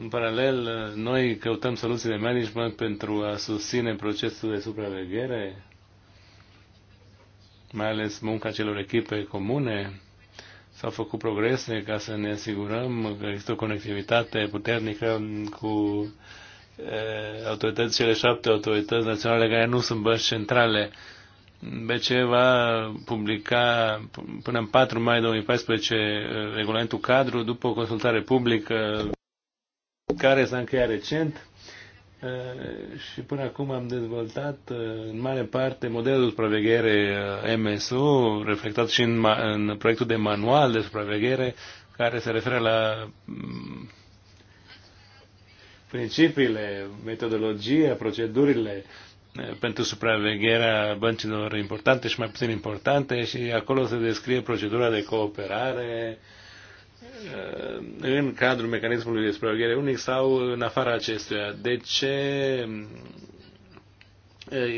În paralel, noi căutăm soluții de management pentru a susține procesul de supraveghere, mai ales munca celor echipe comune. S-au făcut progrese ca să ne asigurăm că există o conectivitate puternică cu autorități, cele șapte autorități naționale care nu sunt bărți centrale. BC va publica până în 4 mai 2014 regulamentul cadru după o consultare publică care s-a încheiat recent uh, și până acum am dezvoltat uh, în mare parte modelul de supraveghere uh, MSU, reflectat și în, în proiectul de manual de supraveghere, care se referă la mm, principiile, metodologia, procedurile pentru supravegherea băncilor importante și mai puțin importante și acolo se descrie procedura de cooperare, Ehm, în cadrul mecanismului de supraveghere unic sau în afara acestuia. De ce ehm,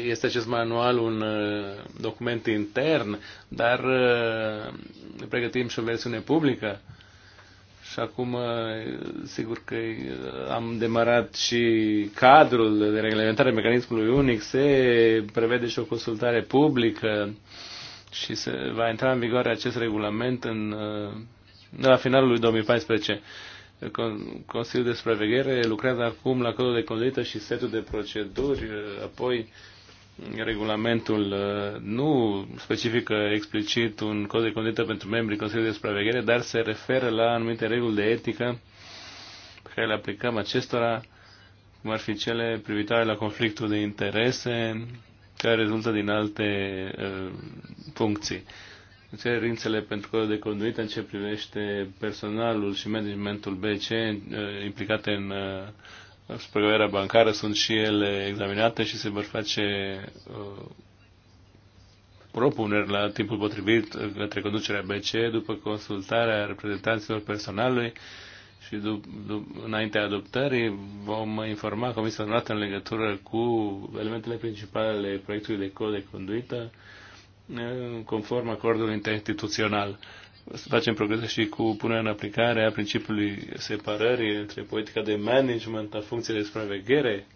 este acest manual un ehm, document intern, dar pregătim și o versiune publică? Și acum, sigur că am demarat și cadrul de reglementare mecanismului unic, se prevede și o consultare publică și se va intra în vigoare acest regulament în la finalul lui 2014. Consiliul de Supraveghere lucrează acum la codul de conduită și setul de proceduri, apoi regulamentul uh, nu specifică explicit un cod de conduită pentru membrii Consiliului de Supraveghere, dar se referă la anumite reguli de etică pe care le aplicăm acestora, cum ar fi cele privitoare la conflictul de interese care rezultă din alte uh, funcții. Uh, cerințele pentru codul de conduit în ce privește personalul și managementul BC eh, implicate în eh, supravegherea bancară sunt și ele examinate și se vor face eh, propuneri la timpul potrivit către conducerea BC după consultarea reprezentanților personalului și dup, dup, înaintea adoptării vom informa Comisia Noastră în legătură cu elementele principale ale proiectului de cod de conduită conform acordului interinstituțional. Să facem progrese și cu punerea în aplicare a principiului separării între politica de management a funcției de supraveghere.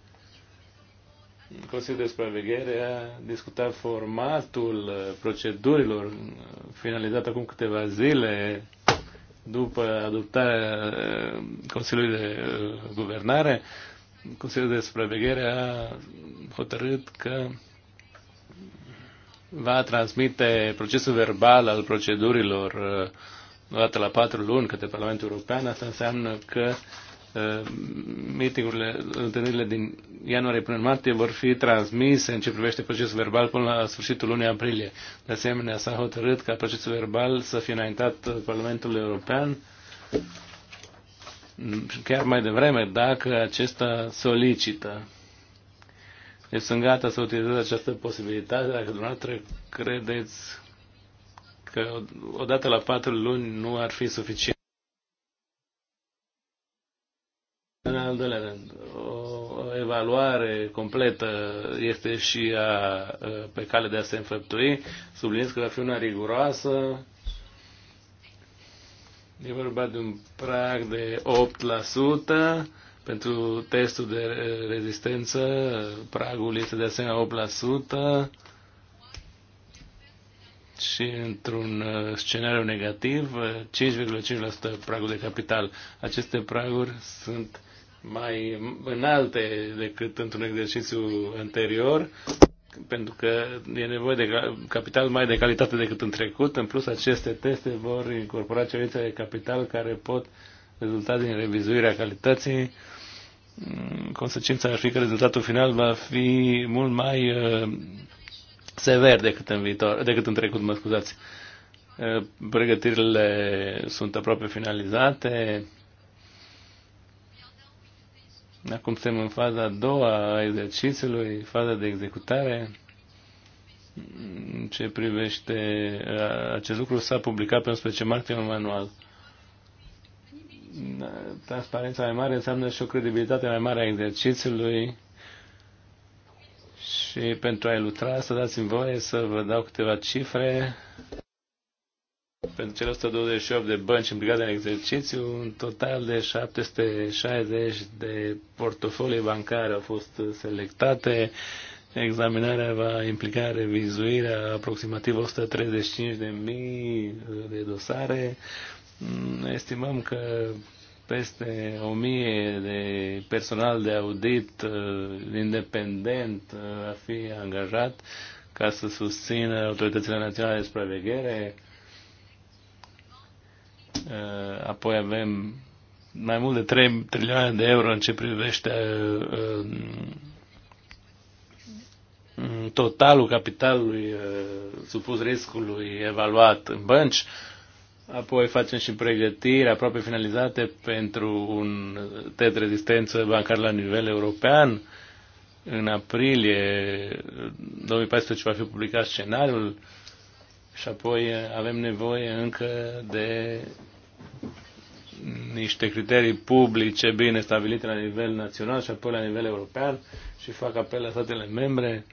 Consiliul de supraveghere a discutat formatul procedurilor finalizat acum câteva zile după adoptarea Consiliului de Guvernare. Consiliul de supraveghere a hotărât că va transmite procesul verbal al procedurilor uh, dată la patru luni către Parlamentul European. Asta înseamnă că uh, meetingurile, întâlnirile din ianuarie până în martie vor fi transmise în ce privește procesul verbal până la sfârșitul lunii aprilie. De asemenea, s-a hotărât ca procesul verbal să fie înaintat Parlamentului European mm, chiar mai devreme dacă acesta solicită deci sunt gata să utilizez această posibilitate dacă dumneavoastră credeți că odată la patru luni nu ar fi suficient. În al doilea rând, o evaluare completă este și a, ă, pe cale de a se înfăptui. Subliniez că va fi una riguroasă. E vorba de un prag de 8%. Pentru testul de rezistență, pragul este de asemenea 8% și într-un uh, scenariu negativ, 5,5% pragul de capital. Aceste praguri sunt mai înalte decât într-un exercițiu anterior, pentru că e nevoie de capital mai de calitate decât în trecut. În plus, aceste teste vor incorpora cerințe de capital care pot rezulta din revizuirea calității consecința ar fi că rezultatul final va fi mult mai uh, sever decât în, viitor, decât în trecut, mă scuzați. Uh, pregătirile sunt aproape finalizate. Acum suntem în faza a doua a exercițiului, faza de executare. În ce privește uh, acest lucru s-a publicat pe 11 martie un manual transparența mai mare înseamnă și o credibilitate mai mare a exercițiului și pentru a ilustra asta dați-mi voie să vă dau câteva cifre. Pentru cele 128 de bănci implicate în exercițiu, un total de 760 de portofolii bancare au fost selectate. Examinarea va implica revizuirea aproximativ 135.000 de dosare Estimăm că peste o mie de personal de audit uh, independent uh, a fi angajat ca să susțină autoritățile naționale de supraveghere. Uh, apoi avem mai mult de 3 trilioane de euro în ce privește totalul capitalului supus riscului evaluat în bănci. Apoi facem și pregătiri aproape finalizate pentru un test rezistență bancar la nivel european. În aprilie 2014 va fi publicat scenariul și apoi avem nevoie încă de niște criterii publice bine stabilite la nivel național și apoi la nivel european și fac apel la statele membre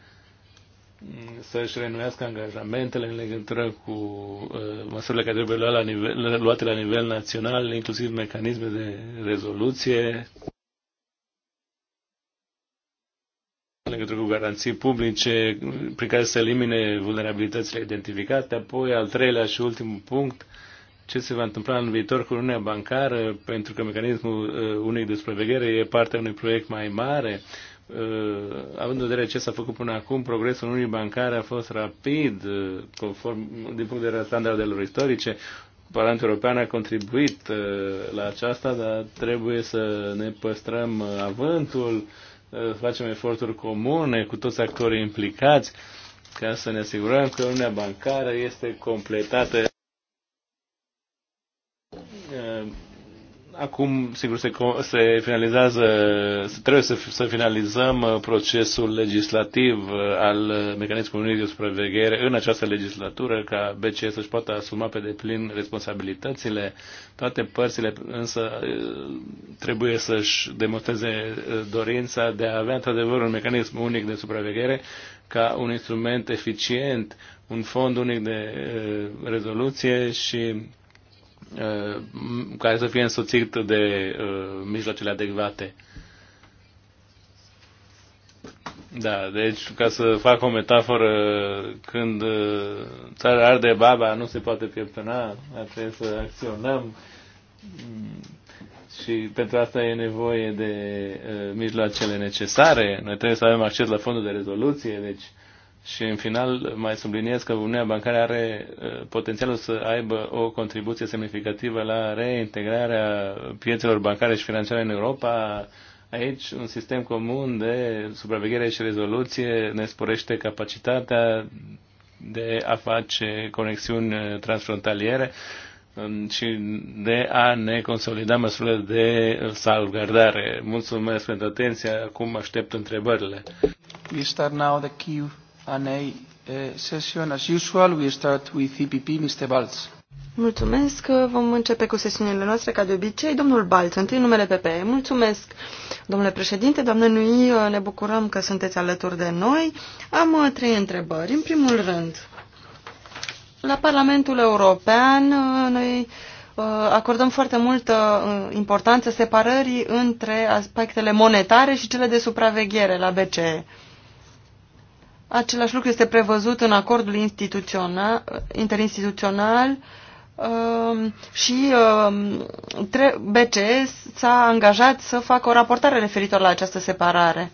să-și renuiască angajamentele în legătură cu uh, măsurile care trebuie luate la, nivel, luate la nivel național, inclusiv mecanisme de rezoluție, în legătură cu garanții publice, prin care să elimine vulnerabilitățile identificate. Apoi, al treilea și ultimul punct, ce se va întâmpla în viitor cu Uniunea Bancară, pentru că mecanismul uh, unic de supraveghere e partea unui proiect mai mare Uh, având în vedere ce s-a făcut până acum, progresul unii bancare a fost rapid, uh, conform, din punct de vedere standardelor istorice. Parlamentul European a contribuit uh, la aceasta, dar trebuie să ne păstrăm avântul, facem eforturi comune cu toți actorii implicați ca să ne asigurăm că Uniunea Bancară este completată Acum, sigur, se, se finalizează, trebuie să, să finalizăm uh, procesul legislativ uh, al uh, mecanismului unic de supraveghere în această legislatură, ca BCE să-și poată asuma pe deplin responsabilitățile. Toate părțile însă trebuie să-și demonstreze dorința de a avea într-adevăr un mecanism unic de supraveghere ca un instrument eficient, un fond unic de rezoluție și Uh, care să fie însoțit de uh, mijloacele adecvate. Da, deci ca să fac o metaforă, când uh, țara arde baba, nu se poate pieptăna, trebuie să acționăm mm, și pentru asta e nevoie de mijloacele necesare. Noi trebuie să avem acces la fondul de rezoluție, deci și în final mai subliniez că Uniunea Bancară are uh, potențialul să aibă o contribuție semnificativă la reintegrarea piețelor bancare și financiare în Europa. Aici un sistem comun de supraveghere și rezoluție ne sporește capacitatea de a face conexiuni uh, transfrontaliere um, și de a ne consolida măsurile de salvgardare. Mulțumesc pentru atenție. Acum aștept întrebările. We start now the queue Q&A eh, session. As usual, we start with EPP, Mr. Balz. Mulțumesc. Vom începe cu sesiunile noastre, ca de obicei. Domnul Balț, întâi numele PPE. Mulțumesc, domnule președinte. Doamnă Nui, ne bucurăm că sunteți alături de noi. Am uh, trei întrebări. În primul rând, la Parlamentul European uh, noi uh, acordăm foarte multă importanță separării între aspectele monetare și cele de supraveghere la BCE. Același lucru este prevăzut în acordul instituțional, interinstituțional um, și um, BCS s-a angajat să facă o raportare referitor la această separare.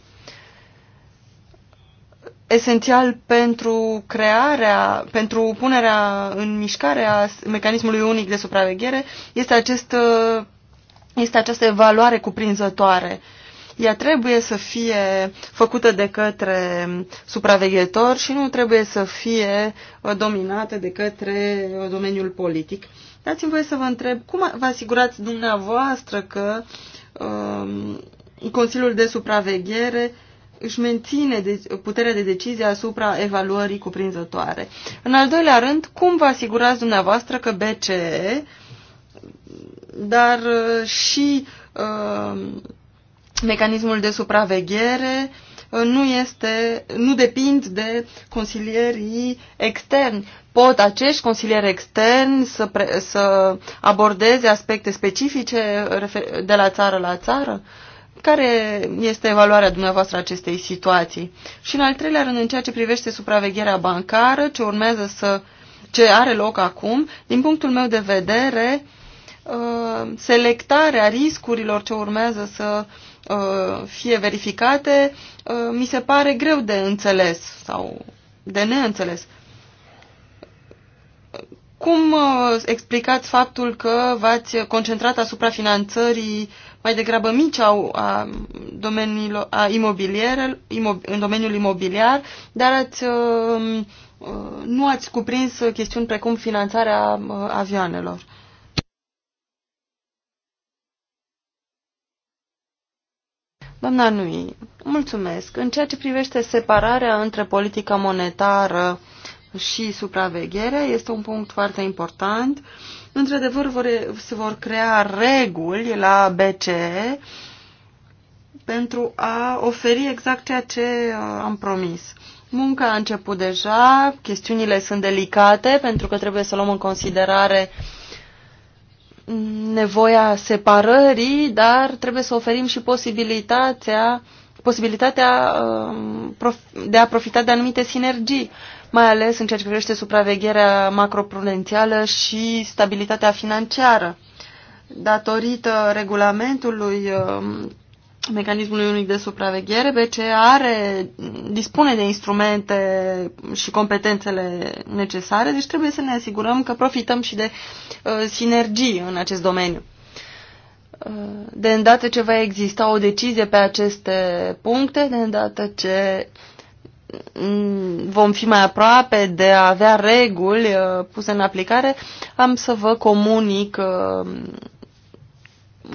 Esențial pentru crearea, pentru punerea în mișcare a mecanismului unic de supraveghere este, acest, este această evaluare cuprinzătoare uh, ea trebuie să fie făcută de către supraveghetor și nu trebuie să fie uh, dominată de către uh, domeniul politic. Dați-mi voie să vă întreb, cum vă asigurați dumneavoastră că um, Consiliul de Supraveghere își menține de, puterea de decizie asupra evaluării cuprinzătoare. În al doilea rând, cum vă asigurați dumneavoastră că BCE, dar uh, și uh, mecanismul de supraveghere uh, nu, este, nu depind de consilierii externi. Pot acești consilieri externi să, pre, să abordeze aspecte specifice uh, de la țară la țară? Care este evaluarea dumneavoastră acestei situații? Și în al treilea rând, în ceea ce privește supravegherea bancară, ce urmează să ce are loc acum, din punctul meu de vedere, uh, selectarea riscurilor ce urmează să uh, Uh, fie verificate, uh, mi se pare greu de înțeles sau de neînțeles. Cum uh, explicați faptul că v-ați concentrat asupra finanțării mai degrabă mici au, a, domeniilor, a imobilier, imob, în domeniul imobiliar, dar ați, nu ați cuprins chestiuni precum finanțarea avioanelor? Doamna Nui, mulțumesc. În ceea ce privește separarea între politica monetară și supraveghere, este un punct foarte important. Într-adevăr, vor, se vor crea reguli la BCE pentru a oferi exact ceea ce uh, am promis. Munca a început deja, chestiunile sunt delicate pentru că trebuie să luăm în considerare uh, nevoia separării, dar trebuie să oferim și posibilitatea, posibilitatea um, de a profita de anumite sinergii, mai ales în ceea ce privește supravegherea macroprudențială și stabilitatea financiară. Datorită regulamentului um, mecanismului unic de supraveghere, BCE are, dispune de instrumente și competențele necesare, deci trebuie să ne asigurăm că profităm și de uh, sinergii în acest domeniu. Uh, de îndată ce va exista o decizie pe aceste puncte, de îndată ce mm, vom fi mai aproape de a avea reguli uh, puse în aplicare, am să vă comunic uh,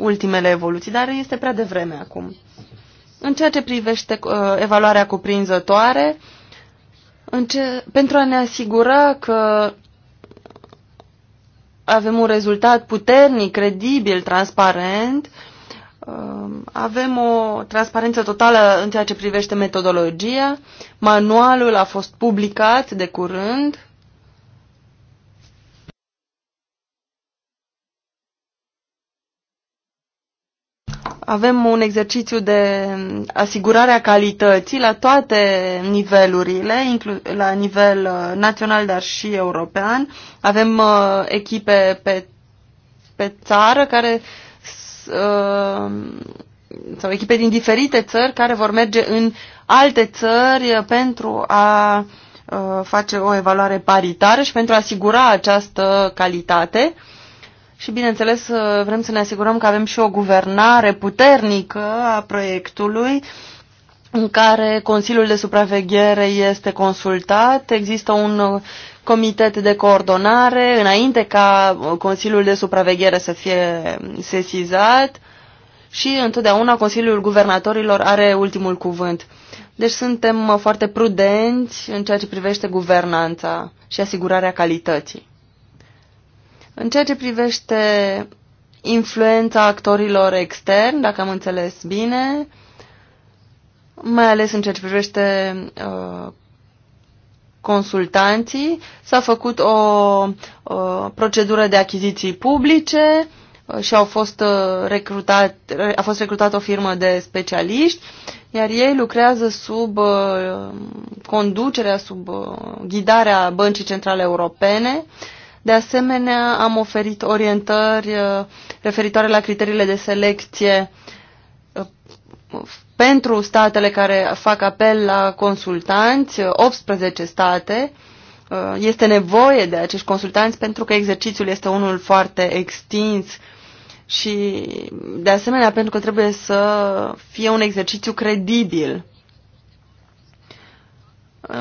ultimele evoluții, dar este prea devreme acum. În ceea ce privește uh, evaluarea cuprinzătoare, în ce, pentru a ne asigura că avem un rezultat puternic, credibil, transparent, um, avem o transparență totală în ceea ce privește metodologia. Manualul a fost publicat de curând avem un exercițiu de asigurare a calității la toate nivelurile, la nivel uh, național, dar și european. Avem uh, echipe pe, pe țară care uh, sau echipe din diferite țări care vor merge în alte țări pentru a uh, face o evaluare paritară și pentru a asigura această calitate. Uh, și, bineînțeles, uh, vrem să ne asigurăm că avem și o guvernare puternică a proiectului în care Consiliul de Supraveghere este consultat, există un uh, comitet de coordonare înainte ca uh, Consiliul de Supraveghere să fie sesizat și întotdeauna Consiliul Guvernatorilor are ultimul cuvânt. Deci suntem foarte prudenți în ceea ce privește guvernanța și asigurarea calității. În ceea ce privește influența actorilor externi, dacă am înțeles bine, mai ales în ceea ce privește uh, consultanții, s-a făcut o, o procedură de achiziții publice uh, și au fost uh, recrutat, a fost recrutată o firmă de specialiști, iar ei lucrează sub uh, conducerea, sub ghidarea Băncii Centrale Europene de asemenea, am oferit orientări uh, referitoare la criteriile de selecție uh, pentru statele care fac apel la consultanți, 18 uh, state, este nevoie de acești consultanți pentru că exercițiul este unul foarte extins și de asemenea pentru că trebuie să fie un exercițiu credibil.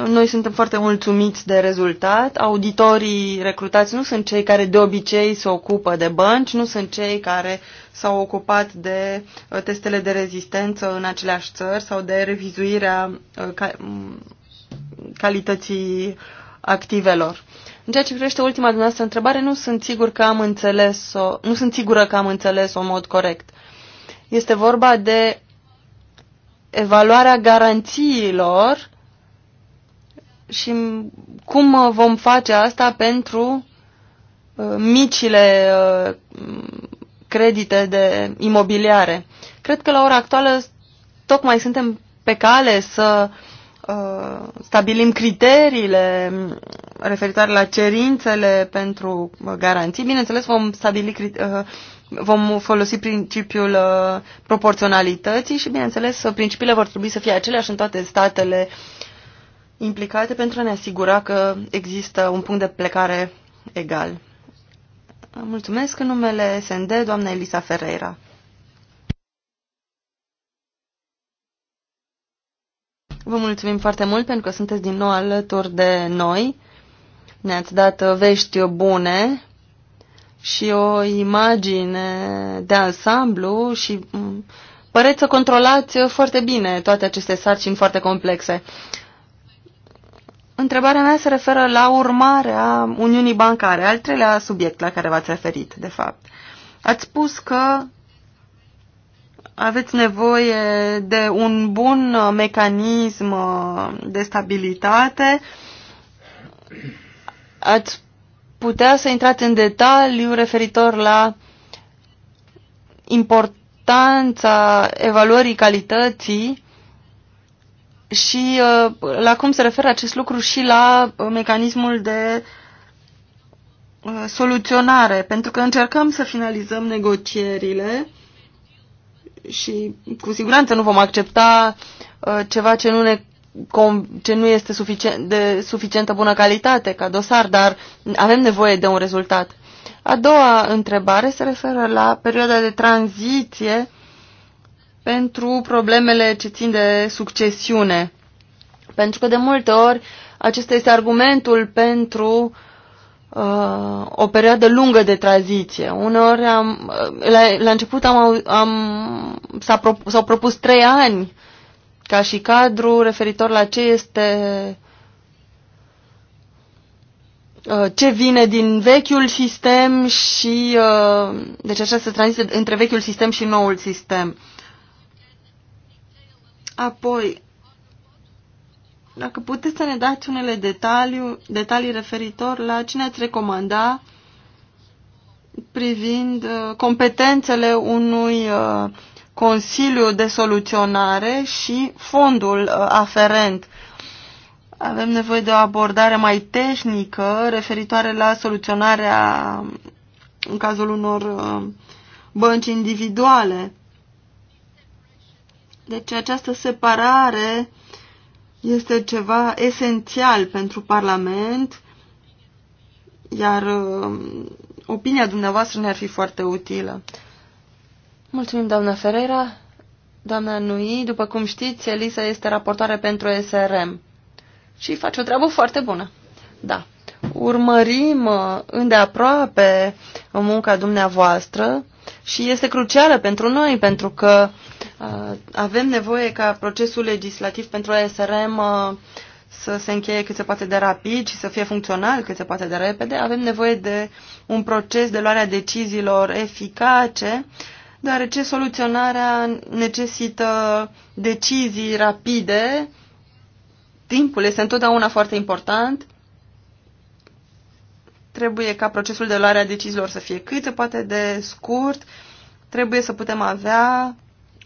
Noi suntem foarte mulțumiți de rezultat. Auditorii recrutați nu sunt cei care de obicei se ocupă de bănci, nu sunt cei care s-au ocupat de uh, testele de rezistență în aceleași țări sau de revizuirea uh, mm, calității activelor. În ceea ce privește ultima dumneavoastră întrebare, nu sunt, sigur că am înțeles -o, nu sunt sigură că am înțeles-o în mod corect. Este vorba de evaluarea garanțiilor și cum uh, vom face asta pentru uh, micile uh, credite de imobiliare. Cred că la ora actuală tocmai suntem pe cale să stabilim criteriile mm, referitoare la cerințele pentru garanții. Bineînțeles, vom stabili vom folosi principiul proporționalității și, bineînțeles, principiile vor trebui să fie aceleași în toate statele uh, implicate pentru a ne asigura că există un punct de plecare egal. Mulțumesc în numele SND, doamna Elisa Ferreira. Vă mulțumim foarte mult pentru că sunteți din nou alături de noi. Ne-ați dat vești bune și o imagine de ansamblu și mm, păreți să controlați foarte bine toate aceste sarcini foarte complexe. Întrebarea mea se referă la urmarea Uniunii Bancare, al treilea subiect la care v-ați referit, de fapt. Ați spus că aveți nevoie de un bun mecanism de stabilitate. Ați putea să intrați în detaliu referitor la importanța evaluării calității și uh, la cum se referă acest lucru și la uh, mecanismul de uh, soluționare, pentru că încercăm să finalizăm negocierile și cu siguranță nu vom accepta ceva ce nu ne ce nu este suficient, de suficientă bună calitate ca dosar, dar avem nevoie de un rezultat. A doua întrebare se referă la perioada de tranziție pentru problemele ce țin de succesiune. Pentru că de multe ori acesta este argumentul pentru uh, o perioadă lungă de tranziție. Uneori am, uh, la, la început am, am, s-au pro, propus trei ani ca și cadru referitor la ce este uh, ce vine din vechiul sistem și uh, deci această tranziție între vechiul sistem și noul sistem. Apoi, dacă puteți să ne dați unele detaliu, detalii referitor la cine ați recomanda privind uh, competențele unui uh, Consiliu de Soluționare și fondul uh, aferent. Avem nevoie de o abordare mai tehnică referitoare la soluționarea um, în cazul unor bănci individuale. Deci această separare este ceva esențial pentru Parlament, iar um, opinia dumneavoastră ne-ar fi foarte utilă. Mulțumim, doamna Ferreira. Doamna Nui, după cum știți, Elisa este raportoare pentru SRM și face o treabă foarte bună. Da. Urmărim uh, îndeaproape munca dumneavoastră și este crucială pentru noi, pentru că Uh, avem nevoie ca procesul legislativ pentru SRM uh, să se încheie cât se poate de rapid și să fie funcțional cât se poate de repede. Avem nevoie de un proces de luare a deciziilor eficace, deoarece soluționarea necesită decizii rapide. Timpul este întotdeauna foarte important. Trebuie ca procesul de luare a deciziilor să fie cât se poate de scurt. Trebuie să putem avea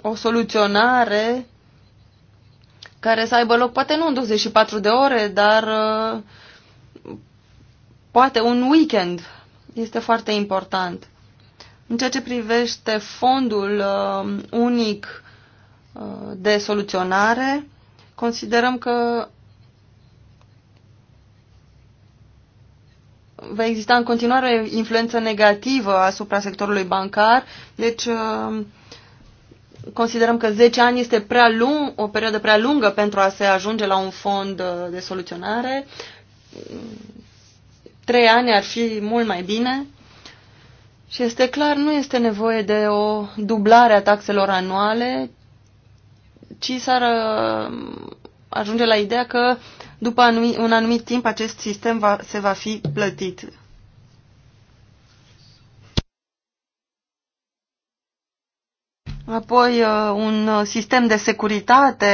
o soluționare care să aibă loc poate nu în 24 de ore, dar uh, poate un weekend. Este foarte important. În ceea ce privește fondul uh, unic uh, de soluționare, considerăm că va exista în continuare influență negativă asupra sectorului bancar, deci considerăm că 10 ani este prea lung, o perioadă prea lungă pentru a se ajunge la un fond uh, de soluționare. 3 ani ar fi mult mai bine. Și este clar, nu este nevoie de o dublare a taxelor anuale, ci s-ar uh, ajunge la ideea că după un anumit timp acest sistem va, se va fi plătit. Apoi uh, un uh, sistem de securitate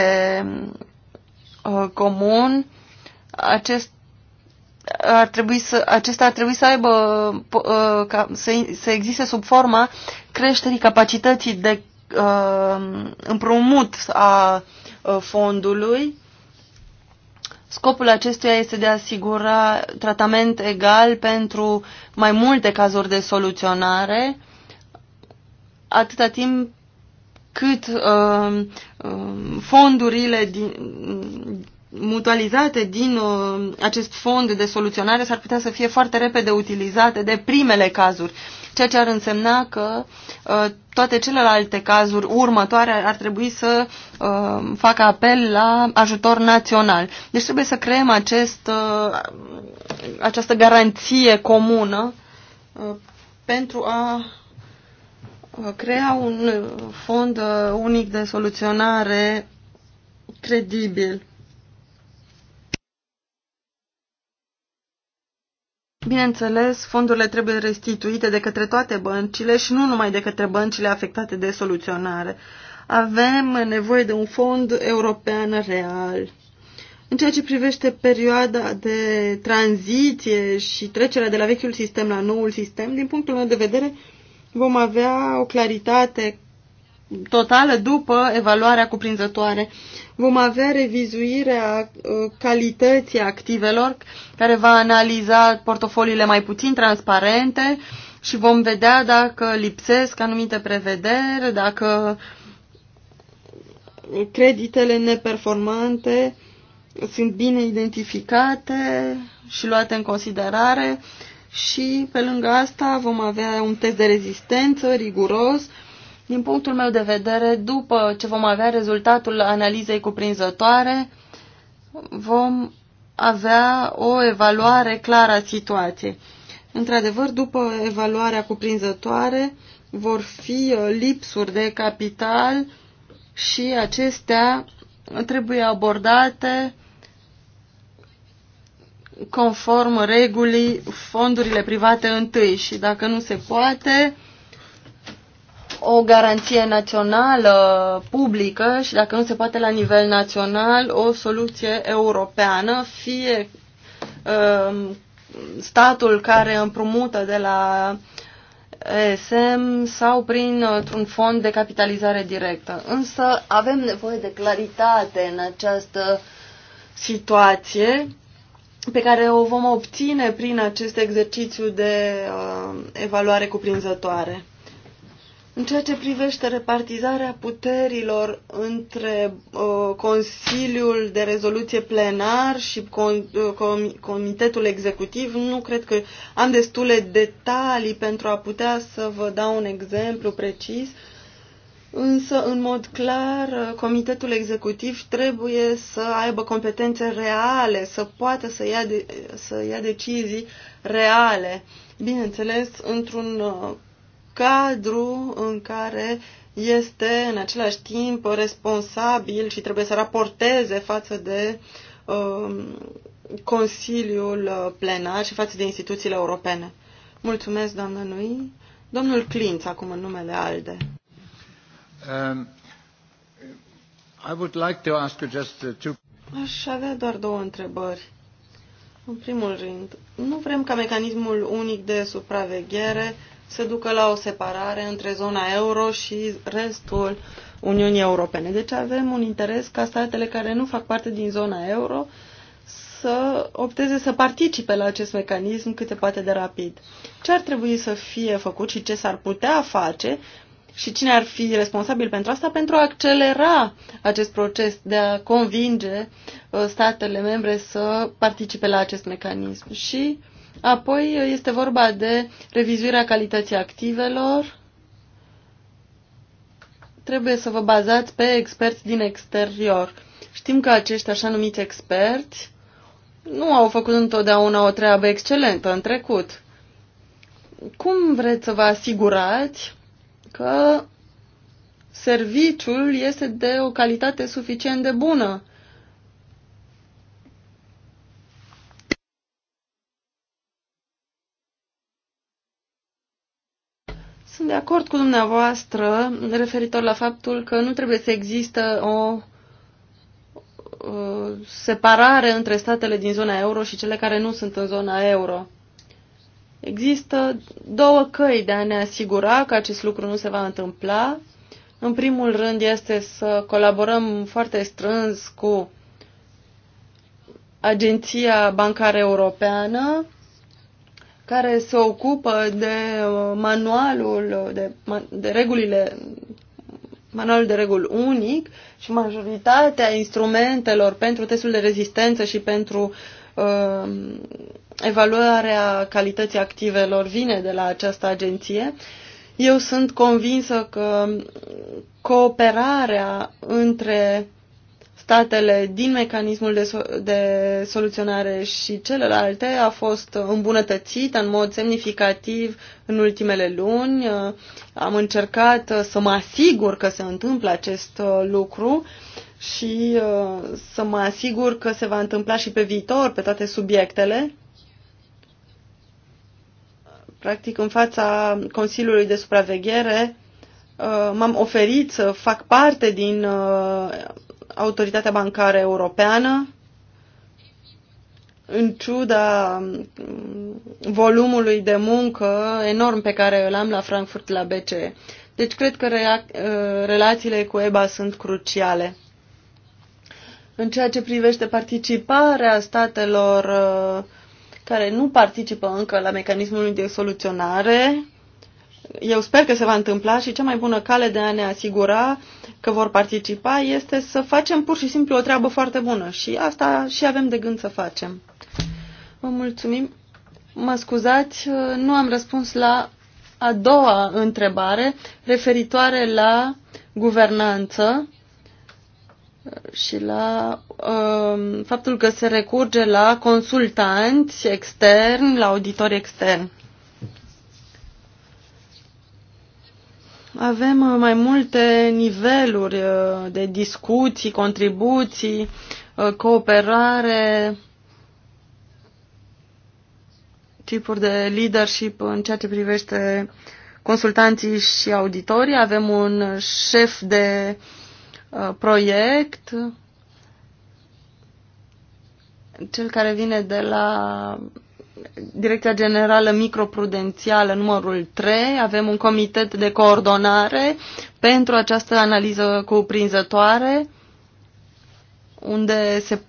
uh, comun, acest ar trebui să, acesta ar trebui să aibă să, să existe sub forma creșterii capacității de împrumut a fondului. Scopul acestuia este de a asigura tratament egal pentru mai multe cazuri de soluționare, atâta timp cât uh, uh, fondurile din, mutualizate din uh, acest fond de soluționare s-ar putea să fie foarte repede utilizate de primele cazuri, ceea ce ar însemna că uh, toate celelalte cazuri următoare ar trebui să uh, facă apel la ajutor național. Deci trebuie să creăm acest, uh, această garanție comună uh, pentru a crea un fond uh, unic de soluționare credibil. Bineînțeles, fondurile trebuie restituite de către toate băncile și nu numai de către băncile afectate de soluționare. Avem nevoie de un fond european real. În ceea ce privește perioada de tranziție și trecerea de la vechiul sistem la noul sistem, din punctul meu de vedere, vom avea o claritate totală după evaluarea cuprinzătoare. Vom avea revizuirea uh, calității activelor, care va analiza portofoliile mai puțin transparente și vom vedea dacă lipsesc anumite prevederi, dacă creditele neperformante sunt bine identificate și luate în considerare și pe lângă asta vom avea un test de rezistență riguros. Din punctul meu de vedere, după ce vom avea rezultatul analizei cuprinzătoare, vom avea o evaluare clară a situației. Într-adevăr, după evaluarea cuprinzătoare, vor fi uh, lipsuri de capital și acestea trebuie abordate conform regulii fondurile private întâi și dacă nu se poate, o garanție națională publică și dacă nu se poate la nivel național, o soluție europeană, fie uh, statul care împrumută de la ESM sau prin un fond de capitalizare directă. Însă avem nevoie de claritate în această situație pe care o vom obține prin acest exercițiu de uh, evaluare cuprinzătoare. În ceea ce privește repartizarea puterilor între uh, Consiliul de Rezoluție Plenar și con, uh, com, Comitetul Executiv, nu cred că am destule detalii pentru a putea să vă dau un exemplu precis uh, Însă, în mod clar, comitetul executiv trebuie să aibă competențe reale, să poată să ia, de, să ia decizii reale. Bineînțeles, într-un uh, cadru în care este în același timp responsabil și trebuie să raporteze față de um, Consiliul uh, Plenar și față de instituțiile europene. Mulțumesc, doamnă Nui. Domnul Clinț, acum în numele ALDE. Um, uh, Aș avea doar două întrebări. În primul rând, nu vrem ca mecanismul unic de supraveghere să ducă la o separare între zona euro și restul Uniunii Europene. Deci avem un interes ca statele care nu fac parte din zona euro să opteze să participe la acest mecanism cât se poate de rapid. Ce ar trebui să fie făcut și ce s-ar putea face și cine ar fi responsabil pentru asta, pentru a accelera acest proces de a convinge uh, statele membre să participe la acest mecanism. Și apoi uh, este vorba de revizuirea calității activelor. Trebuie să vă bazați pe experți din exterior. Știm că acești așa numiți experți nu au făcut întotdeauna o treabă excelentă în trecut. Cum vreți să vă asigurați că serviciul este de o calitate suficient de bună. Sunt de acord cu dumneavoastră referitor la faptul că nu trebuie să există o separare între statele din zona euro și cele care nu sunt în zona euro. Există două căi de a ne asigura că acest lucru nu se va întâmpla. În primul rând este să colaborăm foarte strâns cu Agenția Bancară Europeană, care se ocupă de uh, manualul, de, de regulile, manualul de reguli unic și majoritatea instrumentelor pentru testul de rezistență și pentru uh, Evaluarea calității activelor vine de la această agenție. Eu sunt convinsă că cooperarea între statele din mecanismul de, so- de soluționare și celelalte a fost îmbunătățită în mod semnificativ în ultimele luni. Am încercat să mă asigur că se întâmplă acest lucru și uh, să mă asigur că se va întâmpla și pe viitor pe toate subiectele. Practic, în fața Consiliului de Supraveghere, uh, m-am oferit să fac parte din uh, Autoritatea Bancară Europeană, în ciuda mm, volumului de muncă enorm pe care îl am la Frankfurt la BCE. Deci cred că uh, relațiile cu EBA sunt cruciale. În ceea ce privește participarea statelor uh, care nu participă încă la mecanismul de soluționare. Eu sper că se va întâmpla și cea mai bună cale de a ne asigura că vor participa este să facem pur și simplu o treabă foarte bună și asta și avem de gând să facem. Vă mulțumim. Mă scuzați, nu am răspuns la a doua întrebare referitoare la guvernanță și la um, faptul că se recurge la consultanți externi, la auditori externi. Avem uh, mai multe niveluri uh, de discuții, contribuții, uh, cooperare, tipuri de leadership în ceea ce privește consultanții și auditorii. Avem un șef de uh, Uh, proiect, cel care vine de la Direcția Generală Microprudențială numărul 3, avem un comitet de coordonare pentru această analiză cuprinzătoare, unde se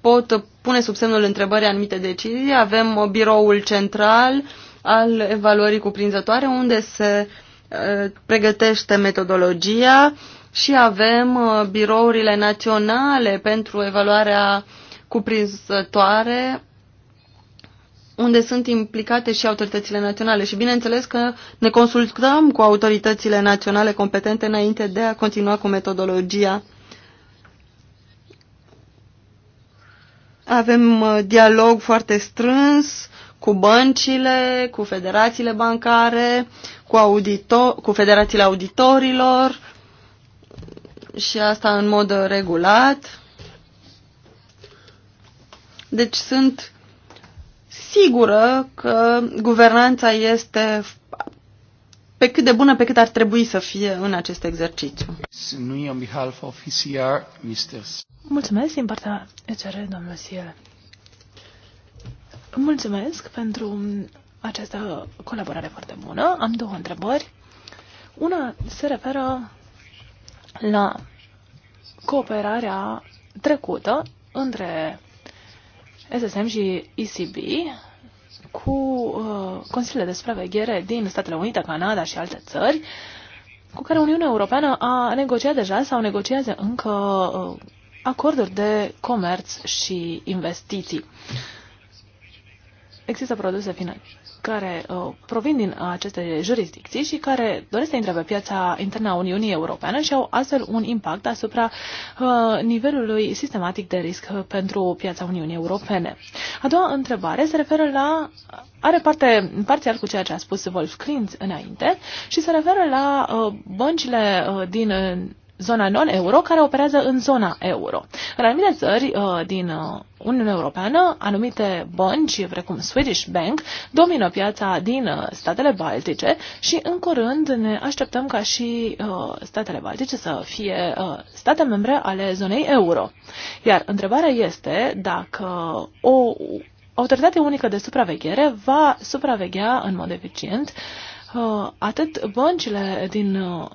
pot pune sub semnul întrebării anumite decizii. Avem biroul central al evaluării cuprinzătoare, unde se uh, pregătește metodologia, și avem uh, birourile naționale pentru evaluarea cuprinzătoare unde sunt implicate și autoritățile naționale și bineînțeles că ne consultăm cu autoritățile naționale competente înainte de a continua cu metodologia. Avem uh, dialog foarte strâns cu băncile, cu federațiile bancare, cu, audito cu federațiile auditorilor, și asta în mod regulat. Deci sunt sigură că guvernanța este pe cât de bună, pe cât ar trebui să fie în acest exercițiu. Mulțumesc din partea ECR, domnul Siele. Mulțumesc pentru această colaborare foarte bună. Am două întrebări. Una se referă la cooperarea trecută între SSM și ECB cu uh, consiliile de supraveghere din Statele Unite, Canada și alte țări, cu care Uniunea Europeană a negociat deja sau negociază încă uh, acorduri de comerț și investiții. Uh, există produse fine care uh, provin din aceste jurisdicții și care doresc să intre pe piața internă a Uniunii Europene și au astfel un impact asupra uh, nivelului sistematic de risc uh, pentru piața Uniunii Europene. A doua întrebare se referă la, are parte parțial cu ceea ce a spus Wolf Klintz înainte și se referă la uh, băncile uh, din zona non-euro care operează în zona euro. În anumite țări uh, din uh, Uniunea Europeană, anumite bănci, precum Swedish Bank, domină piața din uh, statele baltice și în curând ne așteptăm ca și statele baltice să fie state membre ale zonei euro. Iar întrebarea este dacă o autoritate unică de supraveghere va supraveghea în mod eficient uh, Uh, atât băncile din uh,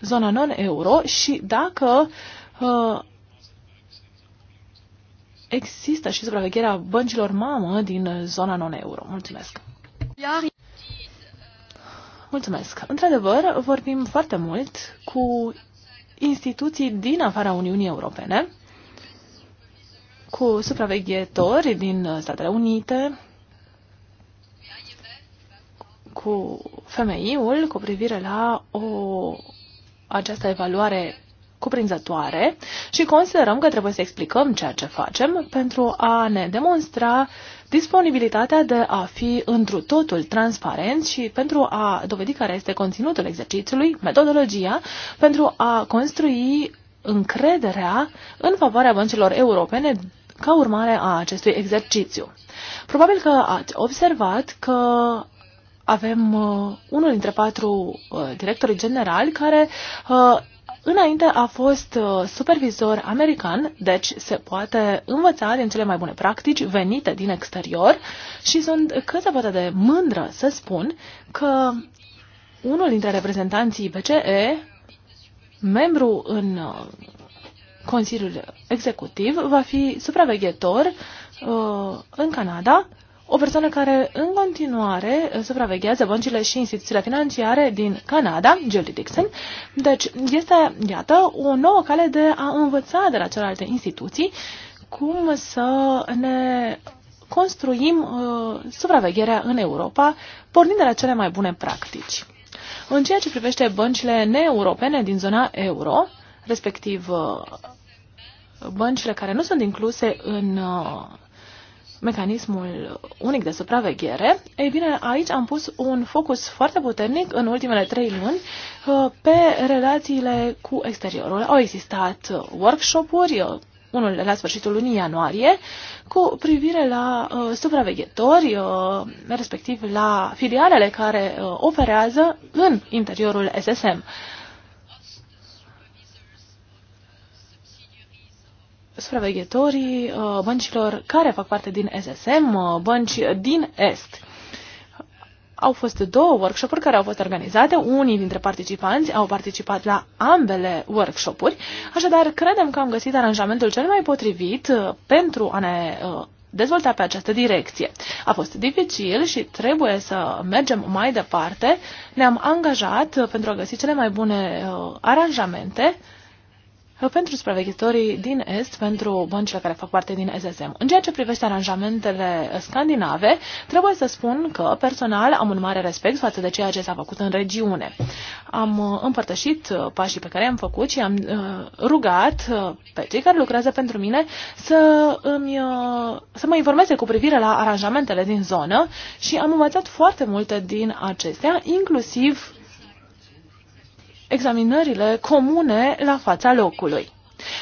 zona non-euro și dacă uh, există și supravegherea băncilor mamă din zona non-euro. Mulțumesc! Mulțumesc! Într-adevăr, vorbim foarte mult cu instituții din afara Uniunii Europene, cu supraveghetori din Statele Unite, cu femeiul cu privire la o, această evaluare cuprinzătoare și considerăm că trebuie să explicăm ceea ce facem pentru a ne demonstra disponibilitatea de a fi întru totul transparent și pentru a dovedi care este conținutul exercițiului, metodologia, pentru a construi încrederea în favoarea băncilor europene ca urmare a acestui exercițiu. Probabil că ați observat că avem uh, unul dintre patru uh, directori generali care uh, înainte a fost uh, supervisor american, deci se poate învăța din cele mai bune practici venite din exterior și sunt cât se poate de mândră să spun că unul dintre reprezentanții BCE, membru în uh, Consiliul Executiv, va fi supraveghetor uh, în Canada o persoană care în continuare supraveghează băncile și instituțiile financiare din Canada, Jody Dixon. Deci este, iată, o nouă cale de a învăța de la celelalte instituții cum să ne construim uh, supravegherea în Europa, pornind de la cele mai bune practici. În ceea ce privește băncile neeuropene din zona euro, respectiv uh, băncile care nu sunt incluse în uh, mecanismul unic de supraveghere, ei bine, aici am pus un focus foarte puternic în ultimele trei luni uh, pe relațiile cu exteriorul. Au existat workshop-uri, uh, unul la sfârșitul lunii ianuarie, cu privire la uh, supraveghetori, uh, respectiv la filialele care uh, operează în interiorul SSM. Uh, supraveghetorii uh, băncilor care fac parte din SSM, uh, bănci din Est. Au fost două workshopuri care au fost organizate, unii dintre participanți au participat la ambele workshopuri, așadar credem că am găsit aranjamentul cel mai potrivit uh, pentru a ne dezvolta pe această direcție. A fost dificil și trebuie să mergem mai departe. Ne-am angajat pentru a găsi cele mai bune aranjamente pentru supraveghetorii din Est, pentru băncile care fac parte din SSM. În ceea ce privește aranjamentele scandinave, trebuie să spun că personal am un mare respect față de ceea ce s-a făcut în regiune. Am uh, împărtășit uh, pașii pe care am făcut și am uh, rugat pe cei care lucrează pentru mine să, îmi, să mă informeze cu privire la aranjamentele din zonă și am învățat foarte multe din acestea, inclusiv examinările comune la fața locului.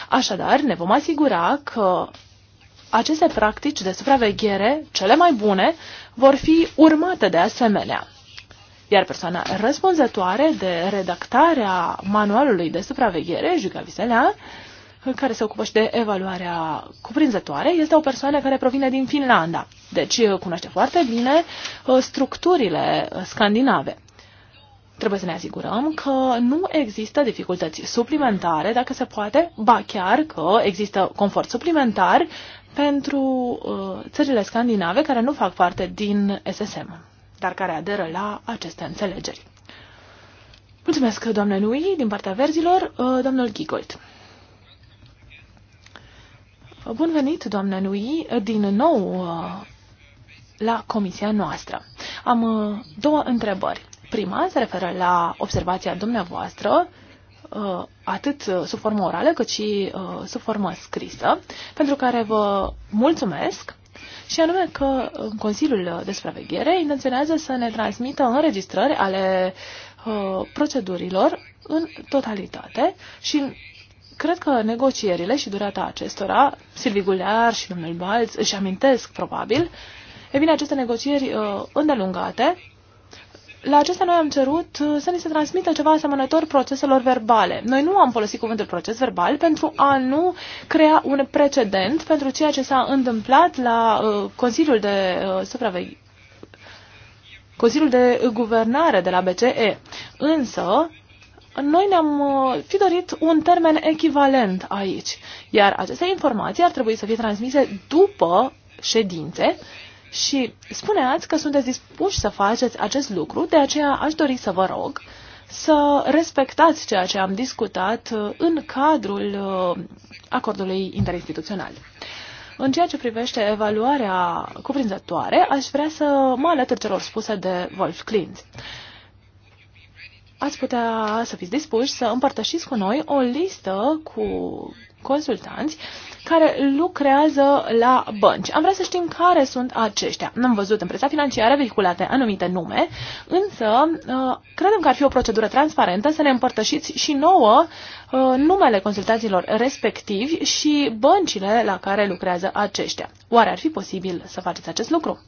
Așadar, ne vom asigura că aceste practici de supraveghere, cele mai bune, vor fi urmate de asemenea. Iar persoana răspunzătoare de redactarea manualului de supraveghere, Juga Viselea, care se ocupă și de evaluarea cuprinzătoare, este o persoană care provine din Finlanda. Deci cunoaște foarte bine uh, structurile scandinave. Trebuie să ne asigurăm că nu există dificultăți suplimentare, dacă se poate, ba chiar că există confort suplimentar pentru uh, țările scandinave care nu fac parte din SSM, dar care aderă la aceste înțelegeri. Mulțumesc, doamne Nui, din partea verzilor, uh, domnul Gigold. Bun venit, doamne Nui, din nou uh, la comisia noastră. Am uh, două întrebări. Prima se referă la observația dumneavoastră, uh, atât uh, sub formă orală cât și uh, sub formă scrisă, pentru care vă mulțumesc și anume că Consiliul de Supraveghere intenționează să ne transmită înregistrări ale procedurilor în totalitate și cred că negocierile și durata acestora, Silvi Gulear și domnul Balț își amintesc probabil, e bine, aceste negocieri îndelungate la acestea noi am cerut uh, să ni se transmită ceva asemănător proceselor verbale. Noi nu am folosit cuvântul proces verbal pentru a nu crea un precedent pentru ceea ce s-a întâmplat la uh, Consiliul de uh, Supraveghere. Consiliul de Guvernare de la BCE. Însă, noi ne-am uh, fi dorit un termen echivalent aici, iar aceste informații ar trebui să fie transmise după ședințe și spuneați că sunteți dispuși să faceți acest lucru, de aceea aș dori să vă rog să respectați ceea ce am discutat uh, în cadrul uh, acordului interinstituțional. În ceea ce privește evaluarea cuprinzătoare, aș vrea să mă alătur celor spuse de Wolf Klintz. Ați putea să fiți dispuși să împărtășiți cu noi o listă cu consultanți care lucrează la bănci. Am vrea să știm care sunt aceștia. N-am văzut în presa financiară vehiculate anumite nume, însă uh, credem că ar fi o procedură transparentă să ne împărtășiți și nouă uh, numele consultațiilor respectivi și băncile la care lucrează aceștia. Oare ar fi posibil să faceți acest lucru?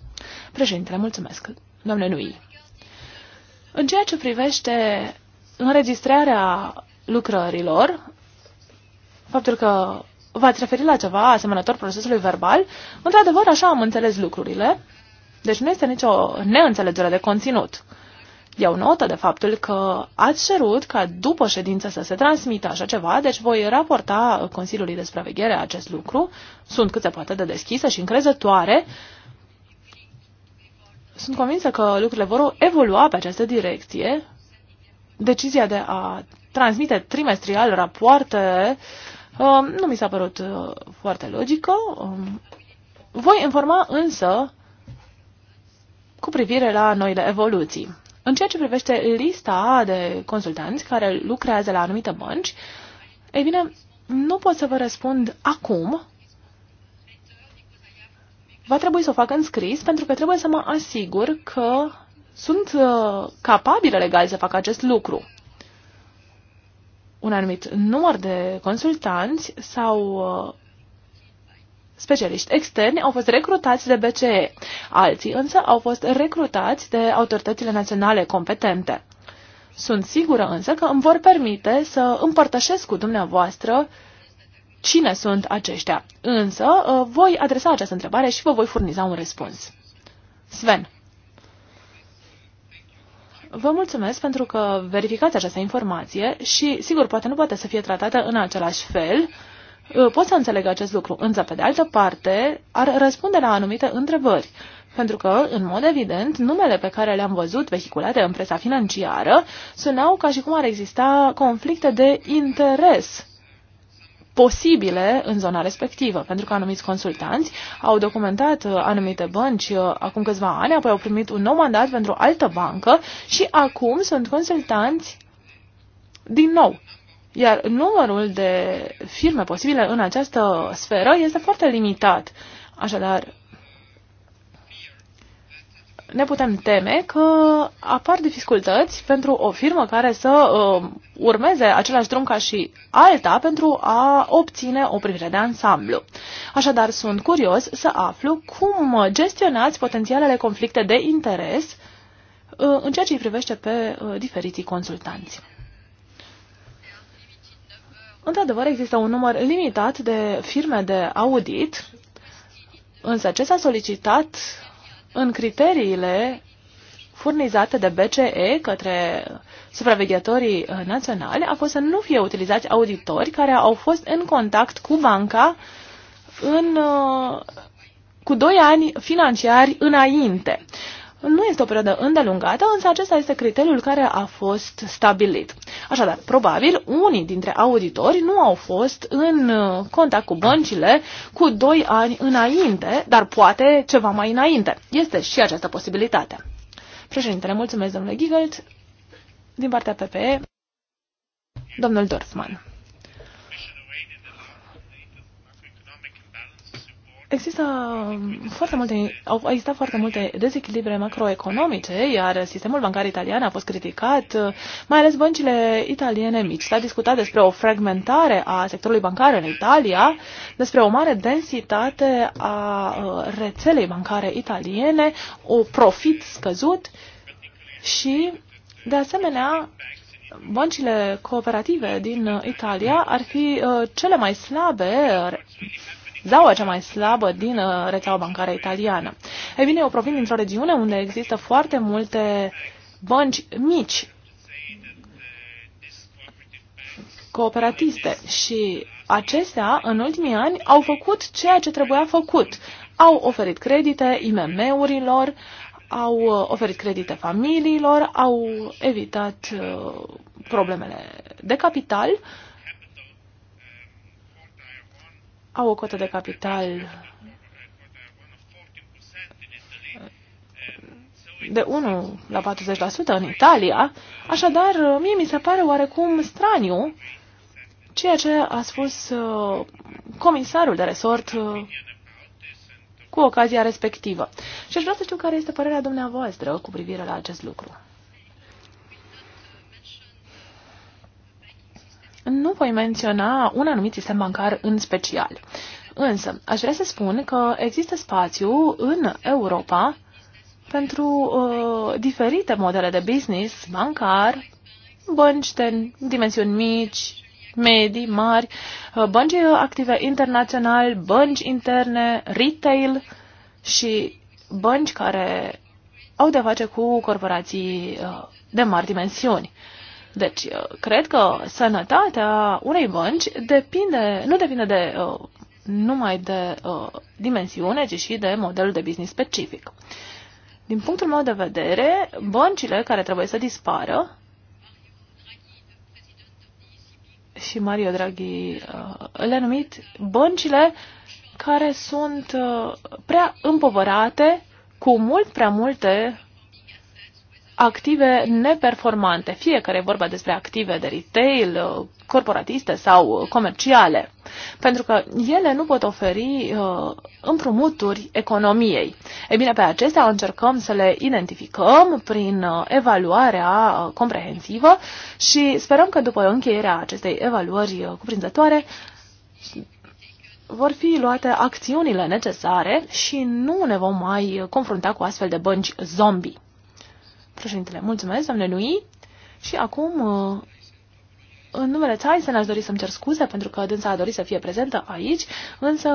Președintele, mulțumesc. Doamne Nui. În ceea ce privește înregistrarea lucrărilor, faptul că v-ați referit la ceva asemănător procesului verbal. Într-adevăr, așa am înțeles lucrurile. Deci nu este nicio neînțelegere de conținut. Iau notă de faptul că ați cerut ca după ședință să se transmită așa ceva, deci voi raporta Consiliului de Supraveghere acest lucru. Sunt cât se poate de deschisă și încrezătoare. Sunt convinsă că lucrurile vor evolua pe această direcție. Decizia de a transmite trimestrial rapoarte uh, Um, nu mi s-a părut uh, foarte logică. Um, voi informa însă cu privire la noile evoluții. În ceea ce privește lista de consultanți care lucrează la anumite bănci, ei bine, nu pot să vă răspund acum. Va trebui să o fac în scris pentru că trebuie să mă asigur că sunt uh, capabile legal să fac acest lucru un anumit număr de consultanți sau uh, specialiști externi au fost recrutați de BCE, alții însă au fost recrutați de autoritățile naționale competente. Sunt sigură însă că îmi vor permite să împărtășesc cu dumneavoastră cine sunt aceștia. Însă uh, voi adresa această întrebare și vă voi furniza un răspuns. Sven. Vă mulțumesc pentru că verificați această informație și, sigur, poate nu poate să fie tratată în același fel. Uh, pot să înțeleg acest lucru, însă, pe de altă parte, ar răspunde la anumite întrebări. Pentru că, în mod evident, numele pe care le-am văzut vehiculate în presa financiară sunau ca și cum ar exista conflicte de interes posibile în zona respectivă, pentru că anumiți consultanți au documentat uh, anumite bănci uh, acum câțiva ani, apoi au primit un nou mandat pentru o altă bancă și acum sunt consultanți din nou. Iar numărul de firme posibile în această sferă este foarte limitat. Așadar, ne putem teme că apar dificultăți pentru o firmă care să uh, urmeze același drum ca și alta pentru a obține o privire de ansamblu. Așadar, sunt curios să aflu cum gestionați potențialele conflicte de interes uh, în ceea ce îi privește pe uh, diferiții consultanți. Într-adevăr, există un număr limitat de firme de audit, însă ce s-a solicitat în criteriile furnizate de BCE către supraveghetorii uh, naționale a fost să nu fie utilizați auditori care au fost în contact cu banca în, uh, cu doi ani financiari înainte. Nu este o perioadă îndelungată, însă acesta este criteriul care a fost stabilit. Așadar, probabil, unii dintre auditori nu au fost în uh, contact cu băncile cu doi ani înainte, dar poate ceva mai înainte. Este și această posibilitate. Președintele, mulțumesc, domnule Gigalt. Din partea PPE, domnul Dorfman. Există foarte multe, au existat foarte multe dezechilibre macroeconomice, iar sistemul bancar italian a fost criticat, mai ales băncile italiene mici. S-a discutat despre o fragmentare a sectorului bancar în Italia, despre o mare densitate a uh, rețelei bancare italiene, o profit scăzut și, de asemenea, băncile cooperative din Italia ar fi uh, cele mai slabe rețeaua cea mai slabă din uh, rețeaua bancară italiană. Ei bine, eu provin dintr-o regiune unde există foarte multe bănci mici cooperatiste și acestea în ultimii ani au făcut ceea ce trebuia făcut. Au oferit credite IMM-urilor, au uh, oferit credite familiilor, au evitat uh, problemele de capital au o cotă de capital de 1 la 40% în Italia, așadar mie mi se pare oarecum straniu ceea ce a spus uh, comisarul de resort uh, cu ocazia respectivă. Și aș vrea să știu care este părerea dumneavoastră cu privire la acest lucru. nu voi menționa un anumit sistem bancar în special. Însă, aș vrea să spun că există spațiu în Europa pentru uh, diferite modele de business bancar, bănci de dimensiuni mici, medii, mari, uh, bănci active internațional, bănci interne, retail și bănci care au de face cu corporații uh, de mari dimensiuni. Deci, uh, cred că sănătatea unei bănci depinde, nu depinde de uh, numai de uh, dimensiune, ci și de modelul de business specific. Din punctul meu de vedere, băncile care trebuie să dispară și Mario Draghi le-a numit băncile care sunt prea împovărate cu mult prea multe active neperformante, fie că e vorba despre active de retail, uh, corporatiste sau uh, comerciale, pentru că ele nu pot oferi uh, împrumuturi economiei. Ei bine, pe acestea încercăm să le identificăm prin evaluarea comprehensivă și sperăm că după încheierea acestei evaluări cuprinzătoare vor fi luate acțiunile necesare și nu ne vom mai confrunta cu astfel de bănci zombie. Președintele, mulțumesc, domnule lui. Și acum, uh, în numele Tyson, aș dori să-mi cer scuze pentru că dânsa a dorit să fie prezentă aici, însă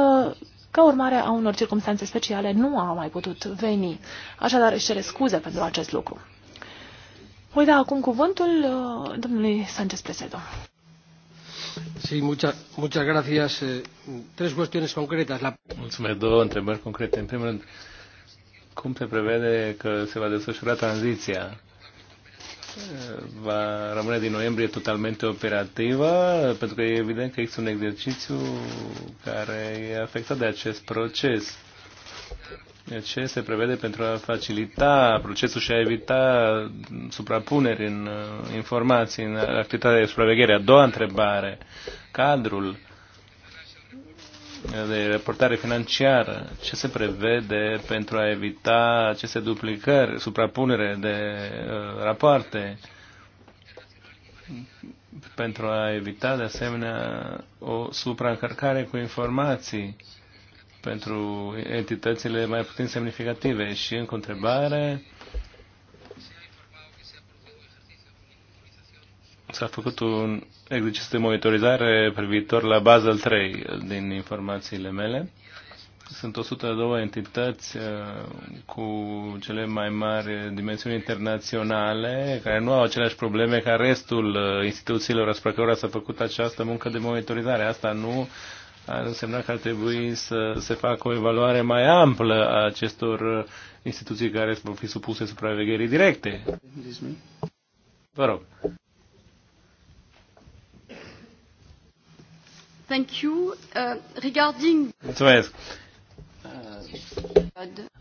ca urmare a unor circunstanțe speciale nu a mai putut veni. Așadar își cere scuze pentru acest lucru. Voi da acum cuvântul uh, domnului Sanchez Presedo. Sí, muchas, muchas gracias. Eh, Tres cuestiones concretas. La... Mulțumesc, două întrebări concrete. În primul rând, cum se prevede că se va desfășura tranziția? Va rămâne din noiembrie totalmente operativă, pentru că e evident că există un exercițiu care e afectat de acest proces. Ce se prevede pentru a facilita procesul și a evita suprapuneri în uh, informații, în activitatea de supraveghere? A doua întrebare, cadrul de reportare financiară, ce se prevede pentru a evita aceste duplicări, suprapunere de uh, rapoarte, pentru a evita de asemenea o supraîncărcare cu informații pentru entitățile mai puțin semnificative. Și în întrebare, s-a făcut un exercițiu de monitorizare privitor la Basel 3 din informațiile mele. Sunt 102 entități uh, cu cele mai mari dimensiuni internaționale care nu au aceleași probleme ca restul uh, instituțiilor asupra cărora s-a făcut această muncă de monitorizare. Asta nu ar însemna că ar trebui să se facă o evaluare mai amplă a acestor uh, instituții care vor fi supuse supravegherii directe. Vă rog. Thank you. Uh, regarding... Mulțumesc.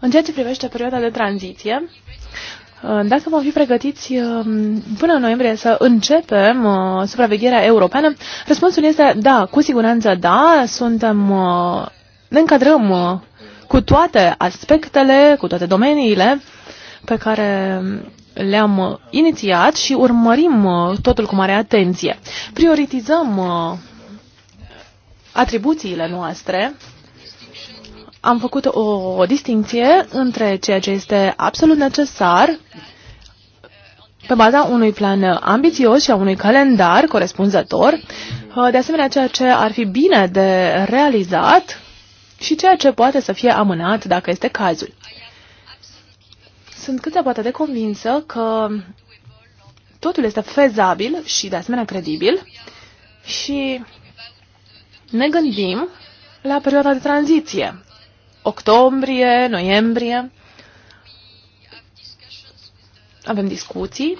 În ceea ce privește perioada de tranziție, uh, dacă vom fi pregătiți uh, până în noiembrie să începem uh, supravegherea europeană, răspunsul este da, cu siguranță da, suntem, ne încadrăm cu toate aspectele, cu toate domeniile pe care le-am inițiat și urmărim totul cu mare atenție. Prioritizăm atribuțiile noastre, am făcut o, o distinție între ceea ce este absolut necesar pe baza unui plan ambițios și a unui calendar corespunzător, de asemenea ceea ce ar fi bine de realizat și ceea ce poate să fie amânat dacă este cazul. Sunt cât se poate de convinsă că totul este fezabil și de asemenea credibil și ne gândim la perioada de tranziție, octombrie, noiembrie. Avem discuții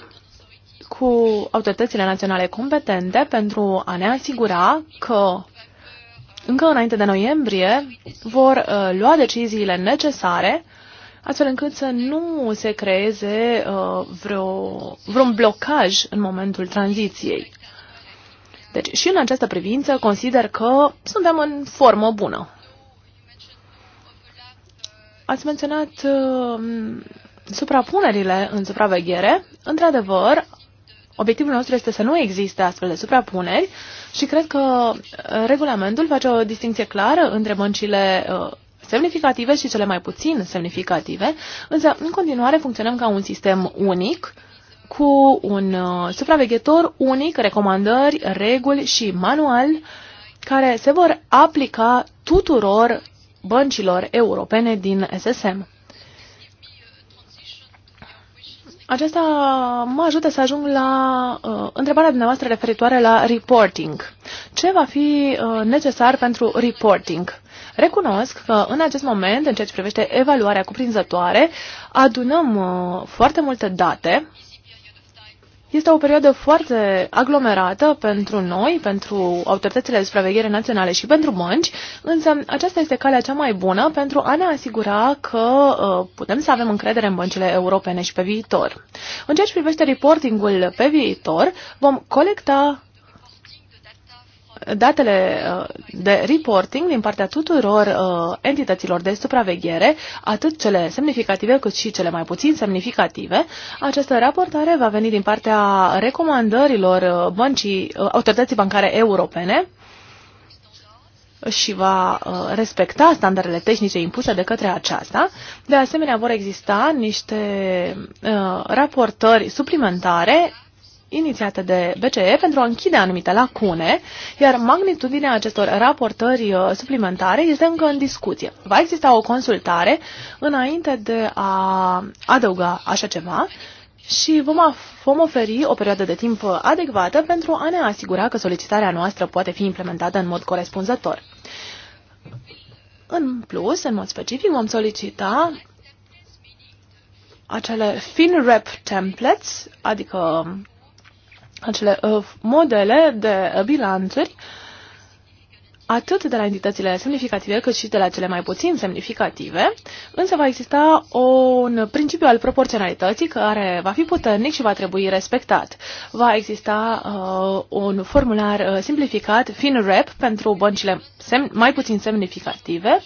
cu autoritățile naționale competente pentru a ne asigura că încă înainte de noiembrie vor uh, lua deciziile necesare astfel încât să nu se creeze uh, vreo, vreun blocaj în momentul tranziției. Deci și în această privință consider că suntem în formă bună. Ați menționat uh, suprapunerile în supraveghere. Într-adevăr, obiectivul nostru este să nu existe astfel de suprapuneri și cred că uh, regulamentul face o distinție clară între băncile uh, semnificative și cele mai puțin semnificative, însă în continuare funcționăm ca un sistem unic uh, cu un uh, supraveghetor unic, recomandări, reguli și manual care se vor aplica tuturor băncilor europene din SSM. Aceasta mă ajută să ajung la uh, întrebarea dumneavoastră referitoare la reporting. Ce va fi uh, necesar pentru reporting? Recunosc că în acest moment, în ceea ce privește evaluarea cuprinzătoare, adunăm uh, foarte multe date este o perioadă foarte aglomerată pentru noi, pentru autoritățile de supraveghere naționale și pentru bănci, însă aceasta este calea cea mai bună pentru a ne asigura că uh, putem să avem încredere în băncile europene și pe viitor. În ceea ce privește reportingul pe viitor, vom colecta datele uh, de reporting din partea tuturor uh, entităților de supraveghere, atât cele semnificative cât și cele mai puțin semnificative. Această raportare va veni din partea recomandărilor uh, băncii, autorității bancare europene și va respecta standardele tehnice impuse de către aceasta. De asemenea, vor exista niște raportări suplimentare inițiate de BCE pentru a închide anumite lacune, iar magnitudinea acestor raportări uh, suplimentare este încă în discuție. Va exista o consultare înainte de a adăuga așa ceva și vom, vom oferi o perioadă de timp adecvată pentru a ne asigura că solicitarea noastră poate fi implementată în mod corespunzător. În plus, în mod specific, vom solicita acele FinRep templates, adică acele uh, modele de bilanțuri atât de la entitățile semnificative cât și de la cele mai puțin semnificative, însă va exista un principiu al proporționalității care va fi puternic și va trebui respectat. Va exista uh, un formular uh, simplificat, FinRep, pentru băncile mai puțin semnificative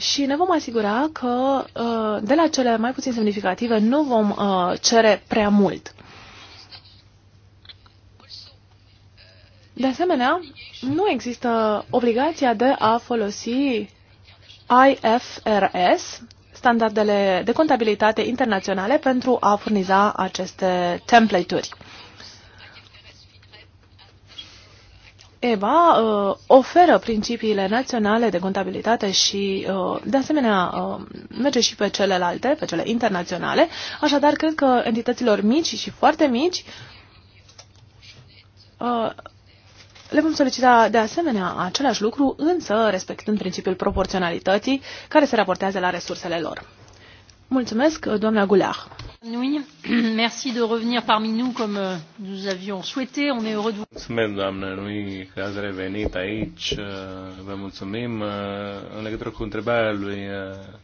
și ne vom asigura că uh, de la cele mai puțin semnificative nu vom uh, cere prea mult. De asemenea, nu există obligația de a folosi IFRS, standardele de contabilitate internaționale, pentru a furniza aceste template-uri. EBA uh, oferă principiile naționale de contabilitate și, uh, de asemenea, uh, merge și pe celelalte, pe cele internaționale. Așadar, cred că entităților mici și foarte mici uh, le vom solicita de asemenea același lucru, însă respectând principiul proporționalității care se raportează la resursele lor. Mulțumesc, doamna Goulard. merci de revenir parmi nous comme euh, nous avions souhaité. On est heureux de vous. Mulțumesc, doamnă Nui, că ați revenit aici. Vă mulțumim. Uh, în legătură cu întrebarea lui uh,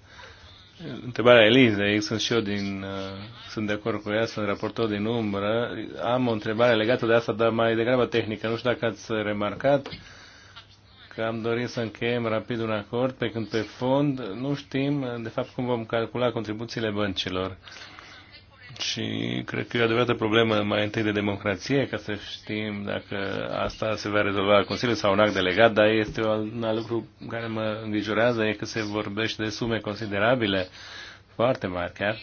Întrebarea ei sunt și eu din, uh, sunt de acord cu ea, sunt raportor din umbră. Am o întrebare legată de asta, dar mai degrabă tehnică. Nu știu dacă ați remarcat că am dorit să încheiem rapid un acord, pe când pe fond nu știm, de fapt, cum vom calcula contribuțiile băncilor. Și cred că e o adevărată problemă mai întâi de democrație, ca să știm dacă asta se va rezolva la Consiliu sau un act delegat, dar este un alt lucru care mă îngrijorează, e că se vorbește de sume considerabile, foarte mari chiar,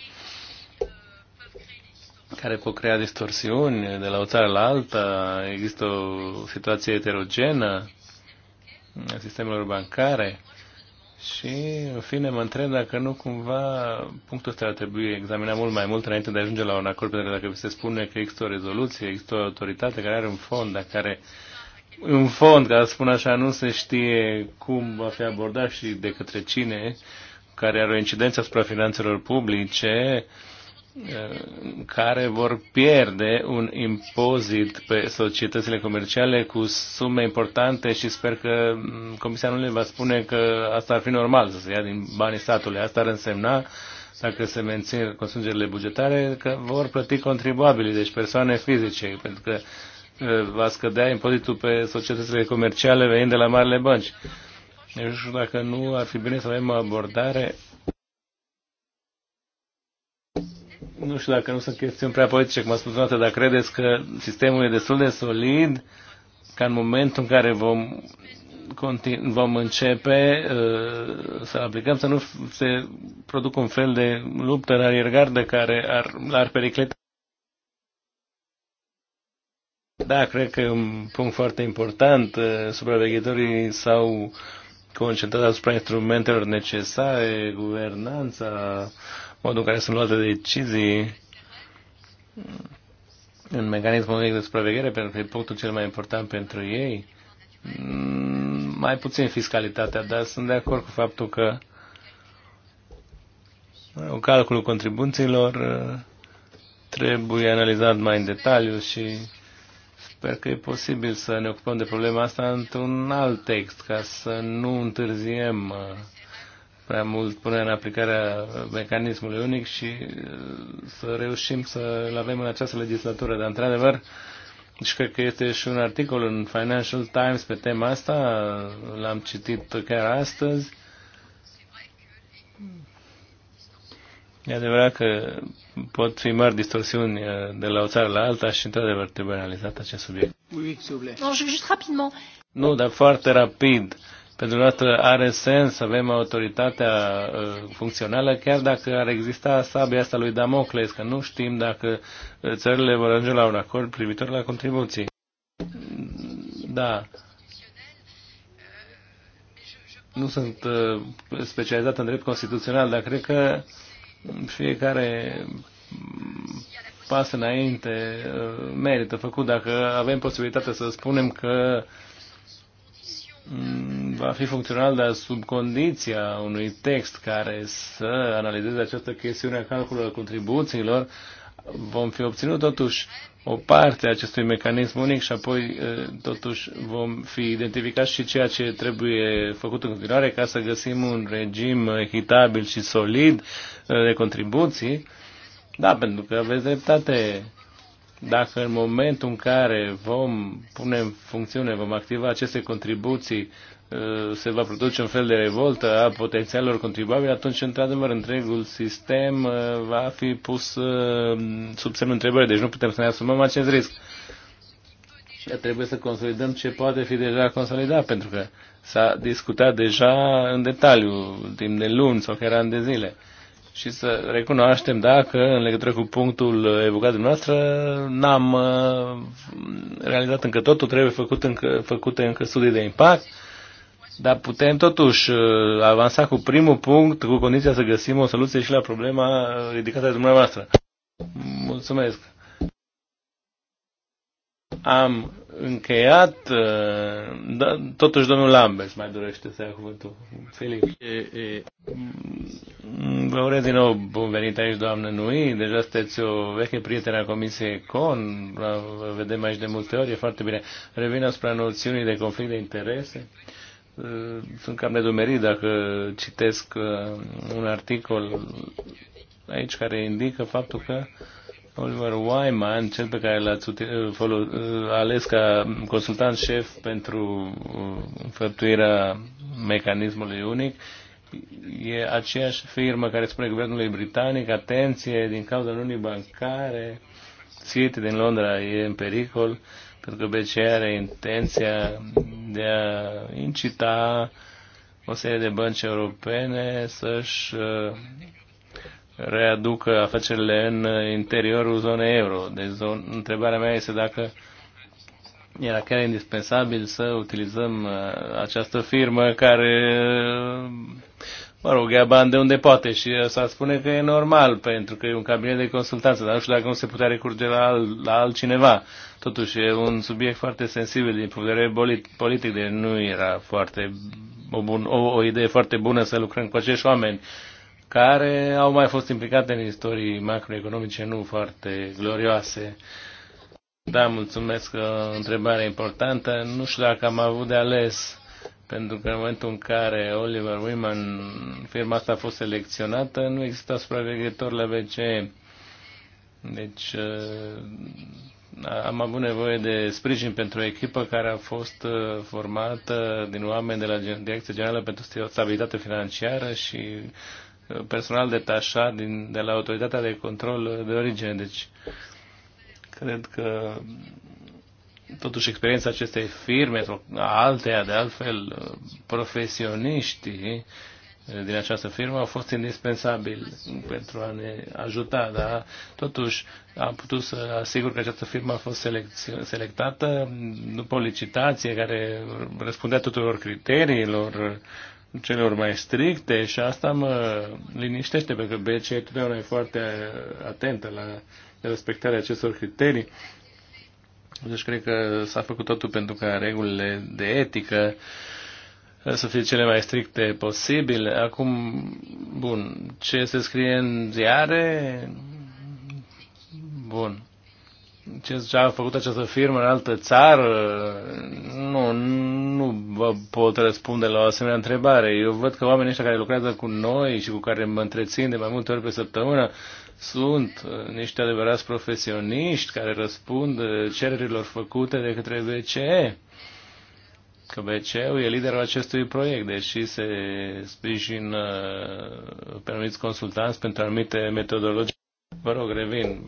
care pot crea distorsiuni de la o țară la alta, există o situație eterogenă a sistemelor bancare și, în fine, mă întreb dacă nu cumva punctul ăsta ar trebui examinat mult mai mult înainte de a ajunge la un acord, pentru că dacă vi se spune că există o rezoluție, există o autoritate care are un fond, dar care, în fond, ca să spun așa, nu se știe cum va fi abordat și de către cine, care are o incidență asupra finanțelor publice, uh, care vor pierde un impozit pe societățile comerciale cu sume importante și sper că Comisia nu le va spune că asta ar fi normal să se ia din banii statului. Asta ar însemna, dacă se mențin constrângerile bugetare, că vor plăti contribuabili, deci persoane fizice, pentru că uh, va scădea impozitul pe societățile comerciale venind de la marile bănci. Eu nu știu dacă nu ar fi bine să avem o abordare nu știu dacă nu sunt chestiuni prea politice, cum am spus dată, dar credeți că sistemul e destul de solid ca în momentul în care vom, vom începe uh, să aplicăm, să nu se producă un fel de luptă în ariergardă care ar, ar pericleta. Da, cred că e un punct foarte important. Uh, supraveghetorii s-au concentrat asupra instrumentelor necesare, guvernanța, uh, modul în care sunt luate decizii în mecanismul de supraveghere, pentru că e punctul cel mai important pentru ei, mm, mai puțin fiscalitatea, dar sunt de acord cu faptul că calculul contribuțiilor uh, trebuie analizat mai în detaliu și sper că e posibil să ne ocupăm de problema asta într-un alt text, ca să nu întârziem uh, prea mult până în aplicarea mecanismului unic și uh, să reușim să-l avem în această legislatură. Dar, într-adevăr, și cred că este și un articol în Financial Times pe tema asta, l-am citit chiar astăzi. E adevărat că pot fi mari distorsiuni uh, de la o țară la alta și, într-adevăr, trebuie analizat acest subiect. Nu, dar foarte rapid. Pe de dată are sens să avem autoritatea uh, funcțională, chiar dacă ar exista sabia asta lui Damocles, că nu știm dacă uh, țările vor ajunge la un acord privitor la contribuții. Da. Nu sunt uh, specializat în drept constituțional, dar cred că fiecare pas înainte merită făcut dacă avem posibilitatea să spunem că mm, va fi funcțional, dar sub condiția unui text care să analizeze această chestiune a calculului contribuțiilor, vom fi obținut totuși o parte a acestui mecanism unic și apoi eh, totuși vom fi identificat și ceea ce trebuie făcut în continuare ca să găsim un regim echitabil și solid eh, de contribuții. Da, pentru că aveți dreptate. Dacă în momentul în care vom pune în funcțiune, vom activa aceste contribuții, Uh, se va produce un fel de revoltă a potențialelor contribuabili, atunci, într-adevăr, întregul sistem uh, va fi pus uh, sub semnul întrebării. Deci nu putem să ne asumăm acest risc. Trebuie să consolidăm ce poate fi deja consolidat, pentru că s-a discutat deja în detaliu, timp de luni sau chiar ani de zile. Și să recunoaștem dacă, în legătură cu punctul evocat de noastră, n-am realizat încă totul, trebuie făcut încă, făcute încă studii de impact, dar putem totuși uh, avansa cu primul punct, cu condiția să găsim o soluție și la problema uh, ridicată de dumneavoastră. Mulțumesc! Am încheiat, uh, da, totuși domnul Lambes mai dorește să ia cuvântul. Felix. E, e. Mm, vă urez din nou bun venit aici, doamnă Nui. Deja sunteți o veche prietenă a Comisiei CON. Vă vedem aici de multe ori, e foarte bine. Revin asupra noțiunii de conflict de interese. Uh, Eh, sunt cam nedumerit dacă citesc eh, un articol aici care indică faptul că Oliver Wyman, cel pe care l-ați eh, ales ca consultant șef pentru făptuirea mecanismului unic, e aceeași firmă care spune guvernului britanic, atenție, din cauza unii bancare, City din Londra e în pericol. Uh, pentru că BCE are intenția de a incita o serie de bănci europene să-și uh, readucă afacerile în uh, interiorul zonei euro. Deci zon, întrebarea mea este dacă era chiar indispensabil să utilizăm uh, această firmă care mă rog, ia bani de unde poate și să spune că e normal, pentru că e un cabinet de consultanță, dar nu știu dacă nu se putea recurge la, alt, la altcineva. Totuși e un subiect foarte sensibil din punct de vedere politic, de nu era foarte o, bun, o, o idee foarte bună să lucrăm cu acești oameni care au mai fost implicate în istorii macroeconomice nu foarte glorioase. Da, mulțumesc, o întrebare importantă. Nu știu dacă am avut de ales pentru că în momentul în care Oliver Wyman, firma asta a fost selecționată, nu exista supraveghetor la BCE. Deci uh, am avut nevoie de sprijin pentru o echipă care a fost uh, formată din oameni de la Direcția Generală pentru Stabilitate Financiară și uh, personal detașat din, de la Autoritatea de Control de Origine. Deci cred că totuși experiența acestei firme, alteia de altfel, profesioniștii din această firmă au fost indispensabili pentru a ne ajuta, dar totuși am putut să asigur că această firmă a fost selectată după o licitație care răspundea tuturor criteriilor celor mai stricte și asta mă liniștește pentru că BCE totdeauna e foarte atentă la respectarea acestor criterii deci cred că s-a făcut totul pentru ca regulile de etică să fie cele mai stricte posibile. Acum, bun, ce se scrie în ziare? Bun. Ce a făcut această firmă în altă țară? Nu, nu vă pot răspunde la o asemenea întrebare. Eu văd că oamenii ăștia care lucrează cu noi și cu care mă întrețin de mai multe ori pe săptămână sunt uh, niște adevărați profesioniști care răspund uh, cererilor făcute de către BCE. Că BCE-ul e liderul acestui proiect, deși se sprijină uh, pe anumiți consultanți pentru anumite metodologii. Vă rog, revin.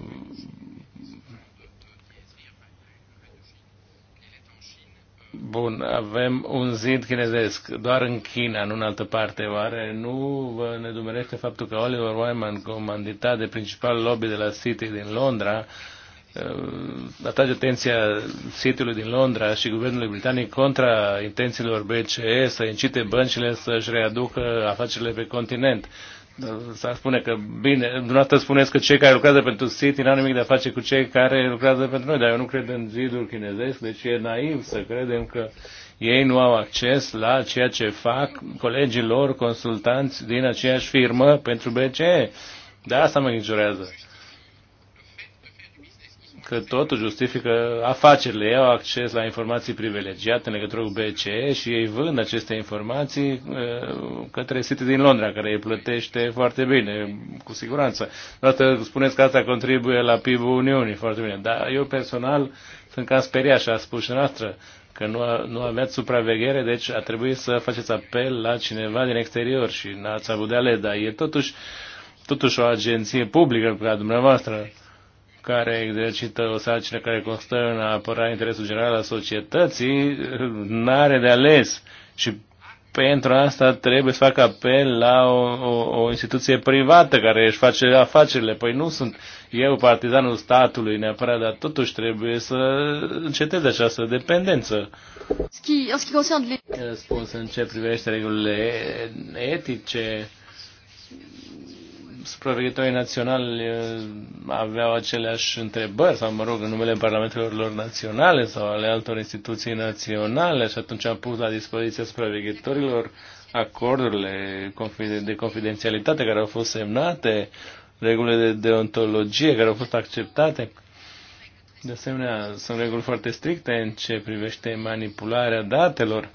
Bun, avem un zid chinezesc, doar în China, nu în altă parte. Oare nu vă nedumerește faptul că Oliver Wyman, comanditat de principal lobby de la City din Londra, uh, atrage atenția City-ului din Londra și guvernului britanic contra intențiilor BCE să incite băncile să-și readucă afacerile pe continent s-ar spune că, bine, dumneavoastră spuneți că cei care lucrează pentru City n-au nimic de a face cu cei care lucrează pentru noi, dar eu nu cred în zidul chinezesc, deci e naiv să credem că ei nu au acces la ceea ce fac colegii lor, consultanți din aceeași firmă pentru BCE. De asta mă îngrijorează că totul justifică afacerile. Ei au acces la informații privilegiate în legătură cu BCE și ei vând aceste informații uh, către City din Londra, care îi plătește foarte bine, cu siguranță. Noastră spuneți că asta contribuie la PIB-ul Uniunii foarte bine, dar eu personal sunt cam speriat și a spus și noastră că nu, a, nu aveați supraveghere, deci a trebuit să faceți apel la cineva din exterior și n-ați avut de ales, dar e totuși, totuși o agenție publică ca dumneavoastră care exercită o sarcină care constă în a apăra interesul general al societății, n-are de ales. Și pentru asta trebuie să facă apel la o, o, o instituție privată care își face afacerile. Păi nu sunt eu partizanul statului neapărat, dar totuși trebuie să înceteze această dependență. Răspuns în ce privește regulile etice supraveghetorii naționali eh, aveau aceleași întrebări, sau mă rog, în numele parlamentelor lor naționale sau ale altor instituții naționale și atunci am pus la dispoziția supraveghetorilor acordurile de confidențialitate care au fost semnate, regulile de deontologie care au fost acceptate. De asemenea, sunt reguli foarte stricte în ce privește manipularea datelor.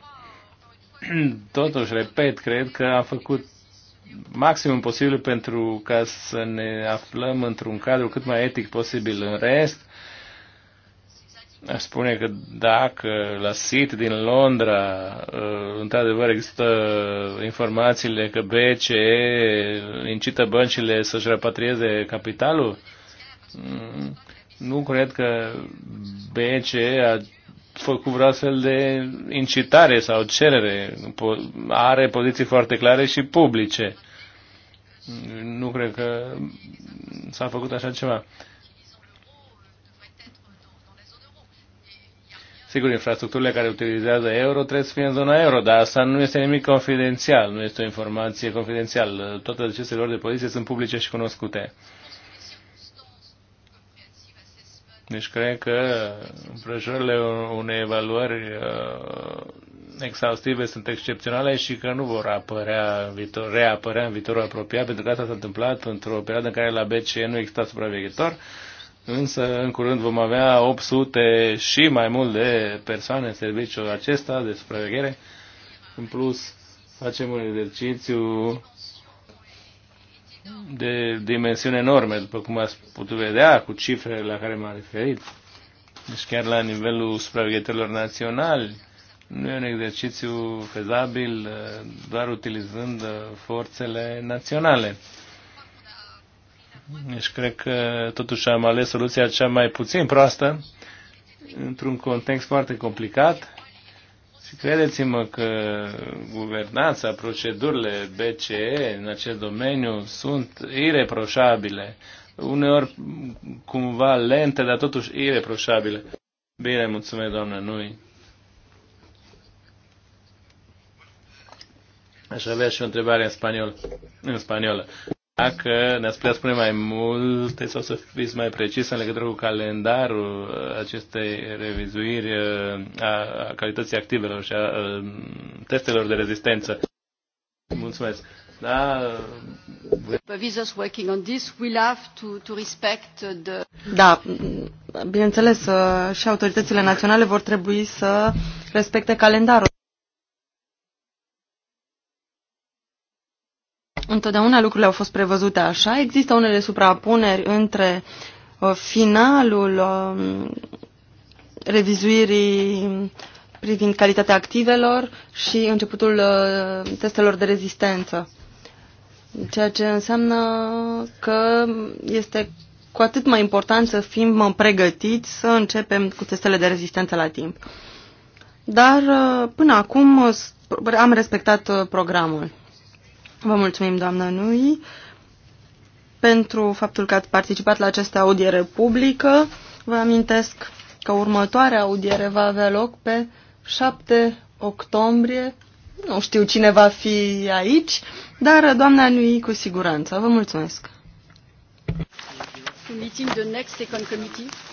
Totuși, repet, cred că am făcut maximum posibil pentru ca să ne aflăm într-un cadru cât mai etic posibil. În rest, aș spune că dacă la SIT din Londra uh, într-adevăr există informațiile că BCE incită băncile să-și repatrieze capitalul, mm, nu cred că BCE a făcut vreo astfel de incitare sau cerere. Are poziții foarte clare și publice. Nu cred că s-a făcut așa ceva. Sigur, infrastructurile care utilizează euro trebuie să fie în zona euro, dar asta nu este nimic confidențial, nu este o informație confidențială. Toate aceste lor de poziție sunt publice și cunoscute. Deci cred că împrejurările unei evaluări uh, exhaustive sunt excepționale și că nu vor apărea în viitor, reapărea în viitorul apropiat, pentru că asta s-a întâmplat într-o perioadă în care la BCE nu exista supraveghetor, însă în curând vom avea 800 și mai mult de persoane în serviciul acesta de supraveghere. În plus, facem un exercițiu de dimensiuni enorme, după cum ați putut vedea, cu cifrele la care m-am referit. Deci chiar la nivelul supraveghetelor naționali, nu e un exercițiu fezabil eh, doar utilizând eh, forțele naționale. Deci cred că totuși am ales soluția cea mai puțin proastă într-un context foarte complicat și credeți-mă că guvernanța, procedurile BCE în acest domeniu sunt ireproșabile. Uneori cumva lente, dar totuși ireproșabile. Bine, mulțumesc, doamnă noi. Aș avea și o întrebare în, spaniolă. în spaniolă. Dacă ne-ați putea spune mai multe sau să fiți mai precis în legătură cu calendarul acestei revizuiri uh, a calității activelor și a uh, testelor de rezistență. Mulțumesc. Da. Uh, Supervisors working on this will have to, to respect the... Da, bineînțeles, și autoritățile naționale vor trebui să respecte calendarul. Întotdeauna lucrurile au fost prevăzute așa. Există unele suprapuneri între uh, finalul um, revizuirii privind calitatea activelor și începutul uh, testelor de rezistență. Ceea ce înseamnă că este cu atât mai important să fim uh, pregătiți să începem cu testele de rezistență la timp. Dar până acum am respectat programul. Vă mulțumim, doamna Nui, pentru faptul că ați participat la această audiere publică. Vă amintesc că următoarea audiere va avea loc pe 7 octombrie. Nu știu cine va fi aici, dar doamna Nui cu siguranță. Vă mulțumesc. Meeting the next second committee.